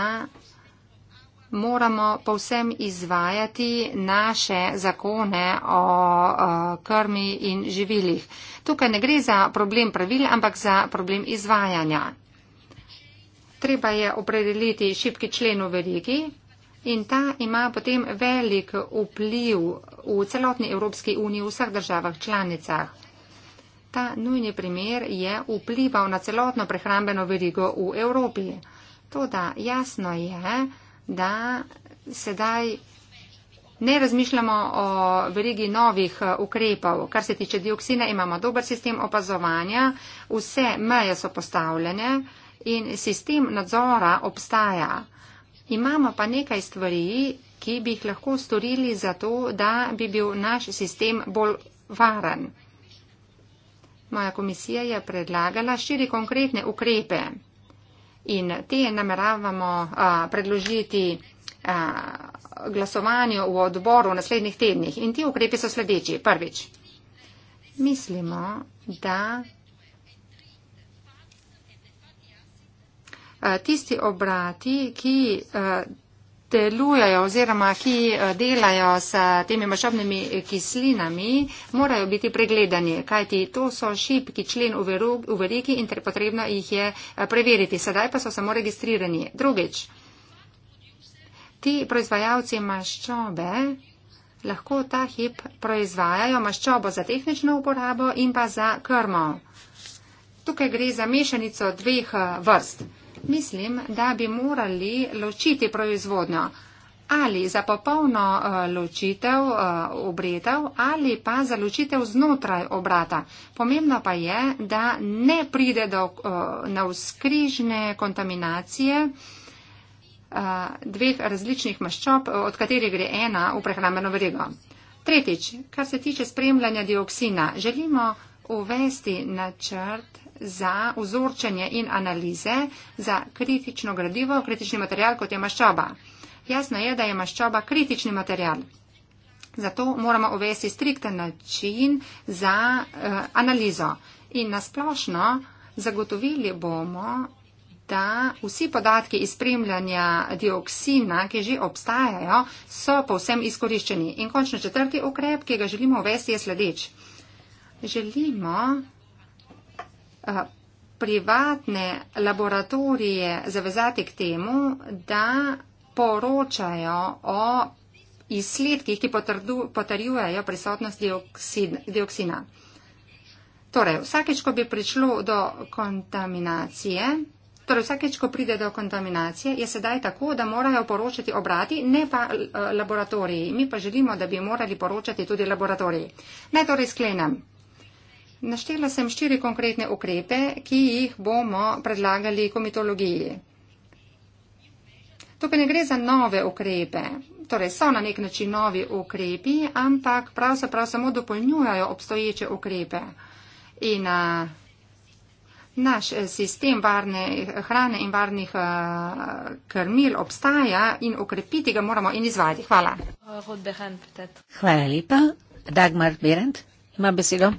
moramo povsem izvajati naše zakone o, o krmi in živilih. Tukaj ne gre za problem pravil, ampak za problem izvajanja. Treba je opredeliti šipki člen v verigi, In ta ima potem velik vpliv v celotni Evropski uniji, v vseh državah članicah. Ta nujni primer je vplival na celotno prehrambeno verigo v Evropi. Toda jasno je, da sedaj ne razmišljamo o verigi novih eh, ukrepov. Kar se tiče dioksina, imamo dober sistem opazovanja, vse meje so postavljene in sistem nadzora obstaja. Imamo pa nekaj stvari, ki bi jih lahko storili za to, da bi bil naš sistem bolj varen. Moja komisija je predlagala štiri konkretne ukrepe in te nameravamo a, predložiti a, glasovanju v odboru v naslednjih tednih. In ti ukrepi so sledeči. Prvič. Mislimo, da Eh, tisti obrati, ki eh, delujejo oziroma ki eh, delajo s temi maščobnimi kislinami, morajo biti pregledani, kajti to so šipki člen v veriki in ter potrebno jih je preveriti. Sedaj pa so samo registrirani. Drugič, ti proizvajalci maščobe lahko ta hip proizvajajo maščobo za tehnično uporabo in pa za krmo. Tukaj gre za mešanico dveh vrst. Mislim, da bi morali ločiti proizvodnjo ali za popolno eh, ločitev eh, obretev ali pa za ločitev znotraj obrata. Pomembno pa je, da ne pride do eh, navskrižne kontaminacije dveh različnih maščob, od katerih gre ena v prehrambeno verigo. Tretjič, kar se tiče spremljanja dioksina, želimo uvesti načrt za vzorčenje in analize za kritično gradivo, kritični material, kot je maščoba. Jasno je, da je maščoba kritični material. Zato moramo uvesti strikten način za uh, analizo. In nasplošno zagotovili bomo, da vsi podatki iz spremljanja dioksina, ki že obstajajo, so povsem izkoriščeni. In končno četrti ukrep, ki ga želimo uvesti, je sledeč. Želimo Eh, privatne laboratorije zavezati k temu, da poročajo o izsledkih, ki potrjujejo prisotnost dioksina. Torej, vsakeč, ko bi prišlo do kontaminacije, torej vsakeč, ko pride do kontaminacije, je sedaj tako, da morajo poročati obrati, ne pa eh, laboratoriji. Mi pa želimo, da bi morali poročati tudi laboratoriji. Naj torej sklenem. Naštela sem štiri konkretne ukrepe, ki jih bomo predlagali komitologiji. Tukaj ne gre za nove ukrepe, torej so na nek način novi ukrepi, ampak pravzaprav samo dopolnjujajo obstoječe ukrepe. In a, naš e, sistem varne hrane in varnih a, krmil obstaja in ukrepiti ga moramo in izvajati. Hvala. Hvala lepa. Dagmar Berendt. Ima besedo.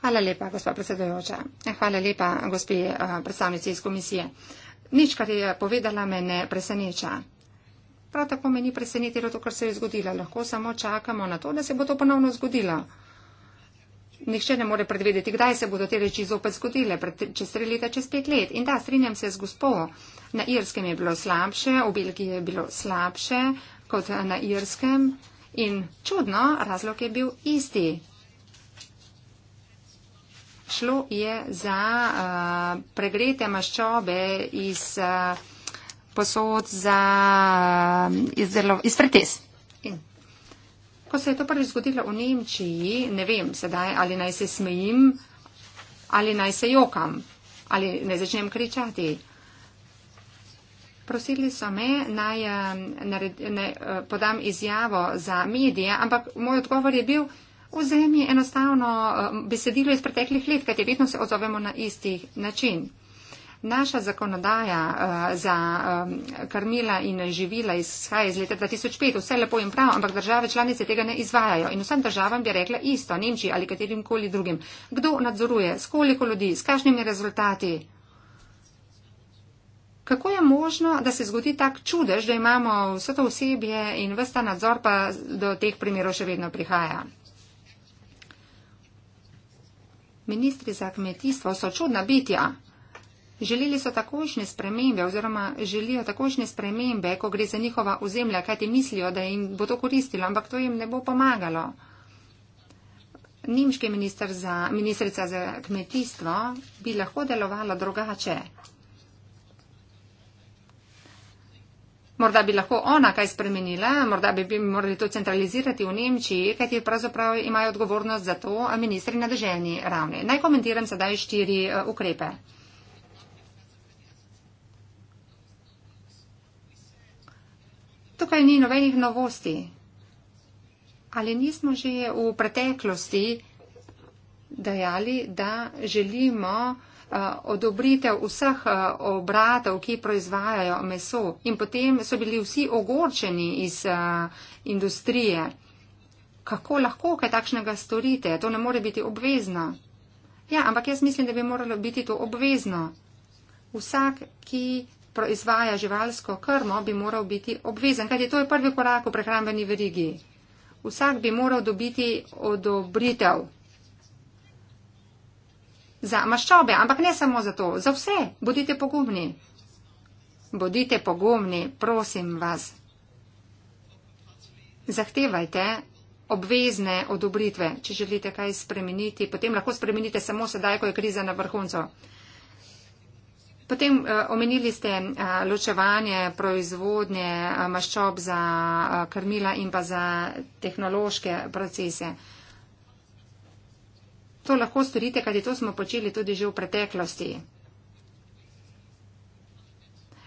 Hvala lepa, gospa predsedojoča. Hvala lepa, gospi eh, predstavnici iz komisije. Nič, kar je povedala, me ne preseneča. Prav tako me ni presenetilo to, kar se je zgodilo. Lahko samo čakamo na to, da se bo to ponovno zgodilo. Nihče ne more predvedeti, kdaj se bodo te reči zopet zgodile, pred, čez tri leta, čez pet let. In da, strinjam se z gospo. Na Irskem je bilo slabše, v Belgiji je bilo slabše kot na Irskem. In čudno, razlog je bil isti šlo je za uh, pregrete maščobe iz uh, posod za uh, izdelov, iz pretes. In. Ko se je to prvi zgodilo v Nemčiji, ne vem sedaj, ali naj se smejim, ali naj se jokam, ali naj začnem kričati. Prosili so me, naj, naj, naj podam izjavo za medije, ampak moj odgovor je bil, vzemi enostavno um, besedilo iz preteklih let, kajti vedno se odzovemo na isti način. Naša zakonodaja uh, za um, krmila in živila izhaja iz leta 2005, vse lepo in prav, ampak države članice tega ne izvajajo. In vsem državam bi rekla isto, Nemčiji ali katerim koli drugim. Kdo nadzoruje, s koliko ljudi, s kakšnimi rezultati? Kako je možno, da se zgodi tak čudež, da imamo vse to osebje in vsta nadzor pa do teh primerov še vedno prihaja? Ministri za kmetijstvo so čudna bitja. Želeli so takošne spremembe oziroma želijo takošne spremembe, ko gre za njihova ozemlja, kajti mislijo, da jim bo to koristilo, ampak to jim ne bo pomagalo. Nemški minister ministrica za kmetijstvo bi lahko delovala drugače. Morda bi lahko ona kaj spremenila, morda bi morali to centralizirati v Nemčiji, kajti pravzaprav imajo odgovornost za to ministri na državni ravni. Naj komentiram sedaj štiri eh, ukrepe. Tukaj ni nobenih novosti. Ali nismo že v preteklosti dejali, da želimo Eh, odobritev vseh eh, obratov, ki proizvajajo meso. In potem so bili vsi ogorčeni iz eh, industrije. Kako lahko kaj takšnega storite? To ne more biti obvezno. Ja, ampak jaz mislim, da bi moralo biti to obvezno. Vsak, ki proizvaja živalsko krmo, bi moral biti obvezen, kajti to je prvi korak v prehrambeni verigi. Vsak bi moral dobiti odobritev za maščobe, ampak ne samo za to, za vse. Bodite pogumni. Bodite pogumni, prosim vas. Zahtevajte obvezne odobritve, če želite kaj spremeniti. Potem lahko spremenite samo sedaj, ko je kriza na vrhuncu. Potem eh, omenili ste eh, ločevanje proizvodnje eh, maščob za krmila in pa za tehnološke procese. To lahko storite, kajti to smo počeli tudi že v preteklosti.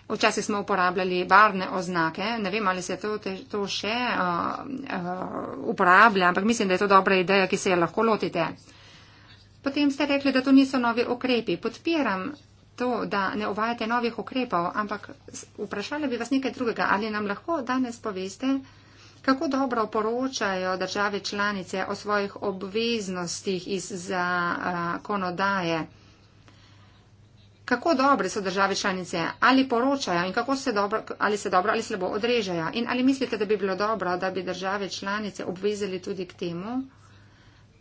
Včasih smo uporabljali barne oznake, ne vem, ali se to, te, to še uh, uh, uporablja, ampak mislim, da je to dobra ideja, ki se je lahko lotite. Potem ste rekli, da to niso novi ukrepi. Podpiram to, da ne uvajate novih ukrepov, ampak vprašala bi vas nekaj drugega. Ali nam lahko danes poveste, uh, kako dobro poročajo države članice o svojih obveznostih iz zakonodaje. Kako dobre so države članice, ali poročajo in kako se dobro ali, se dobro, ali slabo odrežejo. In ali mislite, da bi bilo dobro, da bi države članice obvezali tudi k temu,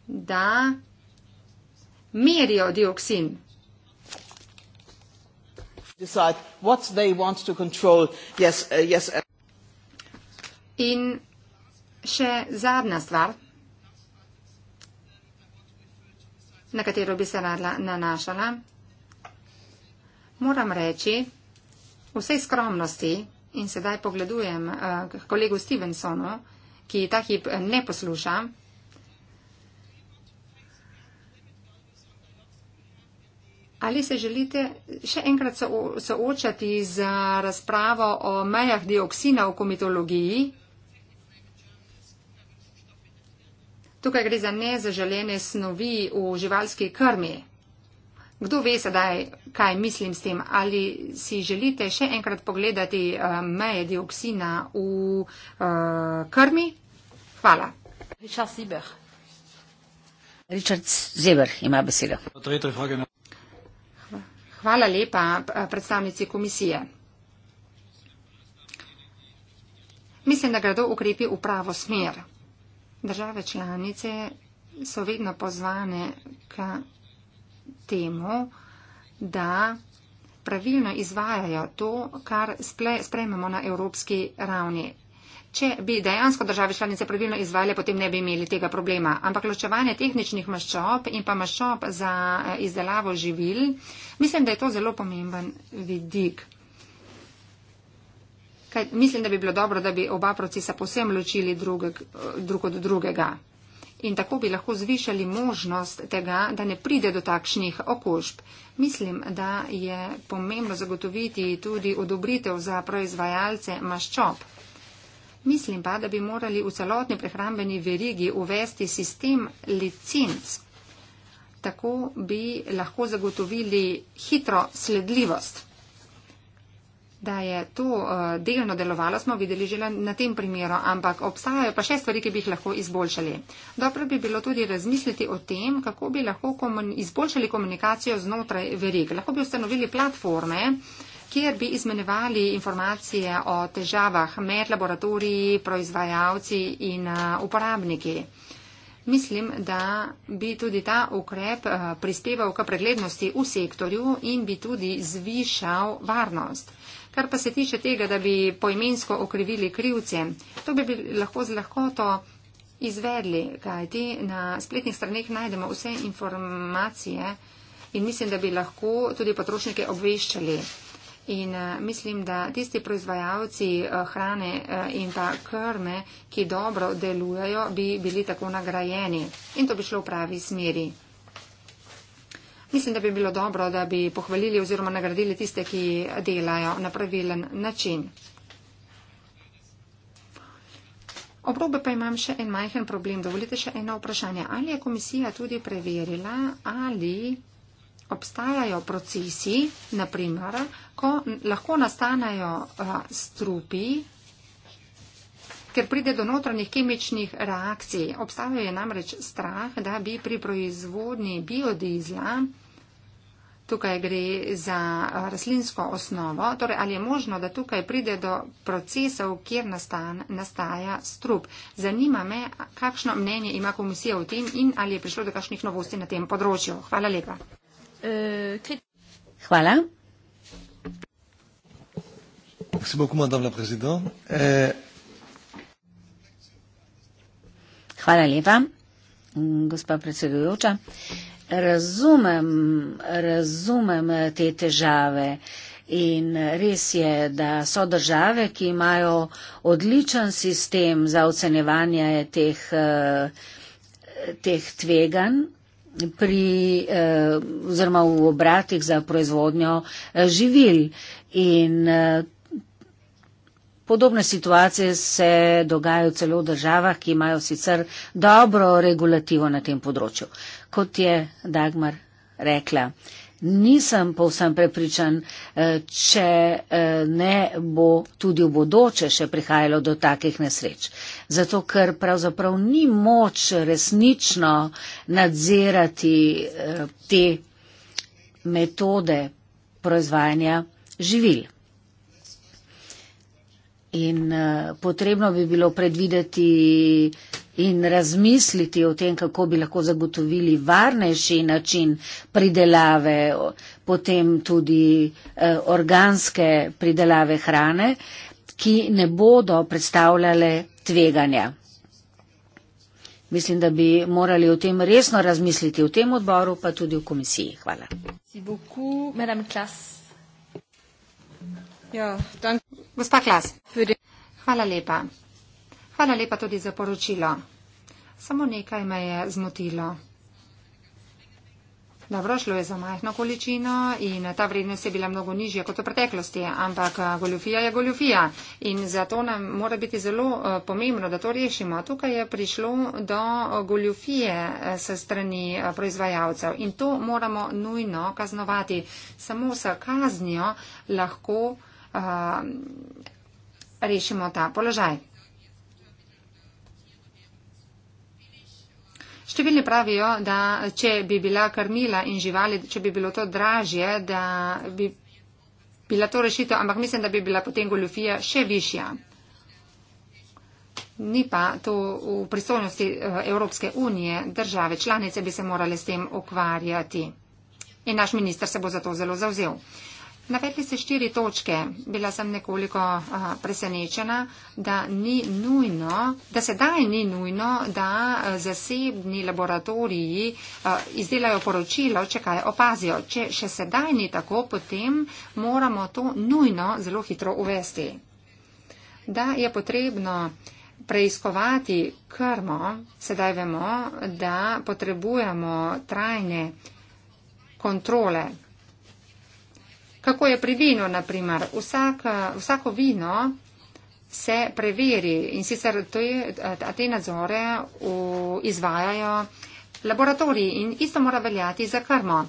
da merijo dioksin. Uh, uh. In še zadnja stvar, na katero bi se rada nanašala. Moram reči, vsej skromnosti in sedaj pogledujem k eh, kolegu Stevensonu, ki ta hip ne posluša. Ali se želite še enkrat soočati z razpravo o mejah dioksina v komitologiji? Tukaj gre za nezaželene snovi v živalski krmi. Kdo ve sedaj, kaj mislim s tem? Ali si želite še enkrat pogledati uh, meje dioksina v uh, krmi? Hvala. Richard Zeber. Richard Zeber ima besedo. Hvala lepa eh, predstavnici komisije. Mislim, da gredo ukrepi v pravo smer. Hvala. Države članice so vedno pozvane k temu, da pravilno izvajajo to, kar sprememo na evropski ravni. Če bi dejansko države članice pravilno izvajale, potem ne bi imeli tega problema. Ampak ločevanje tehničnih maščob in pa maščob za eh, izdelavo živil, mislim, da je to zelo pomemben vidik. Kaj, mislim, da bi bilo dobro, da bi oba procesa posem ločili drugeg, drug od drugega. In tako bi lahko zvišali možnost tega, da ne pride do takšnih okužb. Mislim, da je pomembno zagotoviti tudi odobritev za proizvajalce maščob. Mislim pa, da bi morali v celotni prehrambeni verigi uvesti sistem licenc. Tako bi lahko zagotovili hitro sledljivost da je to uh, eh, delno delovalo, smo videli že na tem primeru, ampak obstajajo pa še stvari, ki bi jih lahko izboljšali. Dobro bi bilo tudi razmisliti o tem, kako bi lahko komun izboljšali komunikacijo znotraj verig. Lahko bi ustanovili platforme, kjer bi izmenevali informacije o težavah med laboratoriji, proizvajalci in uh, uporabniki. Mislim, da bi tudi ta ukrep eh, prispeval k preglednosti v sektorju in bi tudi zvišal varnost. Kar pa se tiče tega, da bi poimensko okrivili krivce, to bi lahko z lahkoto izvedli, kajti na spletnih straneh najdemo vse informacije in mislim, da bi lahko tudi potrošnike obveščali. In eh, mislim, da tisti proizvajalci eh, hrane eh, in pa krme, ki dobro delujejo, bi bili tako nagrajeni. In to bi šlo v pravi smeri. Mislim, da bi bilo dobro, da bi pohvalili oziroma nagradili tiste, ki delajo na pravilen način. Obrobe pa imam še en majhen problem. Dovolite še eno vprašanje. Ali je komisija tudi preverila, ali obstajajo procesi, naprimer, ko lahko nastanajo eh, strupi ker pride do notranjih kemičnih reakcij. Obstajal je namreč strah, da bi pri proizvodni biodizla, tukaj gre za rastlinsko osnovo, torej ali je možno, da tukaj pride do procesov, kjer nastan, nastaja strup. Zanima me, kakšno mnenje ima komisija o tem in ali je prišlo do kakšnih novosti na tem področju. Hvala lepa. E, Hvala. Merci beaucoup, Madame la Présidente. Euh... Hvala lepa, gospa predsedujoča. Razumem, razumem te težave. In res je, da so države, ki imajo odličen sistem za ocenevanje teh, teh tvegan pri oziroma v obratih za proizvodnjo eh, živil. In eh, Podobne situacije se dogajajo celo v državah, ki imajo sicer dobro regulativo na tem področju. Kot je Dagmar rekla, nisem povsem prepričan, eh, če eh, ne bo tudi v bodoče še prihajalo do takih nesreč. Zato, ker pravzaprav ni moč resnično nadzirati eh, te metode proizvajanja živil in uh, potrebno bi bilo predvideti in razmisliti o tem, kako bi lahko zagotovili varnejši način pridelave, potem tudi uh, organske pridelave hrane, ki ne bodo predstavljale tveganja. Mislim, da bi morali o tem resno razmisliti v tem odboru, pa tudi v komisiji. Hvala. Si beaucoup, Ja, dank. Gospa Klas. Hvala lepa. Hvala lepa tudi za poročilo. Samo nekaj me je zmotilo. Dobro, šlo je za majhno količino in ta vrednost je bila mnogo nižja kot v preteklosti, ampak eh, goljufija je goljufija in zato nam mora biti zelo eh, pomembno, da to rešimo. Tukaj je prišlo do eh, goljufije se strani proizvajalcev in to moramo nujno kaznovati. Samo s kaznjo lahko. Um, rešimo ta položaj. Številni pravijo, da če bi bila krmila in živali, če bi bilo to dražje, da bi bila to rešitev, ampak mislim, da bi bila potem goljofija še višja. Ni pa to v pristojnosti eh, Evropske unije, države, članice bi se morale s tem ukvarjati. In naš minister se bo za to zelo zauzel. Navedli ste štiri točke. Bila sem nekoliko a, presenečena, da, ni nujno, da sedaj ni nujno, da zasebni laboratoriji a, izdelajo poročilo, če kaj opazijo. Če še sedaj ni tako, potem moramo to nujno zelo hitro uvesti. Da je potrebno preiskovati krmo, sedaj vemo, da potrebujemo trajne kontrole Kako je pri vinu, na primer? Vsako vino se preveri in sicer je, te nadzore v, izvajajo laboratoriji in isto mora veljati za krmo.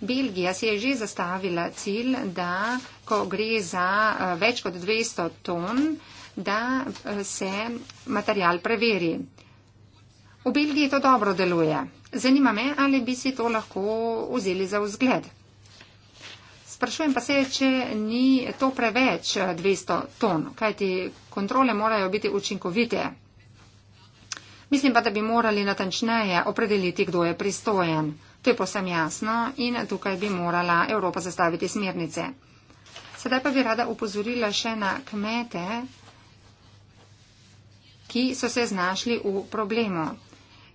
Belgija si je že zastavila cilj, da ko gre za več kot 200 ton, da se material preveri. V Belgiji to dobro deluje. Zanima me, ali bi si to lahko vzeli za vzgled sprašujem pa se, če ni to preveč 200 eh, ton, kajti kontrole morajo biti učinkovite. Mislim pa, da bi morali natančneje opredeliti, kdo je pristojen. To je posem jasno in tukaj bi morala Evropa zastaviti smernice. Sedaj pa bi rada upozorila še na kmete, ki so se znašli v problemu.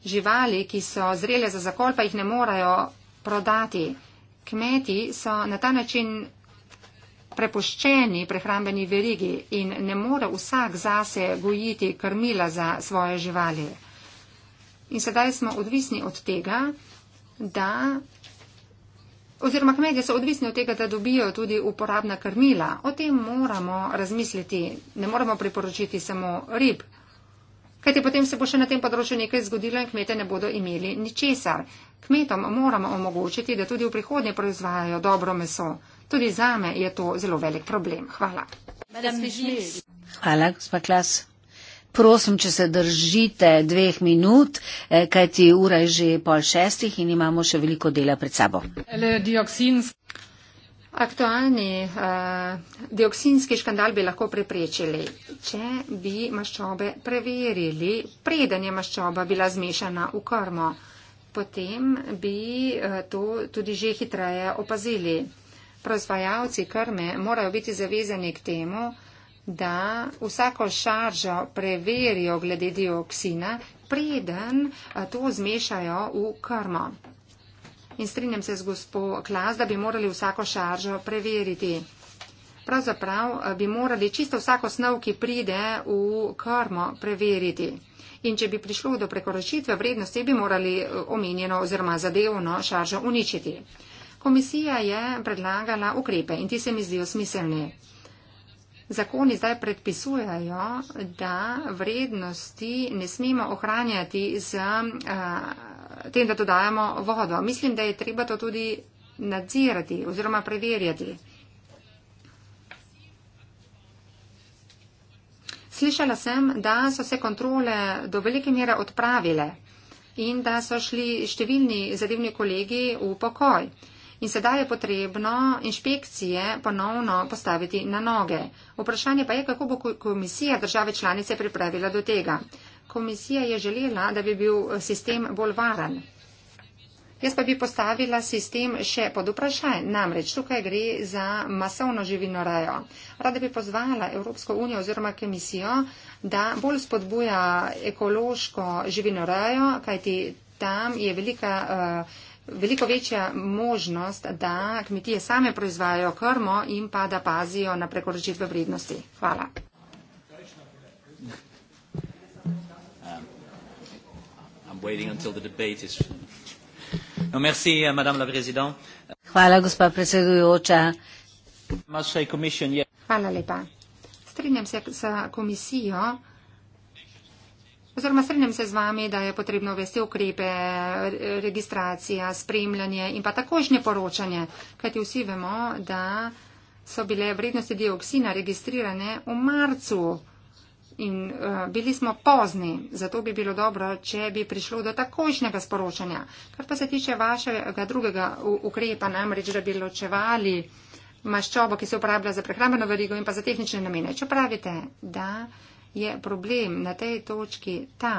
Živali, ki so zrele za zakol, pa jih ne morajo prodati kmeti so na ta način prepuščeni prehrambeni verigi in ne more vsak zase gojiti krmila za svoje živali. In sedaj smo odvisni od tega, da oziroma kmetje so odvisni od tega, da dobijo tudi uporabna krmila. O tem moramo razmisliti, ne moramo priporočiti samo rib. Kajti potem se bo še na tem področju nekaj zgodilo in kmete ne bodo imeli ničesar. Kmetom moramo omogočiti, da tudi v prihodnje proizvajajo dobro meso. Tudi zame je to zelo velik problem. Hvala. Hvala, gospa Klas. Prosim, če se držite dveh minut, eh, kajti ura je že pol šestih in imamo še veliko dela pred sabo. Aktualni uh, dioksinski škandal bi lahko preprečili, če bi maščobe preverili, preden je maščoba bila zmešana v krmo potem bi eh, to tudi že hitreje opazili. Proizvajalci krme morajo biti zavezani k temu, da vsako šaržo preverijo glede dioksina, preden eh, to zmešajo v krmo. In strinjam se z gospod Klas, da bi morali vsako šaržo preveriti. Pravzaprav eh, bi morali čisto vsako snov, ki pride v krmo, preveriti in če bi prišlo do prekoračitve vrednosti, bi morali eh, omenjeno oziroma zadevno šaržo uničiti. Komisija je predlagala ukrepe in ti se mi zdijo smiselni. Zakoni zdaj predpisujajo, da vrednosti ne smemo ohranjati z a, eh, tem, da dodajamo vodo. Mislim, da je treba to tudi nadzirati oziroma preverjati. Slišala sem, da so se kontrole do velike mere odpravile in da so šli številni zadevni kolegi v pokoj. In sedaj je potrebno inšpekcije ponovno postaviti na noge. Vprašanje pa je, kako bo komisija države članice pripravila do tega. Komisija je želela, da bi bil sistem bolj varen. Jaz pa bi postavila sistem še pod vprašanje. Namreč tukaj gre za masovno živino rajo. Rada bi pozvala Evropsko unijo oziroma komisijo, da bolj spodbuja ekološko živino rajo, kajti tam je velika. Uh, Veliko večja možnost, da kmetije same proizvajajo krmo in pa da pazijo na prekoračitve vrednosti. Hvala. Um, Euh, Hvala, gospa predsedujoča. Hvala lepa. Strinjam se s komisijo, oziroma strinjam se z vami, da je potrebno uvesti ukrepe, registracija, spremljanje in pa takožnje poročanje, kajti vsi vemo, da so bile vrednosti dioksina registrirane v marcu In uh, bili smo pozni, zato bi bilo dobro, če bi prišlo do takojšnjega sporočanja. Kar pa se tiče vašega drugega ukrepa, namreč, da bi ločevali maščobo, ki se uporablja za prehrambeno verigo in pa za tehnične namene. Če pravite, da je problem na tej točki ta,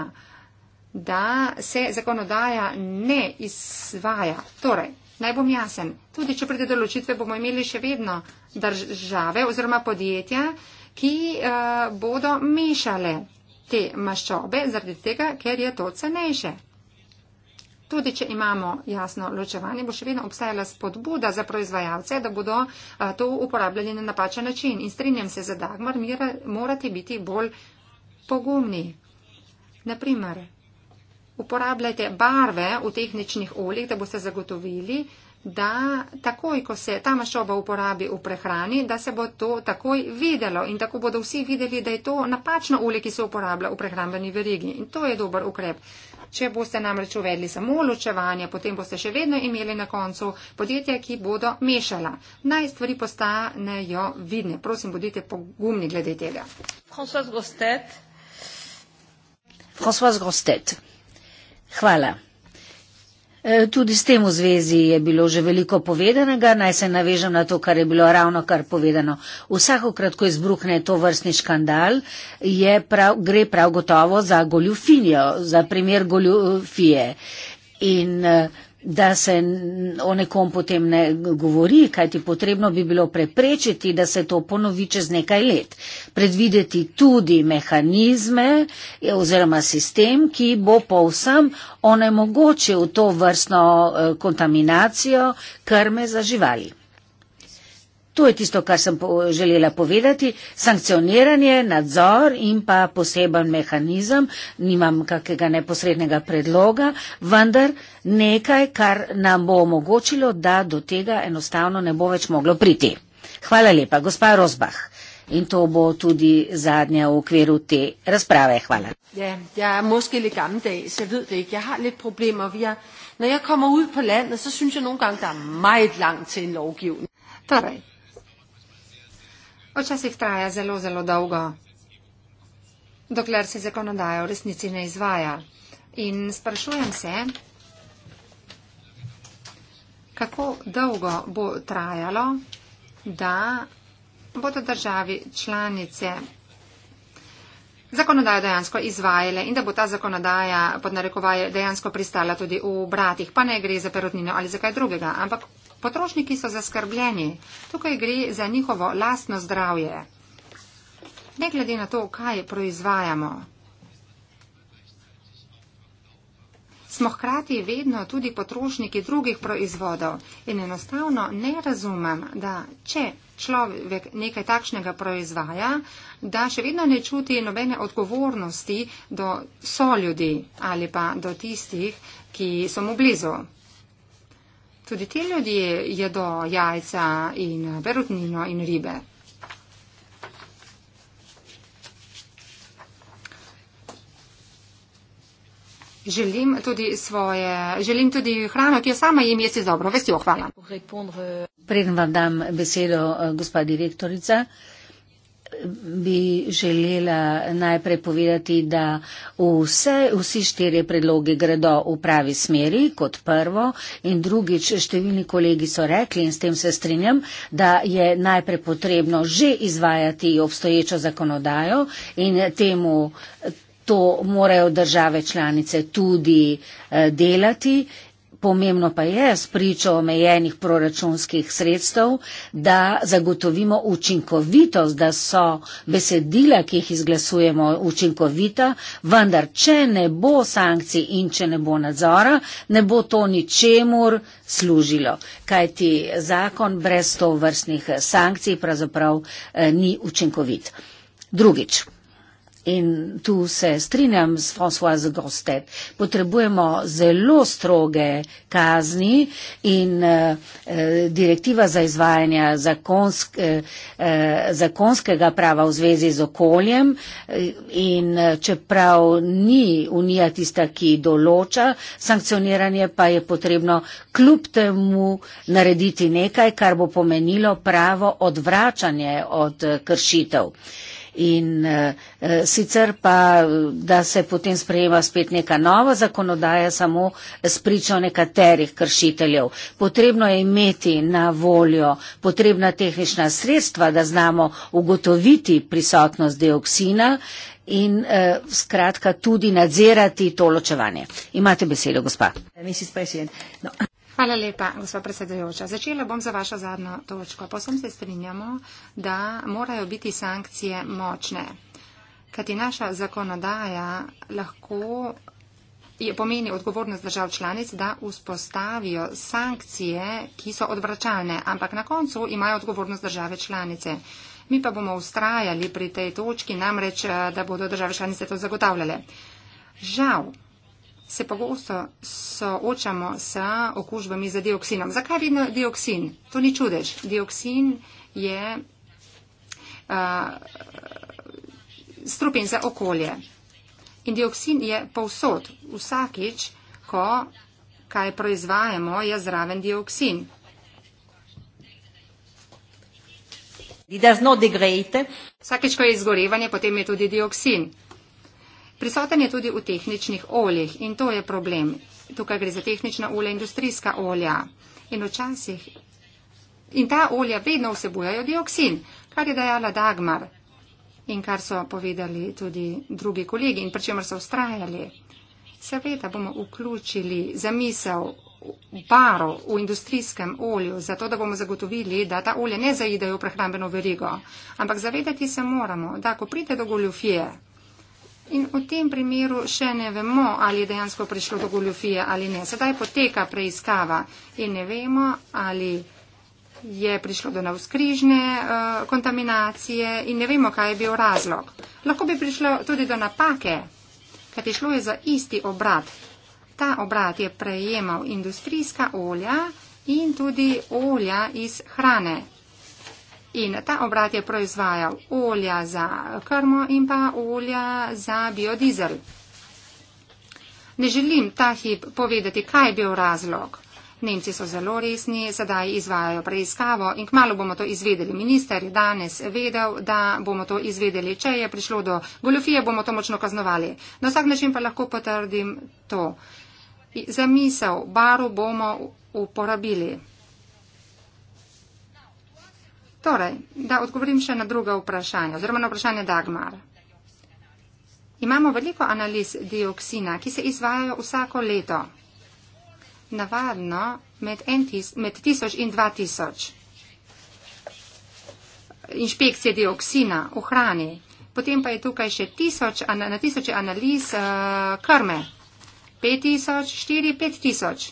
da se zakonodaja ne izvaja. Torej, naj bom jasen, tudi če pride do ločitve, bomo imeli še vedno države oziroma podjetja, ki uh, bodo mešale te maščobe, zaradi tega, ker je to cenejše. Tudi, če imamo jasno ločevanje, bo še vedno obstajala spodbuda za proizvajalce, da bodo a, eh, to uporabljali na napačen način. In strinjam se za Dagmar, mira, morate biti bolj pogumni. Naprimer, uporabljajte barve v tehničnih oljih, da boste zagotovili, da takoj, ko se ta maščoba uporabi v prehrani, da se bo to takoj videlo in tako bodo vsi videli, da je to napačno olje, ki se uporablja v prehrambeni verigi. In to je dober ukrep. Če boste namreč uvedli samo ločevanje, potem boste še vedno imeli na koncu podjetja, ki bodo mešala. Naj stvari postanejo vidne. Prosim, bodite pogumni glede tega. François Gostet. François Gostet. Hvala. E, tudi s tem v zvezi je bilo že veliko povedanega, naj se navežem na to, kar je bilo ravno kar povedano. Vsakokrat, ko izbruhne to vrstni škandal, prav, gre prav gotovo za goljufinjo, za primer goljufije. In uh, da se o nekom potem ne govori, kajti potrebno bi bilo preprečiti, da se to ponovi čez nekaj let. Predvideti tudi mehanizme oziroma sistem, ki bo povsem onemogočil to vrstno eh, kontaminacijo krme za živali. To je tisto, kar sem po želela povedati. Sankcioniranje, nadzor in pa poseben mehanizem, nimam kakega neposrednega predloga, vendar nekaj, kar nam bo omogočilo, da do tega enostavno ne bo več moglo priti. Hvala lepa, gospa Rozbah. In to bo tudi zadnja v okviru te razprave. Hvala. Ja, ja, morda le gammeldag, se vidite, jaz imam nekaj problemov. Er, når jeg kommer ud på landet, så synes jeg nogle gange, der er meget langt til en lovgivning. Torej, Včasih traja zelo, zelo dolgo, dokler se zakonodaja v resnici ne izvaja. In sprašujem se, kako dolgo bo trajalo, da bodo državi članice zakonodajo dejansko izvajale in da bo ta zakonodaja pod narekovaje dejansko pristala tudi v bratih, pa ne gre za perotnino ali za kaj drugega, ampak Potrošniki so zaskrbljeni, tukaj gre za njihovo lastno zdravje. Ne glede na to, kaj proizvajamo. Smo hkrati vedno tudi potrošniki drugih proizvodov in enostavno ne razumem, da če človek nekaj takšnega proizvaja, da še vedno ne čuti nobene odgovornosti do soljudi ali pa do tistih, ki so mu blizu. Tudi ti ljudje jedo jajca in berutnino in ribe. Želim tudi, svoje, želim tudi hrano, ki jo sama jim jesti dobro. Vesel, hvala. Preden vam dam besedo, eh, gospa direktorica bi želela najprej povedati, da vse, vsi štiri predloge gredo v pravi smeri, kot prvo in drugič, številni kolegi so rekli in s tem se strinjam, da je najprej potrebno že izvajati obstoječo zakonodajo in temu. To morajo države članice tudi eh, delati Pomembno pa je s pričo omejenih proračunskih sredstev, da zagotovimo učinkovitost, da so besedila, ki jih izglasujemo, učinkovita, vendar če ne bo sankcij in če ne bo nadzora, ne bo to ničemur služilo. Kaj ti zakon brez to vrstnih sankcij pravzaprav eh, ni učinkovit. Drugič. In tu se strinjam s François Gostet. Potrebujemo zelo stroge kazni in eh, eh direktiva za izvajanje zakonsk, eh, eh, zakonskega prava v zvezi z okoljem. Eh, in čeprav ni unija tista, ki določa sankcioniranje, pa je potrebno kljub temu narediti nekaj, kar bo pomenilo pravo odvračanje od kršitev. Eh, in uh, sicer pa, da se potem sprejema spet neka nova zakonodaja samo s pričo nekaterih kršiteljev. Potrebno je imeti na voljo potrebna tehnična sredstva, da znamo ugotoviti prisotnost dioksina in eh, skratka tudi nadzirati to ločevanje. Imate besedo, gospa. No. Hvala lepa, gospod predsedujoča. Začela bom za vašo zadnjo točko. Posem se strinjamo, da morajo biti sankcije močne, kajti naša zakonodaja lahko je, pomeni odgovornost držav članic, da vzpostavijo sankcije, ki so odvračalne, ampak na koncu imajo odgovornost države članice. Mi pa bomo ustrajali pri tej točki, namreč, da bodo države članice to zagotavljale. Žal, se pogosto soočamo s okužbami za dioksinom. Zakaj vedno dioksin? To ni čudež. Dioksin je uh, strupen za okolje. In dioksin je povsod. Vsakič, ko kaj proizvajamo, je zraven dioksin. Vsakič, ko je izgorevanje, potem je tudi dioksin. Prisoten je tudi v tehničnih oljih in to je problem. Tukaj gre za tehnična olja, industrijska olja. In včasih. In ta olja vedno vsebujajo dioksin, kar je dejala Dagmar in kar so povedali tudi drugi kolegi in pri čemer so ustrajali. Seveda bomo vključili zamisel barov v industrijskem olju, zato da bomo zagotovili, da ta olja ne zaidejo v prehrambeno verigo. Ampak zavedati se moramo, da ko pride do goljofije, In v tem primeru še ne vemo, ali je dejansko prišlo do goljofije ali ne. Sedaj poteka preiskava in ne vemo, ali je prišlo do navskrižne uh, eh, kontaminacije in ne vemo, kaj je bil razlog. Lahko bi prišlo tudi do napake, kajti šlo je za isti obrat. Ta obrat je prejemal industrijska olja in tudi olja iz hrane. In ta obrat je proizvajal olja za krmo in pa olja za biodizel. Ne želim ta hip povedati, kaj je bil razlog. Nemci so zelo resni, sedaj izvajajo preiskavo in kmalo bomo to izvedeli. Minister je danes vedel, da bomo to izvedeli. Če je prišlo do goljofije, bomo to močno kaznovali. Na vsak način pa lahko potrdim to. Zamisel baru bomo uporabili. Torej, da odgovorim še na druga vprašanja, oziroma na vprašanje Dagmar. Imamo veliko analiz dioksina, ki se izvajajo vsako leto. Navadno med, tis, med tisoč in dva tisoč. Inšpekcije dioksina v hrani. Potem pa je tukaj še tisoč, na tisoče analiz uh, krme. Pet tisoč, štiri, pet tisoč.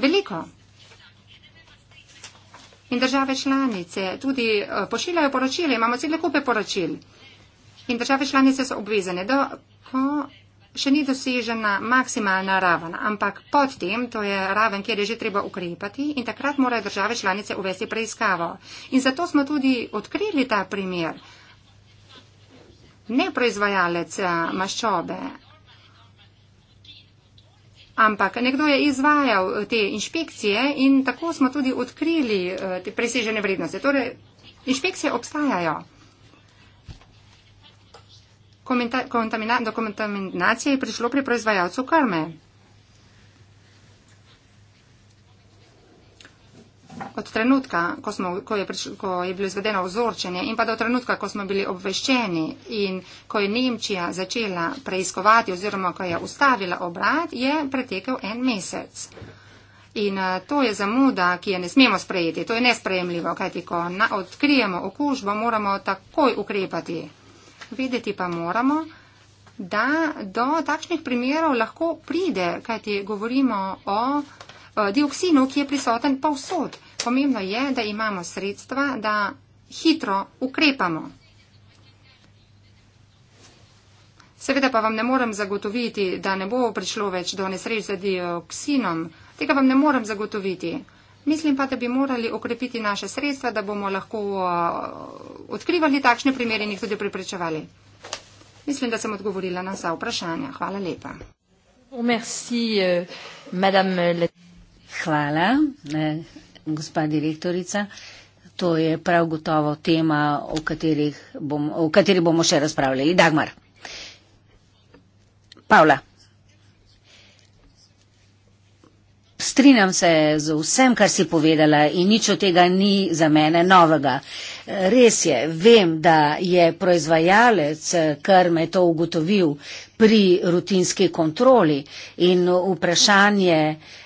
Veliko. In države članice tudi eh, pošiljajo poročile, imamo cele kupe poročil. In države članice so obvezane, da ko še ni dosežena maksimalna raven, ampak pod tem, to je raven, kjer je že treba ukrepati in takrat morajo države članice uvesti preiskavo. In zato smo tudi odkrili ta primer. Ne proizvajalec eh, maščobe, ampak nekdo je izvajal te inšpekcije in tako smo tudi odkrili eh, te presežene vrednosti. Torej, inšpekcije obstajajo. Komenta, kontaminacija je prišlo pri proizvajalcu krme. od trenutka, ko, smo, ko, je prišlo, ko je bilo izvedeno vzorčenje in pa do trenutka, ko smo bili obveščeni in ko je Nemčija začela preiskovati oziroma ko je ustavila obrat, je pretekel en mesec. In eh, to je zamuda, ki je ne smemo sprejeti. To je nespremljivo, kajti ko na, odkrijemo okužbo, moramo takoj ukrepati. Videti pa moramo, da do takšnih primerov lahko pride, kajti govorimo o. Eh, dioksinu, ki je prisoten pa vsod. Pomembno je, da imamo sredstva, da hitro ukrepamo. Seveda pa vam ne morem zagotoviti, da ne bo prišlo več do nesreč za dioksinom. Tega vam ne morem zagotoviti. Mislim pa, da bi morali okrepiti naše sredstva, da bomo lahko eh, odkrivali takšne primere in jih tudi priprečevali. Mislim, da sem odgovorila na vsa vprašanja. Hvala lepa. Merci, uh, Hvala, eh, gospa direktorica. To je prav gotovo tema, o, bom, o kateri bomo še razpravljali. Dagmar. Pavla. Strinjam se z vsem, kar si povedala in nič od tega ni za mene novega. Res je, vem, da je proizvajalec, kar me to ugotovil pri rutinski kontroli in vprašanje,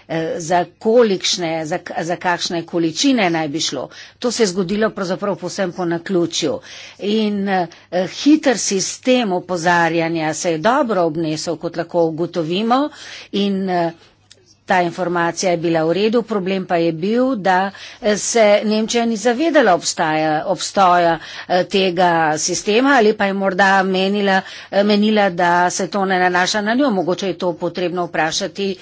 Eh, za kolikšne, za, za kakšne količine naj bi šlo. To se je zgodilo pravzaprav posem po naključju. In eh, hiter sistem opozarjanja se je dobro obnesel, kot lahko ugotovimo. In, eh, Ta informacija je bila v redu, problem pa je bil, da eh, se Nemčija ni zavedala obstaja, obstoja eh, tega sistema ali pa je morda menila, eh, menila, da se to ne nanaša na njo. Mogoče je to potrebno vprašati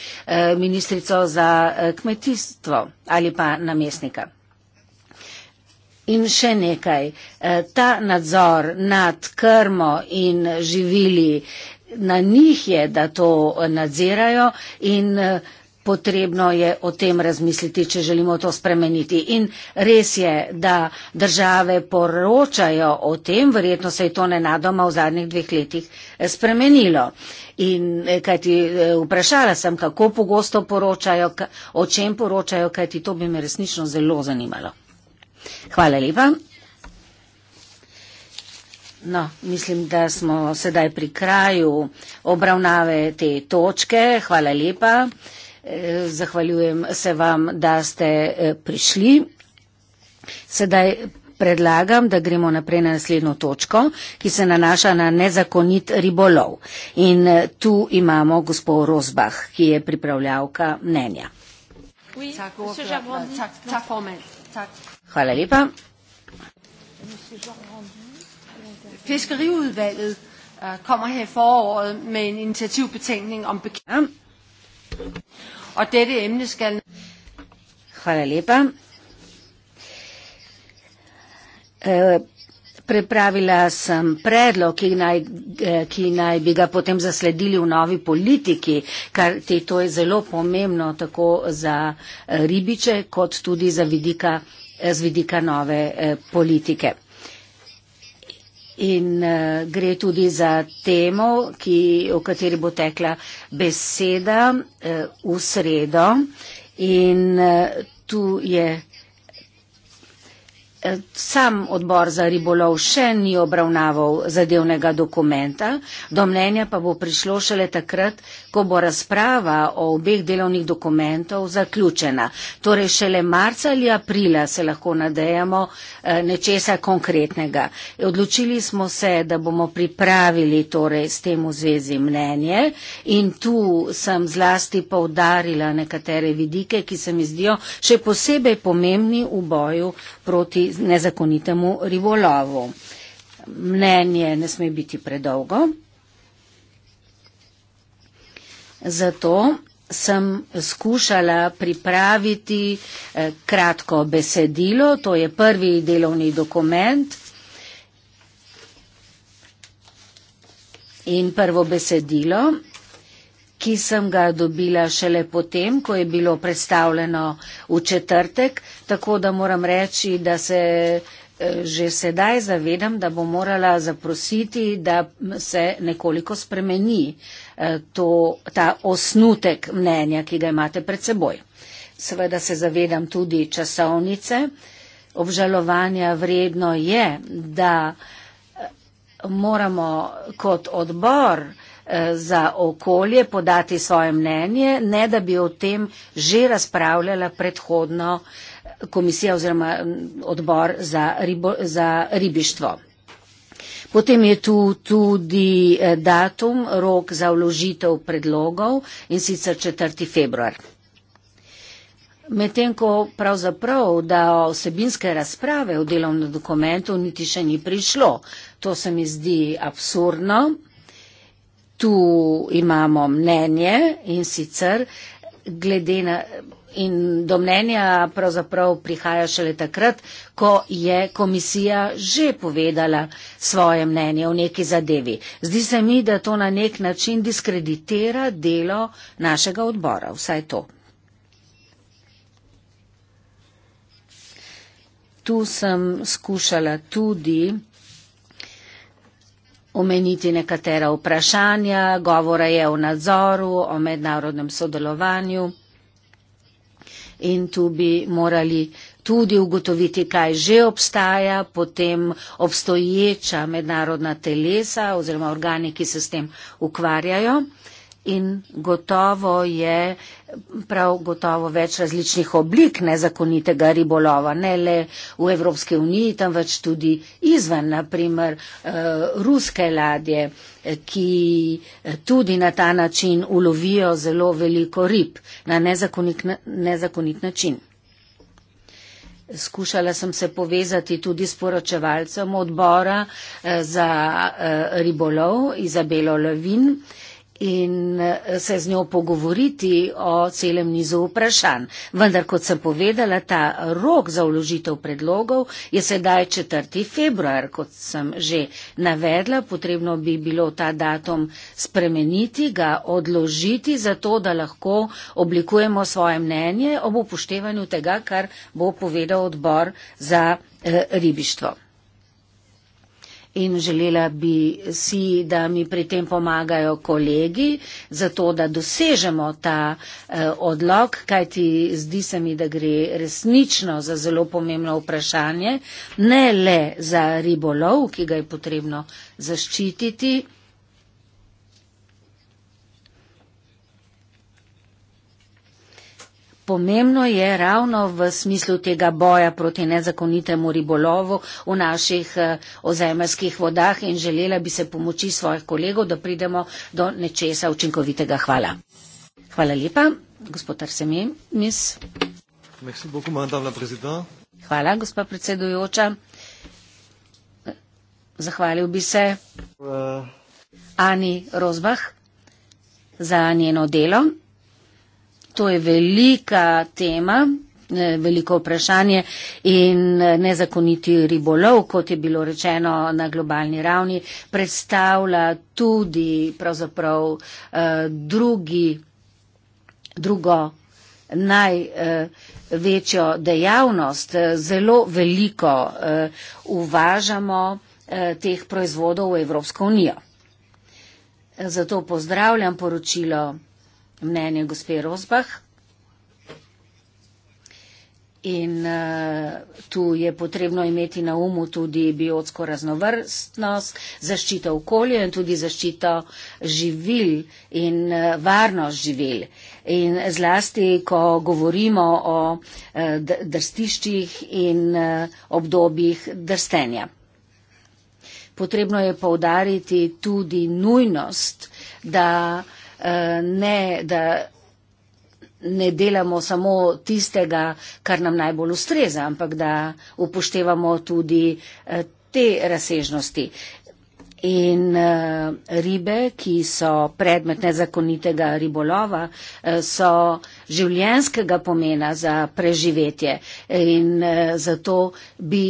ministrico za kmetijstvo ali pa namestnika. In še nekaj. Ta nadzor nad krmo in živili, na njih je, da to nadzirajo in potrebno je o tem razmisliti, če želimo to spremeniti. In res je, da države poročajo o tem, verjetno se je to nenadoma v zadnjih dveh letih eh, spremenilo. In eh, kajti eh, vprašala sem, kako pogosto poročajo, o čem poročajo, kajti to bi me resnično zelo zanimalo. Hvala lepa. No, mislim, da smo sedaj pri kraju obravnave te točke. Hvala lepa. Eh, zahvaljujem se vam, da ste eh, prišli. Sedaj predlagam, da gremo naprej na naslednjo točko, ki se nanaša na nezakonit ribolov. In eh, tu imamo gospod Rozbah, ki je pripravljavka mnenja. Hvala lepa. Fiskeriudvalget kommer her foråret med en initiativbetænkning om bekæmpelse. Ja. Og dette emne skal... Hvala lepa. E, pripravila sem predlog, ki naj, e, ki naj bi ga potem zasledili v novi politiki, kar te to je zelo pomembno tako za e, ribiče, kot tudi za vidika, z vidika nove politike. In uh, gre tudi za temo, ki, o kateri bo tekla beseda uh, v sredo. In uh, tu je uh, sam odbor za ribolov še ni obravnaval zadevnega dokumenta, do mnenja pa bo prišlo šele takrat, ko bo razprava o obeh delovnih dokumentov zaključena. Torej, šele marca ali aprila se lahko nadejamo eh, nečesa konkretnega. Odločili smo se, da bomo pripravili torej, s tem v zvezi mnenje in tu sem zlasti povdarila nekatere vidike, ki se mi zdijo še posebej pomembni v boju proti nezakonitemu ribolovu. Mnenje ne sme biti predolgo. Zato sem skušala pripraviti eh, kratko besedilo, to je prvi delovni dokument. In prvo besedilo, ki sem ga dobila šele potem, ko je bilo predstavljeno v četrtek, tako da moram reči, da se Eh, že sedaj zavedam, da bo morala zaprositi, da se nekoliko spremeni eh, to, ta osnutek mnenja, ki ga imate pred seboj. Seveda se zavedam tudi časovnice. Obžalovanja vredno je, da eh, moramo kot odbor za okolje podati svoje mnenje, ne da bi o tem že razpravljala predhodno eh, komisija oziroma odbor za, ribo, za ribištvo. Potem je tu tudi eh, datum, rok za vložitev predlogov in sicer 4. februar. Medtem ko pravzaprav da osebinske razprave v delovnem dokumentu niti še ni prišlo, to se mi zdi absurdno. Tu imamo mnenje in sicer glede na In do mnenja pravzaprav prihaja šele takrat, ko je komisija že povedala svoje mnenje o neki zadevi. Zdi se mi, da to na nek način diskreditira delo našega odbora. Vsaj to. Tu sem skušala tudi omeniti nekatera vprašanja. Govora je o nadzoru, o mednarodnem sodelovanju in tu bi morali tudi ugotoviti, kaj že obstaja, potem obstoječa mednarodna telesa oziroma organi, ki se s tem ukvarjajo. In gotovo je prav gotovo več različnih oblik nezakonitega ribolova, ne le v Evropske uniji, temveč tudi izven, naprimer uh, eh, ruske ladje, eh, ki eh, tudi na ta način ulovijo zelo veliko rib na nezakonit, nezakonit način. Skušala sem se povezati tudi s poročevalcem odbora za ribolov Izabelo Levin. Uh, in eh, se z njo pogovoriti o celem nizu vprašanj. Vendar, kot sem povedala, ta rok za vložitev predlogov je sedaj 4. februar, kot sem že navedla. Potrebno bi bilo ta datum spremeniti, ga odložiti, zato da lahko oblikujemo svoje mnenje ob upoštevanju tega, kar bo povedal odbor za eh, ribištvo in želela bi si, da mi pri tem pomagajo kolegi, zato da dosežemo ta eh, odlog, kajti zdi se mi, da gre resnično za zelo pomembno vprašanje, ne le za ribolov, ki ga je potrebno zaščititi, Pomembno je ravno v smislu tega boja proti nezakonitemu ribolovu v naših eh, ozemerskih vodah in želela bi se pomoči svojih kolegov, da pridemo do nečesa učinkovitega. Hvala. Hvala lepa, gospod Arsemimis. Hvala, gospa predsedujoča. Zahvalil bi se uh, Ani Rozbah za njeno delo. To je velika tema, veliko vprašanje in eh, nezakoniti ribolov, kot je bilo rečeno na globalni ravni, predstavlja tudi pravzaprav eh, drugi, drugo največjo eh, dejavnost. Zelo veliko uvažamo teh proizvodov v Evropsko unijo. Zato pozdravljam poročilo mnenje gospe Rozbah. In uh, tu je potrebno imeti na umu tudi biotsko raznovrstnost, zaščito okolja in tudi zaščito živil in uh, varnost živil. In zlasti, ko govorimo o uh, drstiščih in uh, obdobjih drstenja. Potrebno je poudariti tudi nujnost, da uh, ne da ne delamo samo tistega, kar nam najbolj ustreza, ampak da upoštevamo tudi eh, te razsežnosti. In eh, ribe, ki so predmet nezakonitega ribolova, eh, so življenskega pomena za preživetje. In zato bi,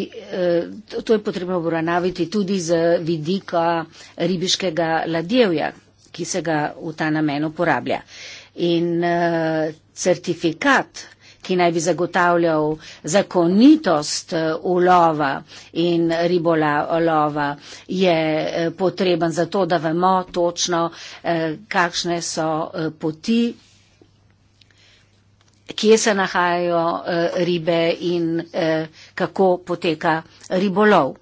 to je potrebno obravnaviti tudi z vidika ribiškega ladjevja, ki se ga v ta namen uporablja. In uh, certifikat, ki naj bi zagotavljal zakonitost eh, ulova in ribola lova, je eh, potreben za to, da vemo točno, kakšne so poti, kje se nahajajo ribe in kako poteka ribolov.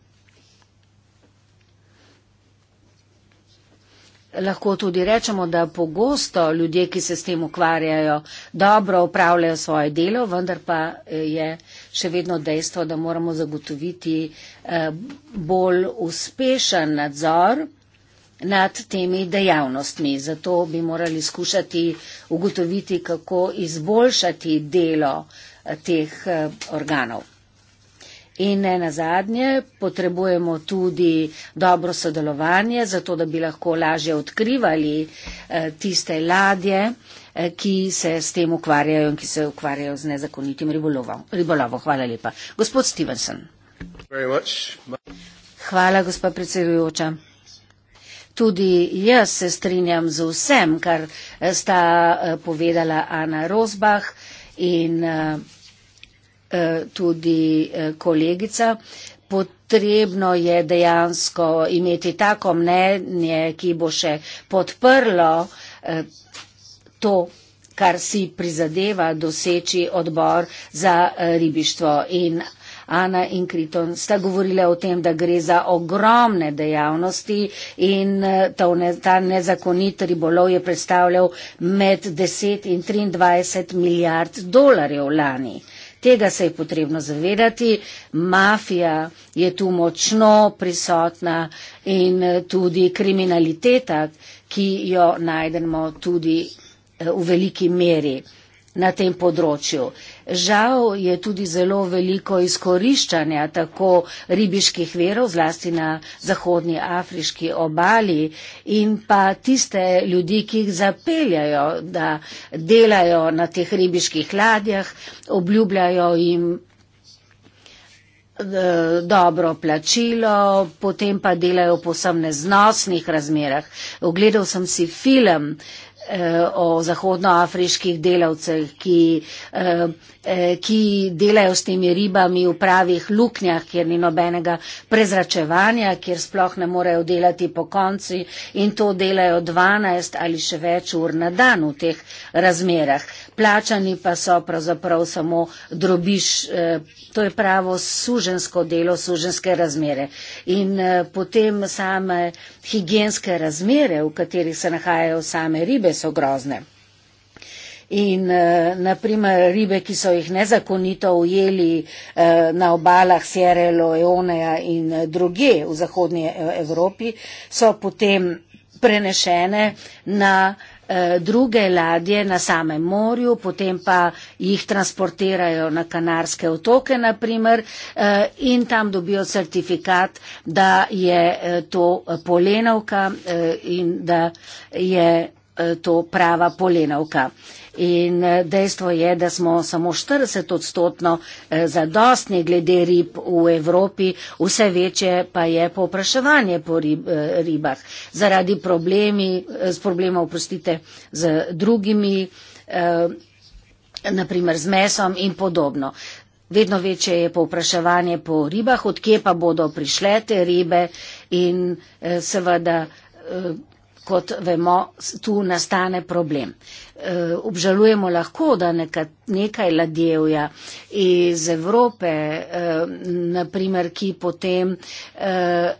lahko tudi rečemo, da pogosto ljudje, ki se s tem ukvarjajo, dobro upravljajo svoje delo, vendar pa eh, je še vedno dejstvo, da moramo zagotoviti eh, bolj uspešen nadzor nad temi dejavnostmi. Zato bi morali skušati ugotoviti, kako izboljšati delo eh, teh organov. In ne na zadnje, potrebujemo tudi dobro sodelovanje, zato da bi lahko lažje odkrivali eh, tiste ladje, eh, ki se s tem ukvarjajo in ki se ukvarjajo z nezakonitim ribolovom. Ribolovo, hvala lepa. Gospod Stevenson. Hvala, gospa predsedujoča. Tudi jaz se strinjam z vsem, kar eh, sta povedala Ana Rozbah in tudi eh, kolegica. Potrebno je dejansko imeti tako mnenje, ki bo še podprlo eh, to, kar si prizadeva doseči odbor za eh, ribištvo. In Ana in Kriton sta govorile o tem, da gre za ogromne dejavnosti in ta nezakonit ribolov je predstavljal med 10 in 23 milijard dolarjev lani. Tega se je potrebno zavedati. Mafija je tu močno prisotna in eh, tudi kriminaliteta, ki jo najdemo tudi eh, v veliki meri na tem področju. Žal je tudi zelo veliko izkoriščanja tako ribiških verov, zlasti na zahodnji afriški obali in pa tiste ljudi, ki jih zapeljajo, da delajo na teh ribiških ladjah, obljubljajo jim eh, dobro plačilo, potem pa delajo v posebne znosnih razmerah. Ogledal sem si film, uh, Eh, o zahodnoafriških delavcev, ki, eh, eh, ki delajo s temi ribami v pravih luknjah, kjer ni nobenega prezračevanja, kjer sploh ne morejo delati po konci in to delajo 12 ali še več ur na dan v teh razmerah. Plačani pa so pravzaprav samo drobiš, to je pravo suženjsko delo, suženjske razmere. In potem same higijenske razmere, v katerih se nahajajo same ribe, so grozne. In eh, naprimer ribe, ki so jih nezakonito ujeli eh, na obalah Sierra Leoneja in eh, druge v zahodnji Evropi, so potem prenešene na druge ladje na samem morju, potem pa jih transportirajo na Kanarske otoke, naprimer, in tam dobijo certifikat, da je to polenovka in da je Eh, to prava polenovka. In eh, dejstvo je, da smo samo 40 odstotno eh, zadostni glede rib v Evropi, vse večje pa je popraševanje po rib, ribah zaradi problemi, z problemov prostite, z drugimi, naprimer z mesom in podobno. Vedno večje je popraševanje po ribah, odkje pa bodo prišle te ribe in seveda kot vemo, tu nastane problem. E, obžalujemo lahko, da neka, nekaj ladjevja iz Evrope, e, naprimer, ki potem. E,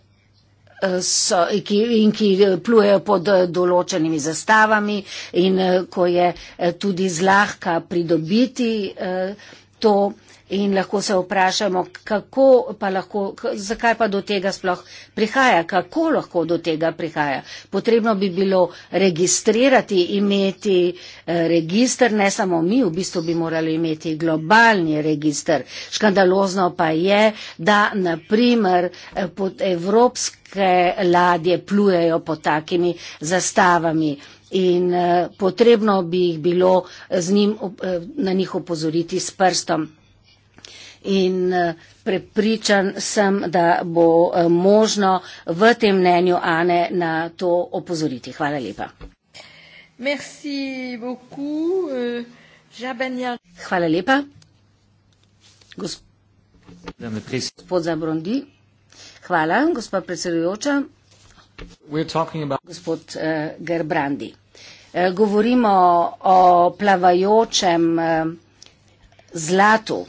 So, ki, in ki plujejo pod določenimi zastavami in e, ko je e, tudi zlahka pridobiti e, to In lahko se vprašamo, kako pa lahko, zakaj pa do tega sploh prihaja, kako lahko do tega prihaja. Potrebno bi bilo registrirati, imeti eh, registr, ne samo mi, v bistvu bi morali imeti globalni registr. Škandalozno pa je, da naprimer eh, pod evropske ladje plujejo pod takimi zastavami. In eh, potrebno bi jih bilo z njim na njih opozoriti s prstom in eh, prepričan sem, da bo eh, možno v tem mnenju Ane na to opozoriti. Hvala lepa. Merci beaucoup, uh, Hvala lepa. Gospod Zabrondi. Hvala, gospa predsedujoča. About... Gospod uh, Gerbrandi. Uh, govorimo o plavajočem uh, zlatu.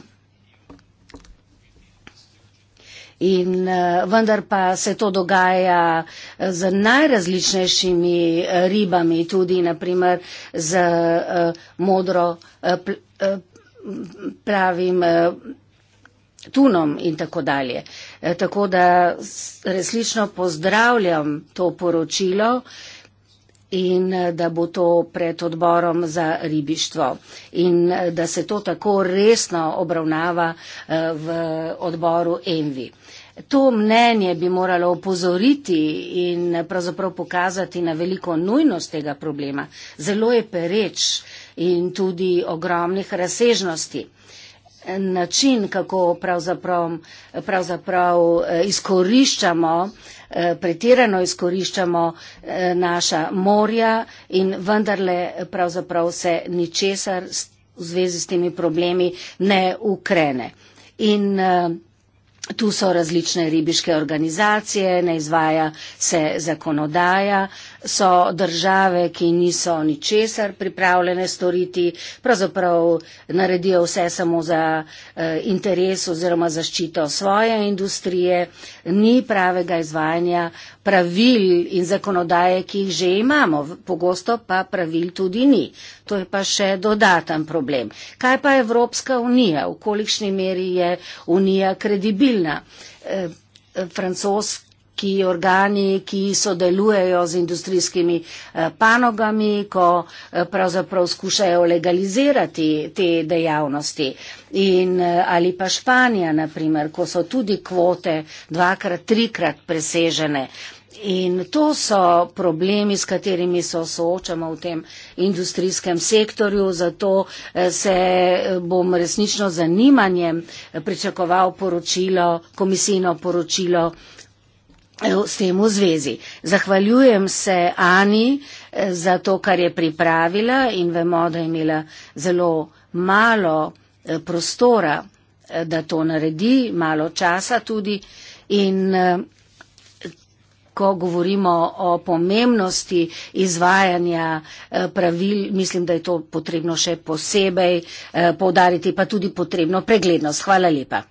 In eh, vendar pa se to dogaja eh, z najrazličnejšimi eh, ribami, tudi naprimer z modro pravim tunom in tako dalje. Tako da resnično pozdravljam to poročilo in eh, da bo to pred odborom za ribištvo in eh, da se to tako resno obravnava eh, v odboru Envi. To mnenje bi moralo opozoriti in pravzaprav pokazati na veliko nujnost tega problema. Zelo je pereč in tudi ogromnih razsežnosti. Način, kako pravzaprav, pravzaprav izkoriščamo pretirano izkoriščamo eh, naša morja in vendarle pravzaprav se ničesar v zvezi s temi problemi ne ukrene. In eh, tu so različne ribiške organizacije, ne izvaja se zakonodaja so države, ki niso ničesar pripravljene storiti, pravzaprav naredijo vse samo za eh, interes oziroma zaščito svoje industrije, ni pravega izvajanja pravil in zakonodaje, ki jih že imamo, pogosto pa pravil tudi ni. To je pa še dodaten problem. Kaj pa Evropska unija? V kolikšni meri je unija kredibilna? E, eh, e, eh, francoski ki organi, ki sodelujejo z industrijskimi eh, panogami, ko eh, pravzaprav skušajo legalizirati te dejavnosti. In eh, ali pa Španija, naprimer, ko so tudi kvote dvakrat, trikrat presežene. In to so problemi, s katerimi se soočamo v tem industrijskem sektorju, zato se bom resnično zanimanjem pričakoval poročilo, komisijno poročilo Eh, s tem v zvezi. Zahvaljujem se Ani eh, za to, kar je pripravila in vemo, da je imela zelo malo eh, prostora, da to naredi, malo časa tudi. In ko govorimo o pomembnosti izvajanja pravil, mislim, da je to potrebno še posebej povdariti, pa tudi potrebno preglednost. Hvala lepa.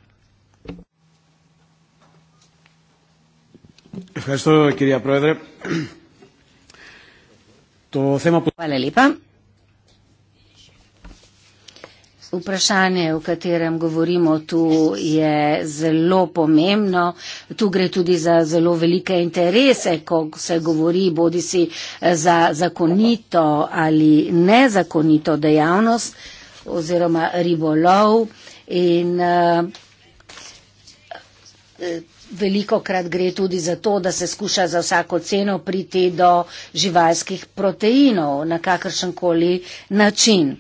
Ευχαριστώ, κυρία Πρόεδρε. Το θέμα που... Hvala lepa. Vprašanje, o katerem govorimo tu, je zelo pomembno. Tu gre tudi za zelo velike interese, ko se govori bodi si eh, za zakonito ali nezakonito dejavnost oziroma ribolov. In, uh, veliko krat gre tudi za to, da se skuša za vsako ceno priti do živalskih proteinov na kakršen koli način.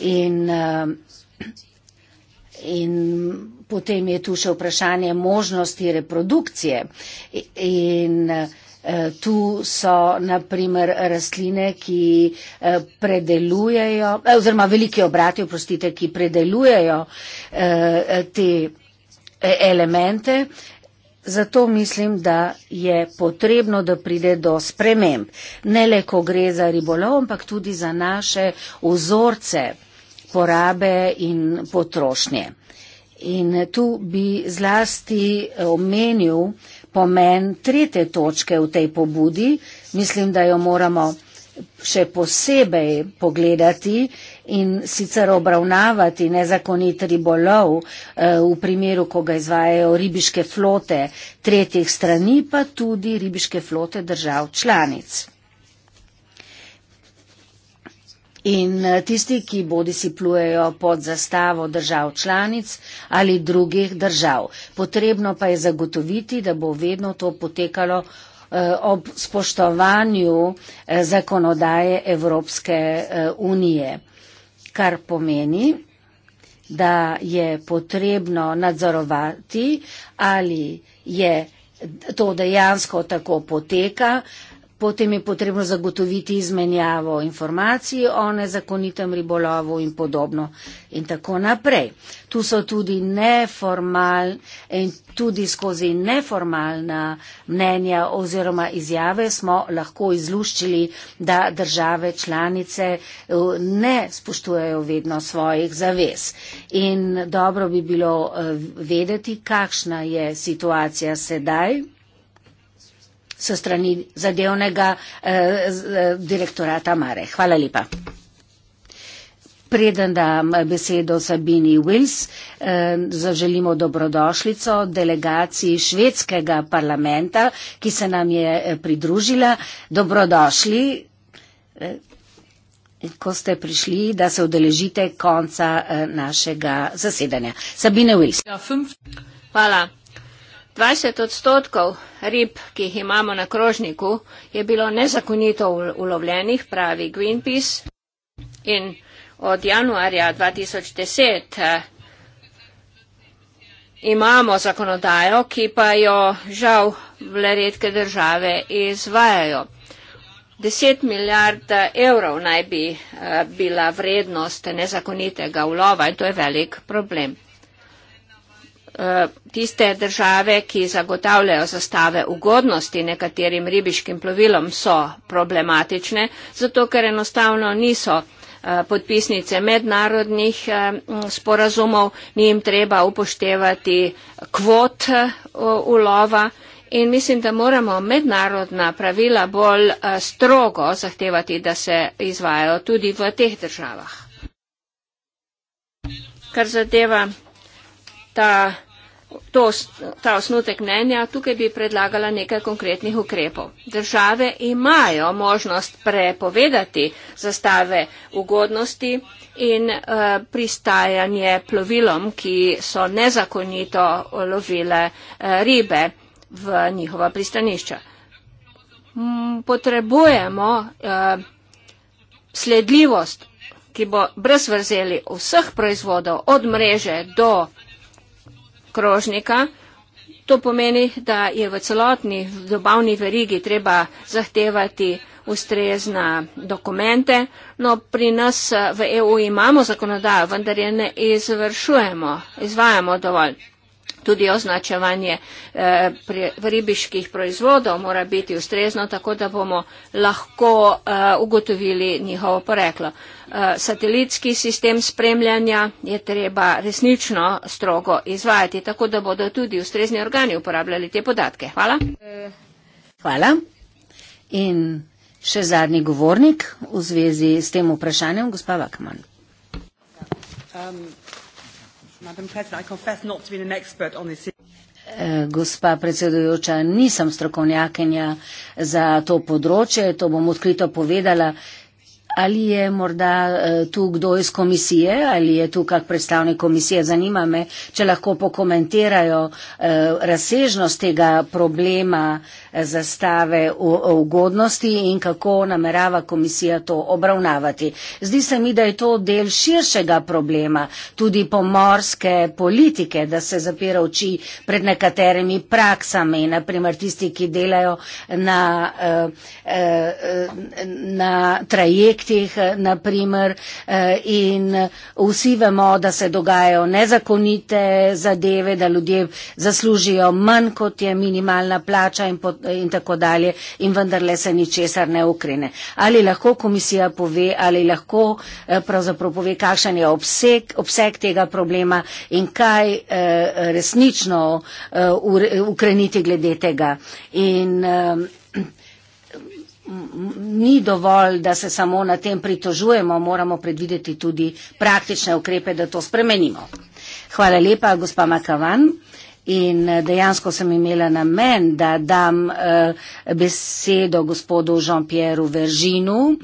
In, eh, in potem je tu še vprašanje možnosti reprodukcije. In, eh, Tu so naprimer rastline, ki eh, predelujejo, oziroma veliki obrati, oprostite, ki predelujejo te elemente, Zato mislim, da je potrebno, da pride do sprememb. Ne le, ko gre za ribolov, ampak tudi za naše vzorce porabe in potrošnje. In tu bi zlasti omenil pomen trete točke v tej pobudi. Mislim, da jo moramo še posebej pogledati in sicer obravnavati nezakonit ribolov eh, v primeru, ko ga izvajajo ribiške flote tretjih strani, pa tudi ribiške flote držav članic. In eh, tisti, ki bodi si plujejo pod zastavo držav članic ali drugih držav. Potrebno pa je zagotoviti, da bo vedno to potekalo Eh, ob spoštovanju eh, zakonodaje Evropske eh, unije, kar pomeni, da je potrebno nadzorovati, ali je to dejansko tako poteka, Potem je potrebno zagotoviti izmenjavo informacij o nezakonitem ribolovu in podobno in tako naprej. Tu so tudi neformal in tudi skozi neformalna mnenja oziroma izjave smo lahko izluščili, da države članice eh, ne spoštujejo vedno svojih zavez. In dobro bi bilo eh, vedeti, kakšna je situacija sedaj se strani zadevnega eh, eh, direktorata Mare. Hvala lepa. Preden dam besedo Sabini Wills, eh, zaželimo dobrodošlico delegaciji švedskega parlamenta, ki se nam je eh, pridružila. Dobrodošli, ko ste prišli, da se odeležite konca našega zasedanja. Sabine Wills. Ja, Hvala. 20 odstotkov rib, ki jih imamo na krožniku, je bilo nezakonito ulovljenih, pravi Greenpeace. In od januarja 2010 eh, imamo zakonodajo, ki pa jo žal vle redke države izvajajo. 10 milijard evrov naj bi eh, bila vrednost nezakonitega ulova in to je velik problem. Eh, tiste države, ki zagotavljajo zastave ugodnosti nekaterim ribiškim plovilom, so problematične, zato ker enostavno niso eh, podpisnice mednarodnih eh, sporazumov, ni jim treba upoštevati kvot ulova. In mislim, da moramo mednarodna pravila bolj strogo zahtevati, da se izvajo tudi v teh državah. Kar zadeva ta to, ta osnutek mnenja, tukaj bi predlagala nekaj konkretnih ukrepov. Države imajo možnost prepovedati zastave ugodnosti in uh, pristajanje plovilom, ki so nezakonito lovile uh, ribe v njihova pristanišča. M potrebujemo uh, sledljivost, ki bo brez vrzeli vseh proizvodov od mreže do krožnika. To pomeni, da je v celotni dobavni verigi treba zahtevati ustrezna dokumente. No, pri nas v EU imamo zakonodajo, vendar je ne izvršujemo, izvajamo dovolj. Tudi označevanje eh, ribiških proizvodov mora biti ustrezno, tako da bomo lahko eh, ugotovili njihovo poreklo. Eh, satelitski sistem spremljanja je treba resnično strogo izvajati, tako da bodo tudi ustrezni organi uporabljali te podatke. Hvala. Hvala. In še zadnji govornik v zvezi s tem vprašanjem, gospa Vakman. Um. Eh, gospa predsedujoča, nisem strokovnjakinja za to področje, to bom odkrito povedala. Ali je morda eh, tu kdo iz komisije ali je tu kak predstavnik komisije? Zanima me, če lahko pokomentirajo eh, razsežnost tega problema, zastave v ugodnosti in kako namerava komisija to obravnavati. Zdi se mi, da je to del širšega problema, tudi pomorske politike, da se zapira oči pred nekaterimi praksami, naprimer tisti, ki delajo na, eh, eh, na trajektih, naprimer, eh, in vsi vemo, da se dogajajo nezakonite zadeve, da ljudje zaslužijo manj, kot je minimalna plača in potem in tako dalje in vendarle se ničesar ne ukrene. Ali lahko komisija pove, ali lahko eh, pravzaprav pove, kakšen je obseg, obseg tega problema in kaj eh, resnično eh, ukreniti glede tega. In, ehm, Ni dovolj, da se samo na tem pritožujemo, moramo predvideti tudi praktične ukrepe, da to spremenimo. Hvala lepa, gospa Makavan in eh, dejansko sem imela namen, da dam eh, besedo gospodu Jean-Pierreu Veržinu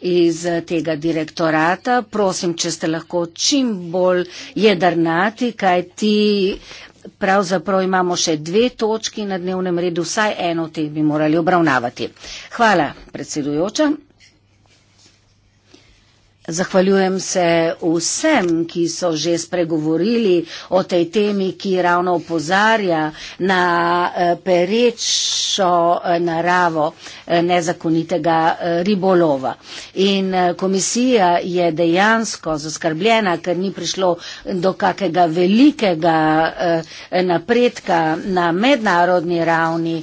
iz eh, tega direktorata. Prosim, če ste lahko čim bolj jedrnati, kaj ti pravzaprav imamo še dve točki na dnevnem redu, vsaj eno teh bi morali obravnavati. Hvala, predsedujoča. Zahvaljujem se vsem, ki so že spregovorili o tej temi, ki ravno opozarja na eh, perečo eh, naravo eh, nezakonitega ribolova. In komisija je dejansko zaskrbljena, ker ni prišlo do kakega velikega napredka na mednarodni ravni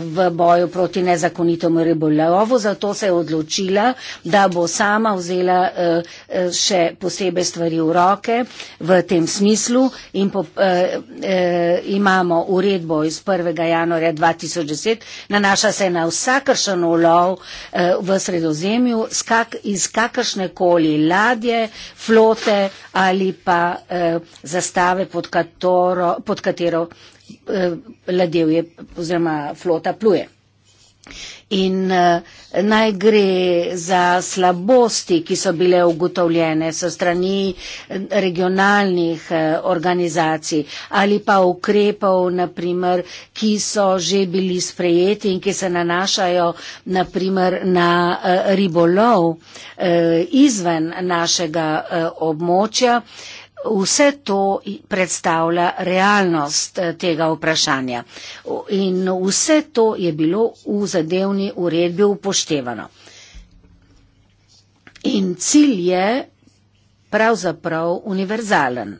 v boju proti nezakonitemu ribolovu, zato se je odločila, da bo sama vzela Eh, eh, še posebej stvari v roke v tem smislu in po, eh, eh imamo uredbo iz 1. januarja 2010, nanaša se na vsakršen ulov eh, v sredozemju skak, iz kakršne koli ladje, flote ali pa eh, zastave, pod katero, pod katero eh, ladjevje oziroma flota pluje in uh, naj gre za slabosti, ki so bile ugotovljene so strani eh, regionalnih uh, organizacij ali pa ukrepov, naprimer, ki so že bili sprejeti in ki se nanašajo naprimer, na uh, ribolov uh, izven našega uh, območja. Uh, vse to predstavlja realnost eh, tega vprašanja. In vse to je bilo v zadevni uredbi upoštevano. In cilj je pravzaprav univerzalen,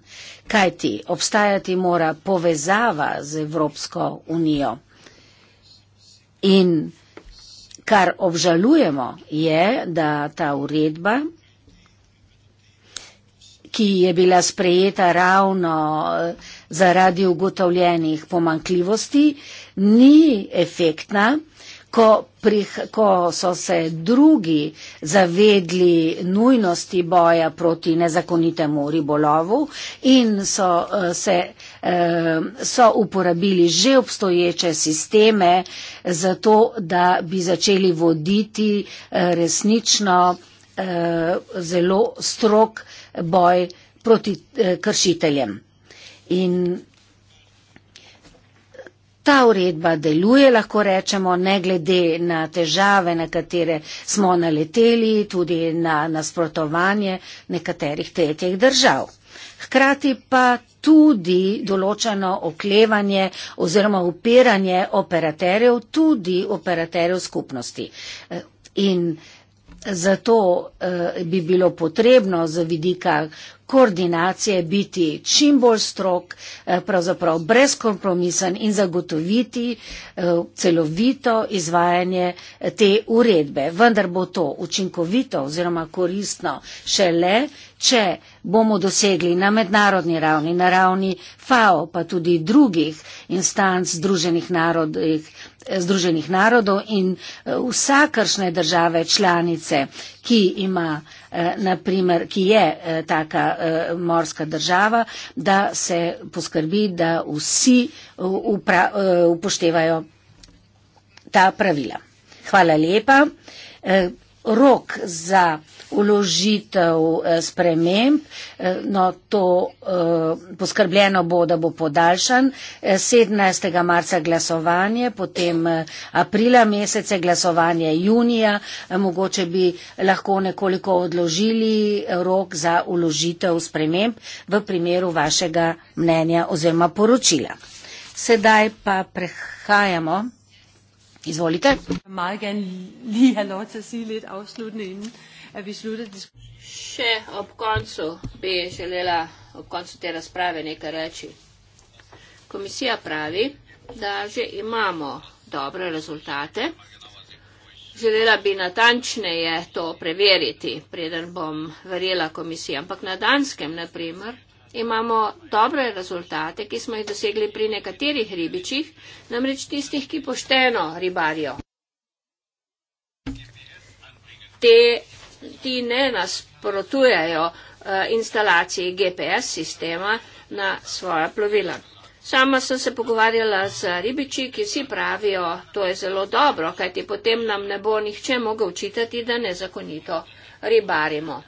kajti obstajati mora povezava z Evropsko unijo. In kar obžalujemo je, da ta uredba ki je bila sprejeta ravno eh, zaradi ugotovljenih pomankljivosti, ni efektna, ko, prih, ko so se drugi zavedli nujnosti boja proti nezakonitemu ribolovu in so, eh, se, eh, so uporabili že obstoječe sisteme za to, da bi začeli voditi resnično zelo strok boj proti eh, kršiteljem. In ta uredba deluje, lahko rečemo, ne glede na težave, na katere smo naleteli, tudi na nasprotovanje nekaterih tretjih držav. Hkrati pa tudi določeno oklevanje oziroma upiranje operaterjev, tudi operaterjev skupnosti. Eh, in Zato eh, bi bilo potrebno z vidika koordinacije biti čim bolj strok, eh, pravzaprav brezkompromisen in zagotoviti eh, celovito izvajanje eh, te uredbe. Vendar bo to učinkovito oziroma koristno šele, če bomo dosegli na mednarodni ravni, na ravni FAO, pa tudi drugih instanc Združenih, narodih, združenih narodov in vsakršne države članice ki ima, eh, naprimer, ki je eh, taka eh, morska država, da se poskrbi, da vsi eh, upra, eh, upoštevajo ta pravila. Hvala lepa. Eh, rok za eh, uložitev eh, sprememb. Eh, no, to eh, poskrbljeno bo, da bo podaljšan. 17. marca glasovanje, potem aprila mesece glasovanje junija. Mogoče bi lahko nekoliko odložili rok za uložitev sprememb v primeru vašega mnenja oziroma poročila. Sedaj pa prehajamo. Izvolite. Malo gen li je lahko se si let avslutni in vi sluditi. Še ob koncu bi želela ob koncu te razprave nekaj reči. Komisija pravi, da že imamo dobre rezultate. Želela bi natančneje to preveriti, preden bom verjela komisiji. Ampak na Danskem, na primer, imamo dobre rezultate, ki smo jih dosegli pri nekaterih ribičih, namreč tistih, ki pošteno ribarijo. Te ti ne nasprotujejo eh, instalaciji GPS sistema na svoja plovila. Sama sem se pogovarjala z ribiči, ki si pravijo, to je zelo dobro, kajti potem nam ne bo nihče mogel učitati, da nezakonito ribarimo.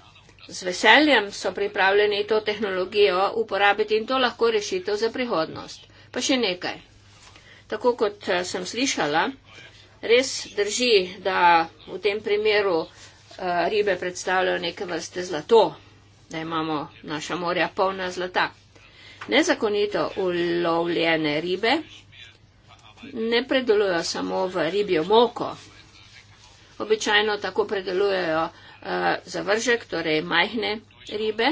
Z veseljem so pripravljeni to tehnologijo uporabiti in to lahko rešitev za prihodnost. Pa še nekaj. Tako kot eh, sem slišala, res drži, da v tem primeru Eh, ribe predstavljajo neke vrste zlato, da imamo naša morja polna zlata. Nezakonito ulovljene ribe ne predelujo samo v ribjo moko. Običajno tako predelujejo uh, zavržek, torej majhne ribe,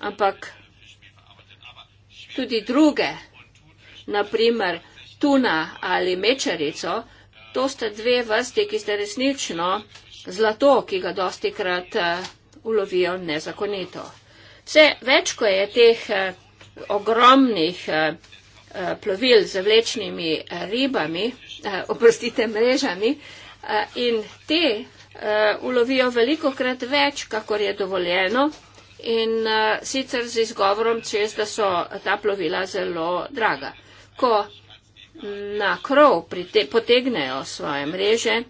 ampak tudi druge, naprimer tuna ali mečarico, to sta dve vrsti, ki sta resnično zlato, ki ga dosti krat eh, ulovijo nezakonito. Vse več, ko je teh eh, ogromnih eh, plovil z vlečnimi ribami, oprostite, mrežami, in te ulovijo veliko krat več, kakor je dovoljeno in sicer z izgovorom, čez da so ta plovila zelo draga. Ko na krov potegnejo svoje mreže,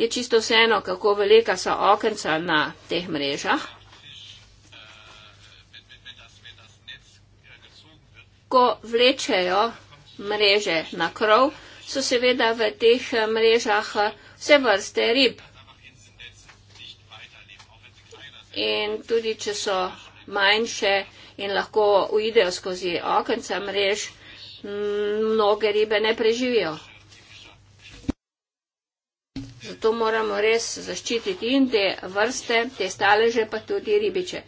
je čisto vseeno, kako velika so okenca na teh mrežah. Ko vlečejo mreže na krov, so seveda v teh mrežah vse vrste rib. In tudi, če so manjše in lahko ujdejo skozi okenca mrež, mnoge ribe ne preživijo zato moramo res zaščititi in te vrste, te staleže, pa tudi ribiče.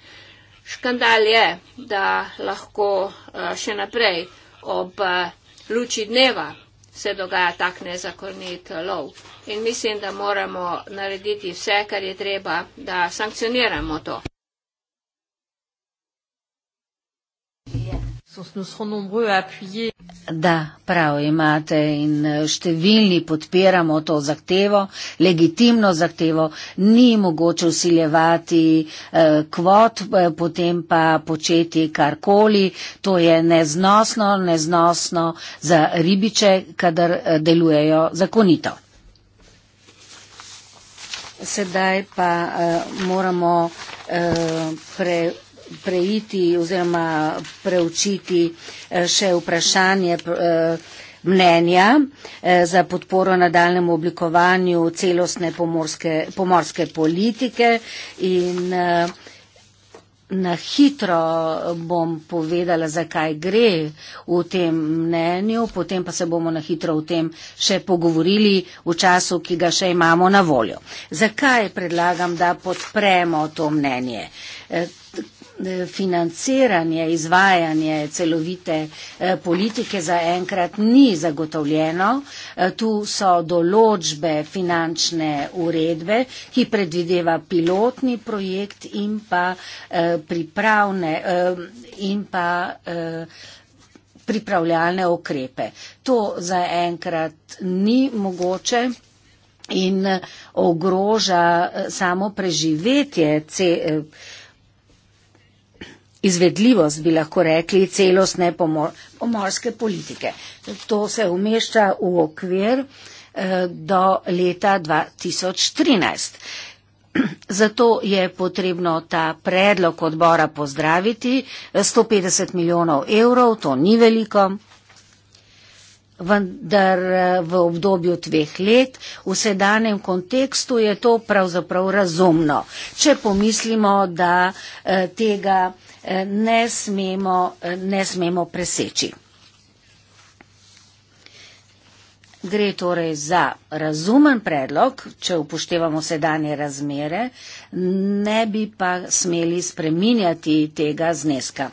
Škandal je, da lahko eh, še naprej ob eh, luči dneva se dogaja tak nezakonit lov. In mislim, da moramo narediti vse, kar je treba, da sankcioniramo to. nous serons nombreux à appuyer. Da, prav imate in eh, številni podpiramo to zahtevo, legitimno zahtevo, ni mogoče usiljevati eh, kvot, eh, potem pa početi karkoli, to je neznosno, neznosno za ribiče, kadar eh, delujejo zakonito. Sedaj pa eh, moramo eh, preučiti preiti oziroma preučiti eh, še vprašanje eh, mnenja eh, za podporo nadaljemu oblikovanju celostne pomorske, pomorske politike in na hitro bom povedala, zakaj gre v tem mnenju, potem pa se bomo na hitro o tem še pogovorili v času, ki ga še imamo na voljo. Zakaj predlagam, da podpremo to mnenje? Eh, financiranje, izvajanje celovite eh, politike zaenkrat ni zagotovljeno. Eh, tu so določbe finančne uredbe, ki predvideva pilotni projekt in pa pripravne in pa pripravljalne ukrepe. To zaenkrat ni mogoče in ogroža samo preživetje celovite izvedljivost, bi lahko rekli, celostne pomor pomorske politike. To se umešča v okvir eh, do leta 2013. [clears throat] Zato je potrebno ta predlog odbora pozdraviti. 150 milijonov evrov, to ni veliko, vendar eh, v obdobju dveh let v sedanjem kontekstu je to pravzaprav razumno. Če pomislimo, da eh, tega Eh, ne smemo, eh, ne smemo preseči. Gre torej za razumen predlog, če upoštevamo sedanje razmere, ne bi pa smeli spreminjati tega zneska.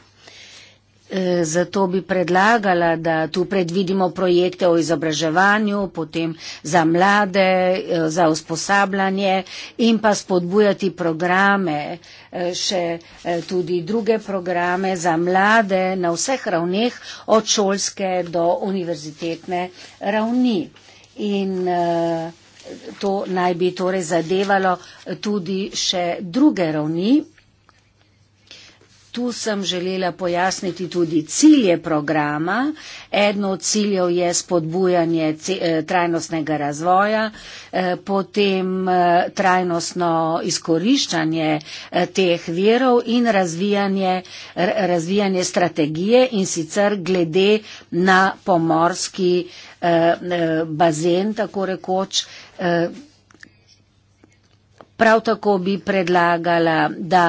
Eh, zato bi predlagala, da tu predvidimo projekte o izobraževanju, potem za mlade, eh, za usposabljanje in pa spodbujati programe, eh, še tudi druge programe za mlade na vseh ravneh, od šolske do univerzitetne ravni. In to naj bi torej zadevalo tudi še druge ravni. Tu sem želela pojasniti tudi cilje programa. Eno od ciljev je spodbujanje eh, trajnostnega razvoja, eh, potem eh, trajnostno izkoriščanje teh verov in razvijanje, razvijanje strategije in sicer glede na pomorski bazen, tako rekoč. Prav tako bi predlagala, da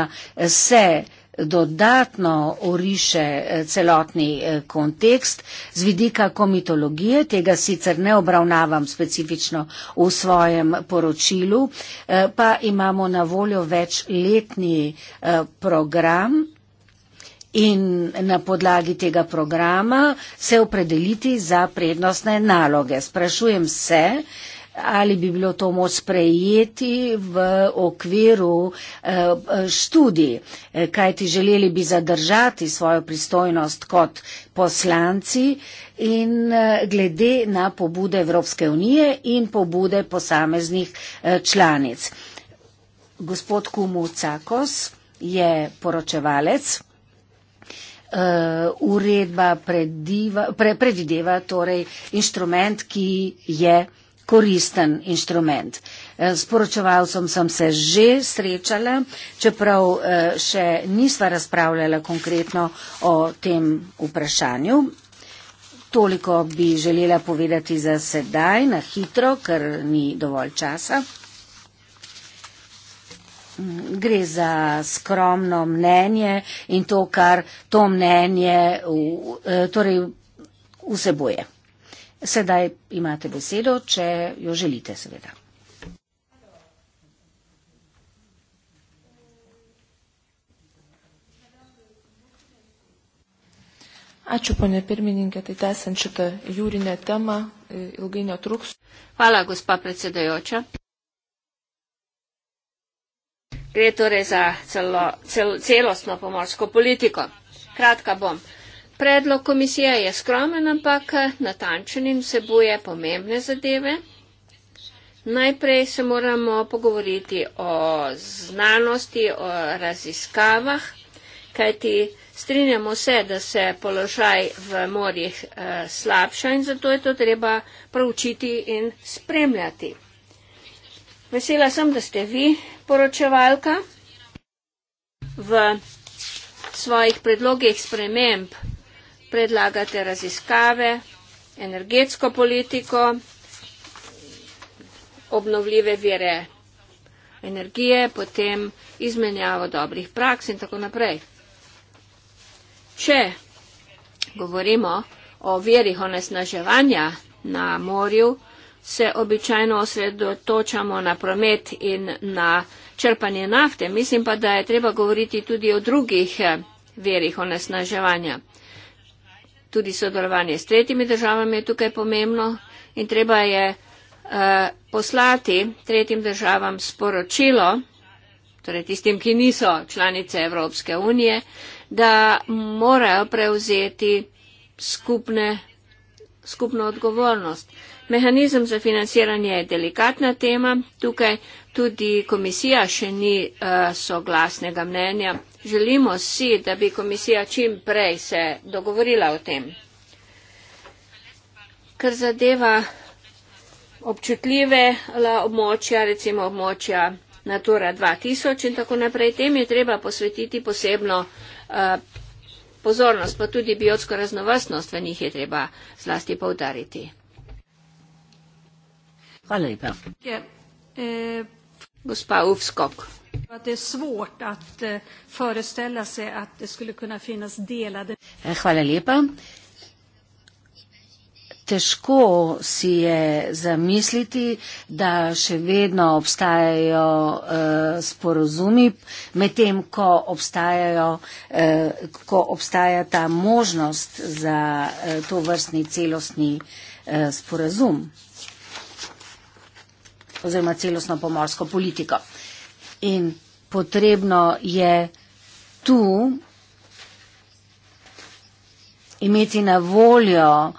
se dodatno oriše eh, celotni eh, kontekst z vidika komitologije, tega sicer ne obravnavam specifično v svojem poročilu, eh, pa imamo na voljo večletni program. In na podlagi tega programa se opredeliti za prednostne naloge. Sprašujem se, ali bi bilo to moč sprejeti v okviru eh, študij, eh, kajti želeli bi zadržati svojo pristojnost kot poslanci in eh, glede na pobude Evropske unije in pobude posameznih članic. Gospod Kumu Cakos je poročevalec. Uh, uredba prediva, pre, predvideva torej inštrument, ki je uh, koristen inštrument. E, s poročevalcem sem se že srečala, čeprav e, še nisva razpravljala konkretno o tem vprašanju. Toliko bi želela povedati za sedaj, na hitro, ker ni dovolj časa. Gre za skromno mnenje in to, kar to mnenje v, e, torej vseboje. Sedaj imate besedo, če jo želite, seveda. Ačiū, ponė pirmininkė, tai tęsiant šitą jūrinę temą, e, ilgai netruks. Hvala, gospa predsedajoča. Gre torej za celo, cel, celostno pomorsko politiko. Kratka bom. Predlog komisije je skromen, ampak natančen in vsebuje pomembne zadeve. Najprej se moramo pogovoriti o znanosti, o raziskavah, kajti strinjamo se, da se položaj v morjih eh, slabša in zato je to treba proučiti in spremljati. Vesela sem, da ste vi poročevalka v svojih predlogih sprememb predlagate raziskave, energetsko politiko, obnovljive vire energije, potem izmenjavo dobrih praks in tako naprej. Če govorimo o verih onesnaževanja na morju, se običajno osredotočamo na promet in na črpanje nafte. Mislim pa, da je treba govoriti tudi o drugih eh, verih onesnaževanja tudi sodelovanje s tretjimi državami je tukaj pomembno in treba je uh, poslati tretjim državam sporočilo, torej tistim, ki niso članice Evropske unije, da morajo prevzeti skupne, skupno odgovornost. Mehanizem za financiranje je delikatna tema. Tukaj tudi komisija še ni uh, soglasnega mnenja. Želimo si, da bi komisija čim prej se dogovorila o tem. Kar zadeva občutljive območja, recimo območja Natura 2000 in tako naprej, tem je treba posvetiti posebno uh, pozornost, pa tudi biotsko raznovrstnost v njih je treba zlasti povdariti. Hvala lepa. Yeah. Ja, uh... Gospa Uvskok. Det är svårt att eh, föreställa sig att det skulle kunna finnas delade... Eh, hvala lepa. Težko si je zamisliti, da še vedno obstajajo uh, sporozumi, medtem ko, uh, ko obstaja ta možnost za uh, to vrstni celostni uh, sporozum oziroma celostno pomorsko politiko in potrebno je tu imeti na voljo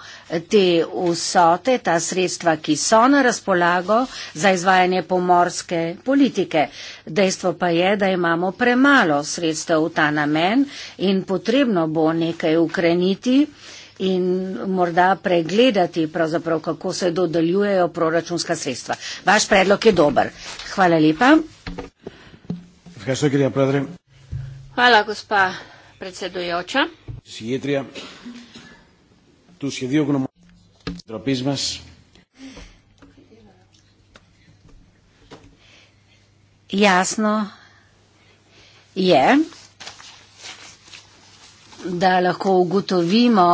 te vsote, ta sredstva, ki so na razpolago za izvajanje pomorske politike. Dejstvo pa je, da imamo premalo sredstev v ta namen in potrebno bo nekaj ukreniti in morda pregledati, kako se dodeljujejo proračunska sredstva. Vaš predlog je dober. Hvala lepa. Ευχαριστώ κυρία Πρόεδρε. Άλλα κοσπά πρετσεντοϊότσα. Συγγήτρια του σχεδίου γνωμοσύνης της μας. Ясно je, da lahko ugotovimo,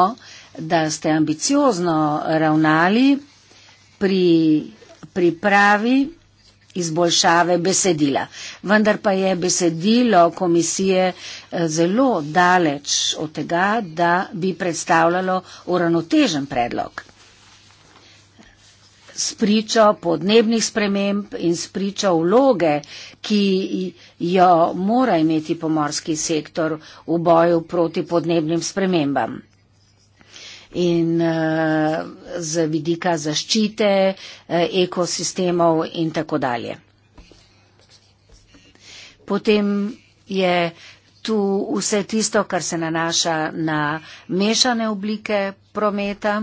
da ste ambiciozno ravnali pri pripravi izboljšave besedila. Vendar pa je besedilo komisije eh, zelo daleč od tega, da bi predstavljalo uravnotežen predlog. Spričo podnebnih sprememb in spričo vloge, ki jo mora imeti pomorski sektor v boju proti podnebnim spremembam in eh, z vidika zaščite eh, ekosistemov in tako dalje. Potem je tu vse tisto, kar se nanaša na mešane oblike prometa.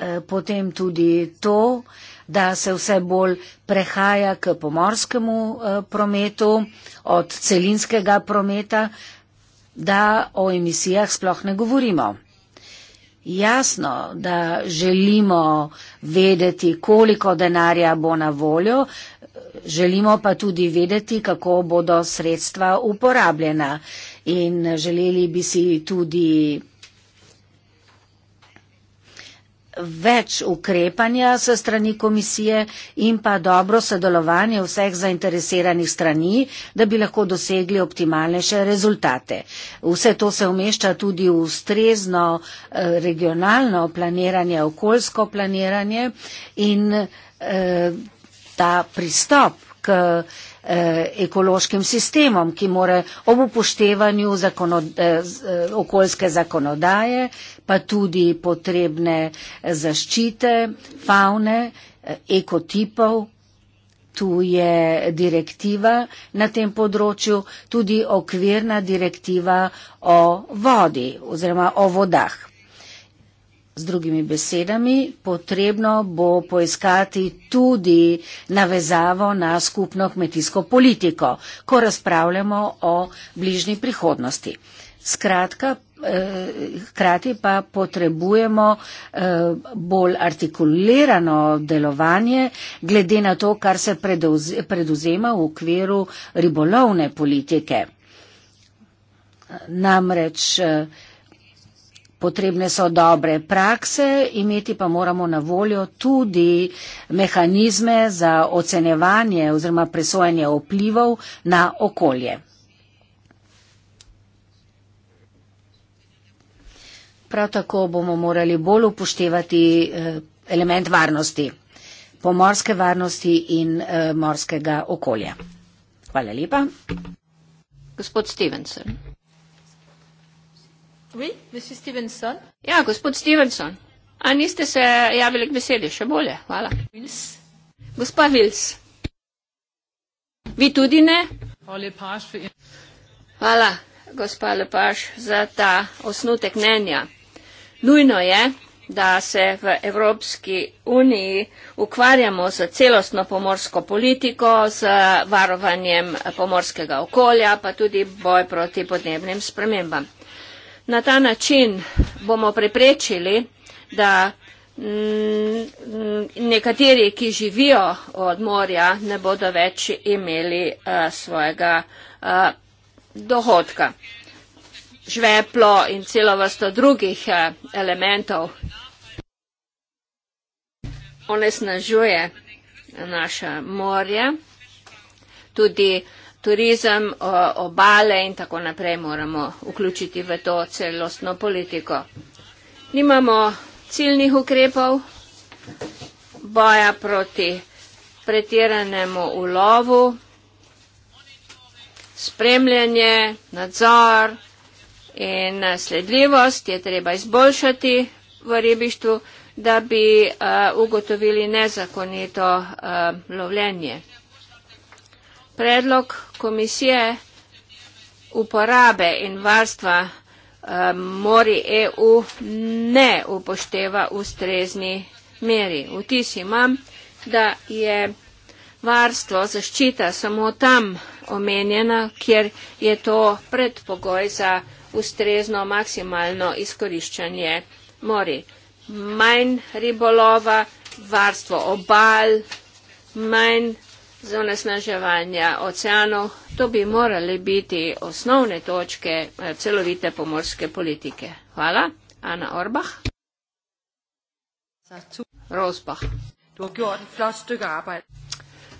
Eh, potem tudi to, da se vse bolj prehaja k pomorskemu eh, prometu, od celinskega prometa, da o emisijah sploh ne govorimo. Jasno, da želimo vedeti, koliko denarja bo na voljo, želimo pa tudi vedeti, kako bodo sredstva uporabljena. In želeli bi si tudi več ukrepanja se strani komisije in pa dobro sodelovanje vseh zainteresiranih strani, da bi lahko dosegli optimalnejše rezultate. Vse to se umešča tudi v ustrezno eh, regionalno planiranje, okoljsko planiranje in eh, ta pristop k eh, Eh, ekološkim sistemom, ki more ob upoštevanju eh, eh, okoljske zakonodaje, pa tudi potrebne zaščite faune, ekotipov. Tu je direktiva na tem področju, tudi okvirna direktiva o vodi oziroma o vodah. Z drugimi besedami, potrebno bo poiskati tudi navezavo na skupno kmetijsko politiko, ko razpravljamo o bližnji prihodnosti. Skratka, eh, hkrati pa potrebujemo eh, bolj artikulirano delovanje glede na to, kar se preduzema v okviru ribolovne politike. Namreč eh, Potrebne so dobre prakse, imeti pa moramo na voljo tudi mehanizme za ocenevanje oziroma presojanje vplivov na okolje. Prav tako bomo morali bolj upoštevati eh, element varnosti, pomorske varnosti in eh, morskega okolja. Hvala lepa. Gospod Stevenson. Oui, monsieur Stevenson. Ja, gospod Stevenson. A niste se javili k besedi? Še bolje, hvala. Wils. Gospa Vils. Vi tudi ne? Hvala, gospa Lepaš, za ta osnutek mnenja. Nujno je, da se v Evropski uniji ukvarjamo z celostno pomorsko politiko, z varovanjem pomorskega okolja, pa tudi boj proti podnebnim spremembam na ta način bomo preprečili, da mm, mm, nekateri, ki živijo od morja, ne bodo več imeli uh, svojega uh, dohodka. Žveplo in celo vrsto drugih uh, elementov onesnažuje naše morje. Tudi uh, turizem, obale in tako naprej moramo vključiti v to celostno politiko. Nimamo ciljnih ukrepov, boja proti pretiranemu ulovu, spremljanje, nadzor in sledljivost je treba izboljšati v ribištvu, da bi uh, ugotovili nezakonito uh, lovljenje predlog komisije uporabe in varstva eh, mori EU ne upošteva v strezni meri. Vtis imam, da je varstvo, zaščita samo tam omenjena, kjer je to predpogoj za ustrezno maksimalno izkoriščanje mori. Manj ribolova, varstvo obal, manj z onesnaževanja oceanov, to bi morali biti osnovne točke eh, celovite pomorske politike. Hvala. Ana Orbach. Rosbach.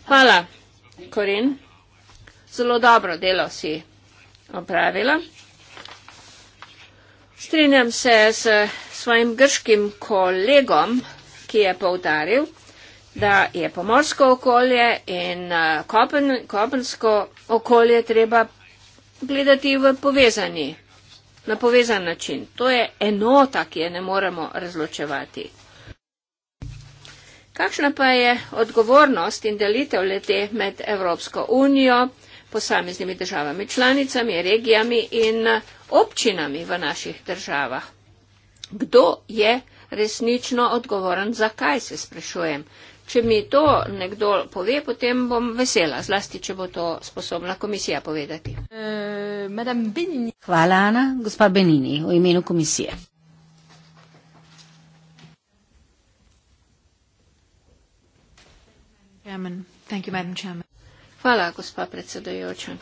Hvala, Korin. Zelo dobro delo si opravila. Strinjam se s eh, svojim grškim kolegom, ki je povdaril, da je pomorsko okolje in eh, kopen, kopensko okolje treba gledati v povezani, na povezan način. To je enota, ki je ne moremo razločevati. Kakšna pa je odgovornost in delitev lete med Evropsko unijo, posameznimi državami, članicami, regijami in eh, občinami v naših državah? Kdo je resnično odgovoren, zakaj se sprašujem? Če mi to nekdo pove, potem bom vesela, zlasti, če bo to sposobna komisija povedati. Eh, Hvala, Ana. Gospa Benini, v imenu komisije. Hvala, gospa predsedojoča.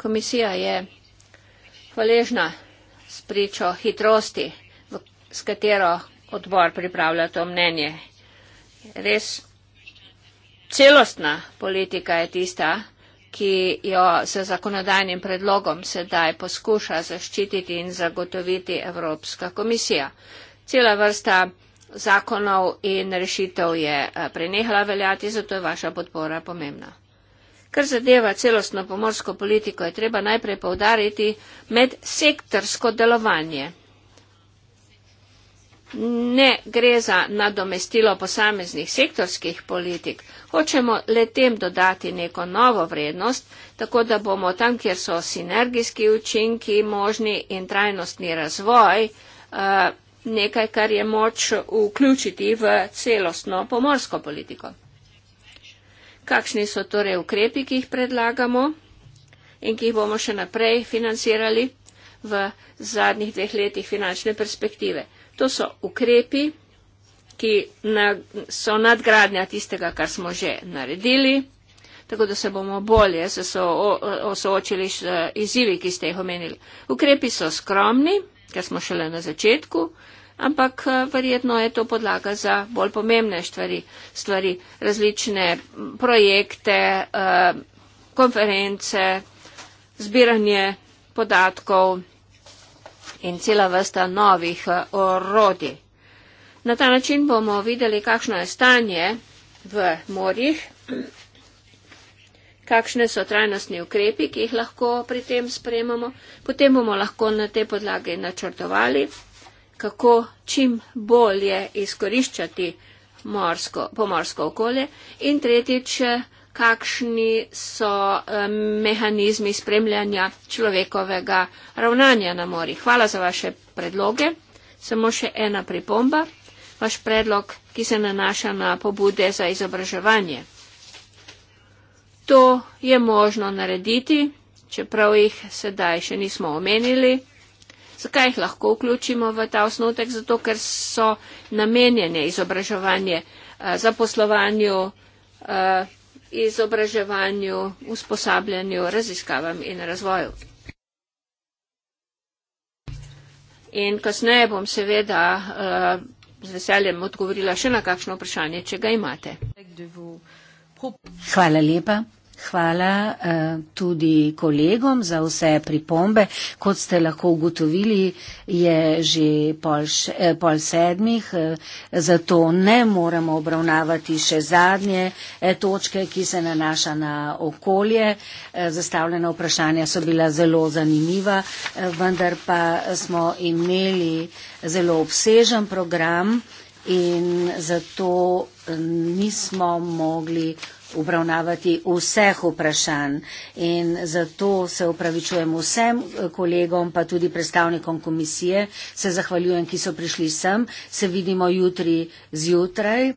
Komisija je hvaležna spričo hitrosti, s katero odbor pripravlja to mnenje res celostna politika je tista, ki jo z zakonodajnim predlogom sedaj poskuša zaščititi in zagotoviti Evropska komisija. Cela vrsta zakonov in rešitev je eh, prenehala veljati, zato je vaša podpora pomembna. Kar zadeva celostno pomorsko politiko, je treba najprej povdariti med sektorsko delovanje ne gre za nadomestilo posameznih sektorskih politik. Hočemo le tem dodati neko novo vrednost, tako da bomo tam, kjer so sinergijski učinki možni in trajnostni razvoj, eh, nekaj, kar je moč vključiti v celostno pomorsko politiko. Kakšni so torej ukrepi, ki jih predlagamo in ki jih bomo še naprej financirali v zadnjih dveh letih finančne perspektive? To so ukrepi, ki na, so nadgradnja tistega, kar smo že naredili, tako da se bomo bolje se so, o, osoočili z eh, izzivi, ki ste jih omenili. Ukrepi so skromni, ker smo šele na začetku, ampak eh, verjetno je to podlaga za bolj pomembne stvari, stvari različne projekte, eh, konference, zbiranje podatkov in cela vrsta novih eh, orodij. Na ta način bomo videli, kakšno je stanje v morjih, kakšne so trajnostni ukrepi, ki jih lahko pri tem sprejemamo. Potem bomo lahko na te podlage načrtovali, kako čim bolje izkoriščati morsko, pomorsko okolje. In tretjič, eh, kakšni so eh, mehanizmi spremljanja človekovega ravnanja na morju. Hvala za vaše predloge. Samo še ena pripomba. Vaš predlog, ki se nanaša na pobude za izobraževanje. To je možno narediti, čeprav jih sedaj še nismo omenili. Zakaj jih lahko vključimo v ta osnutek? Zato, ker so namenjene izobraževanje, eh, zaposlovanju, eh, izobraževanju, usposabljanju, raziskavam in razvoju. In kasneje bom seveda eh, z veseljem odgovorila še na kakšno vprašanje, če ga imate. Hvala lepa. Hvala eh, tudi kolegom za vse pripombe. Kot ste lahko ugotovili, je že pol, š, eh, pol sedmih, eh, zato ne moramo obravnavati še zadnje točke, ki se nanaša na okolje. Zastavljena vprašanja so bila zelo zanimiva, vendar pa smo imeli zelo obsežen program in zato nismo mogli obravnavati vseh vprašanj in zato se opravičujem vsem kolegom, pa tudi predstavnikom komisije, se zahvaljujem, ki so prišli sem, se vidimo jutri zjutraj.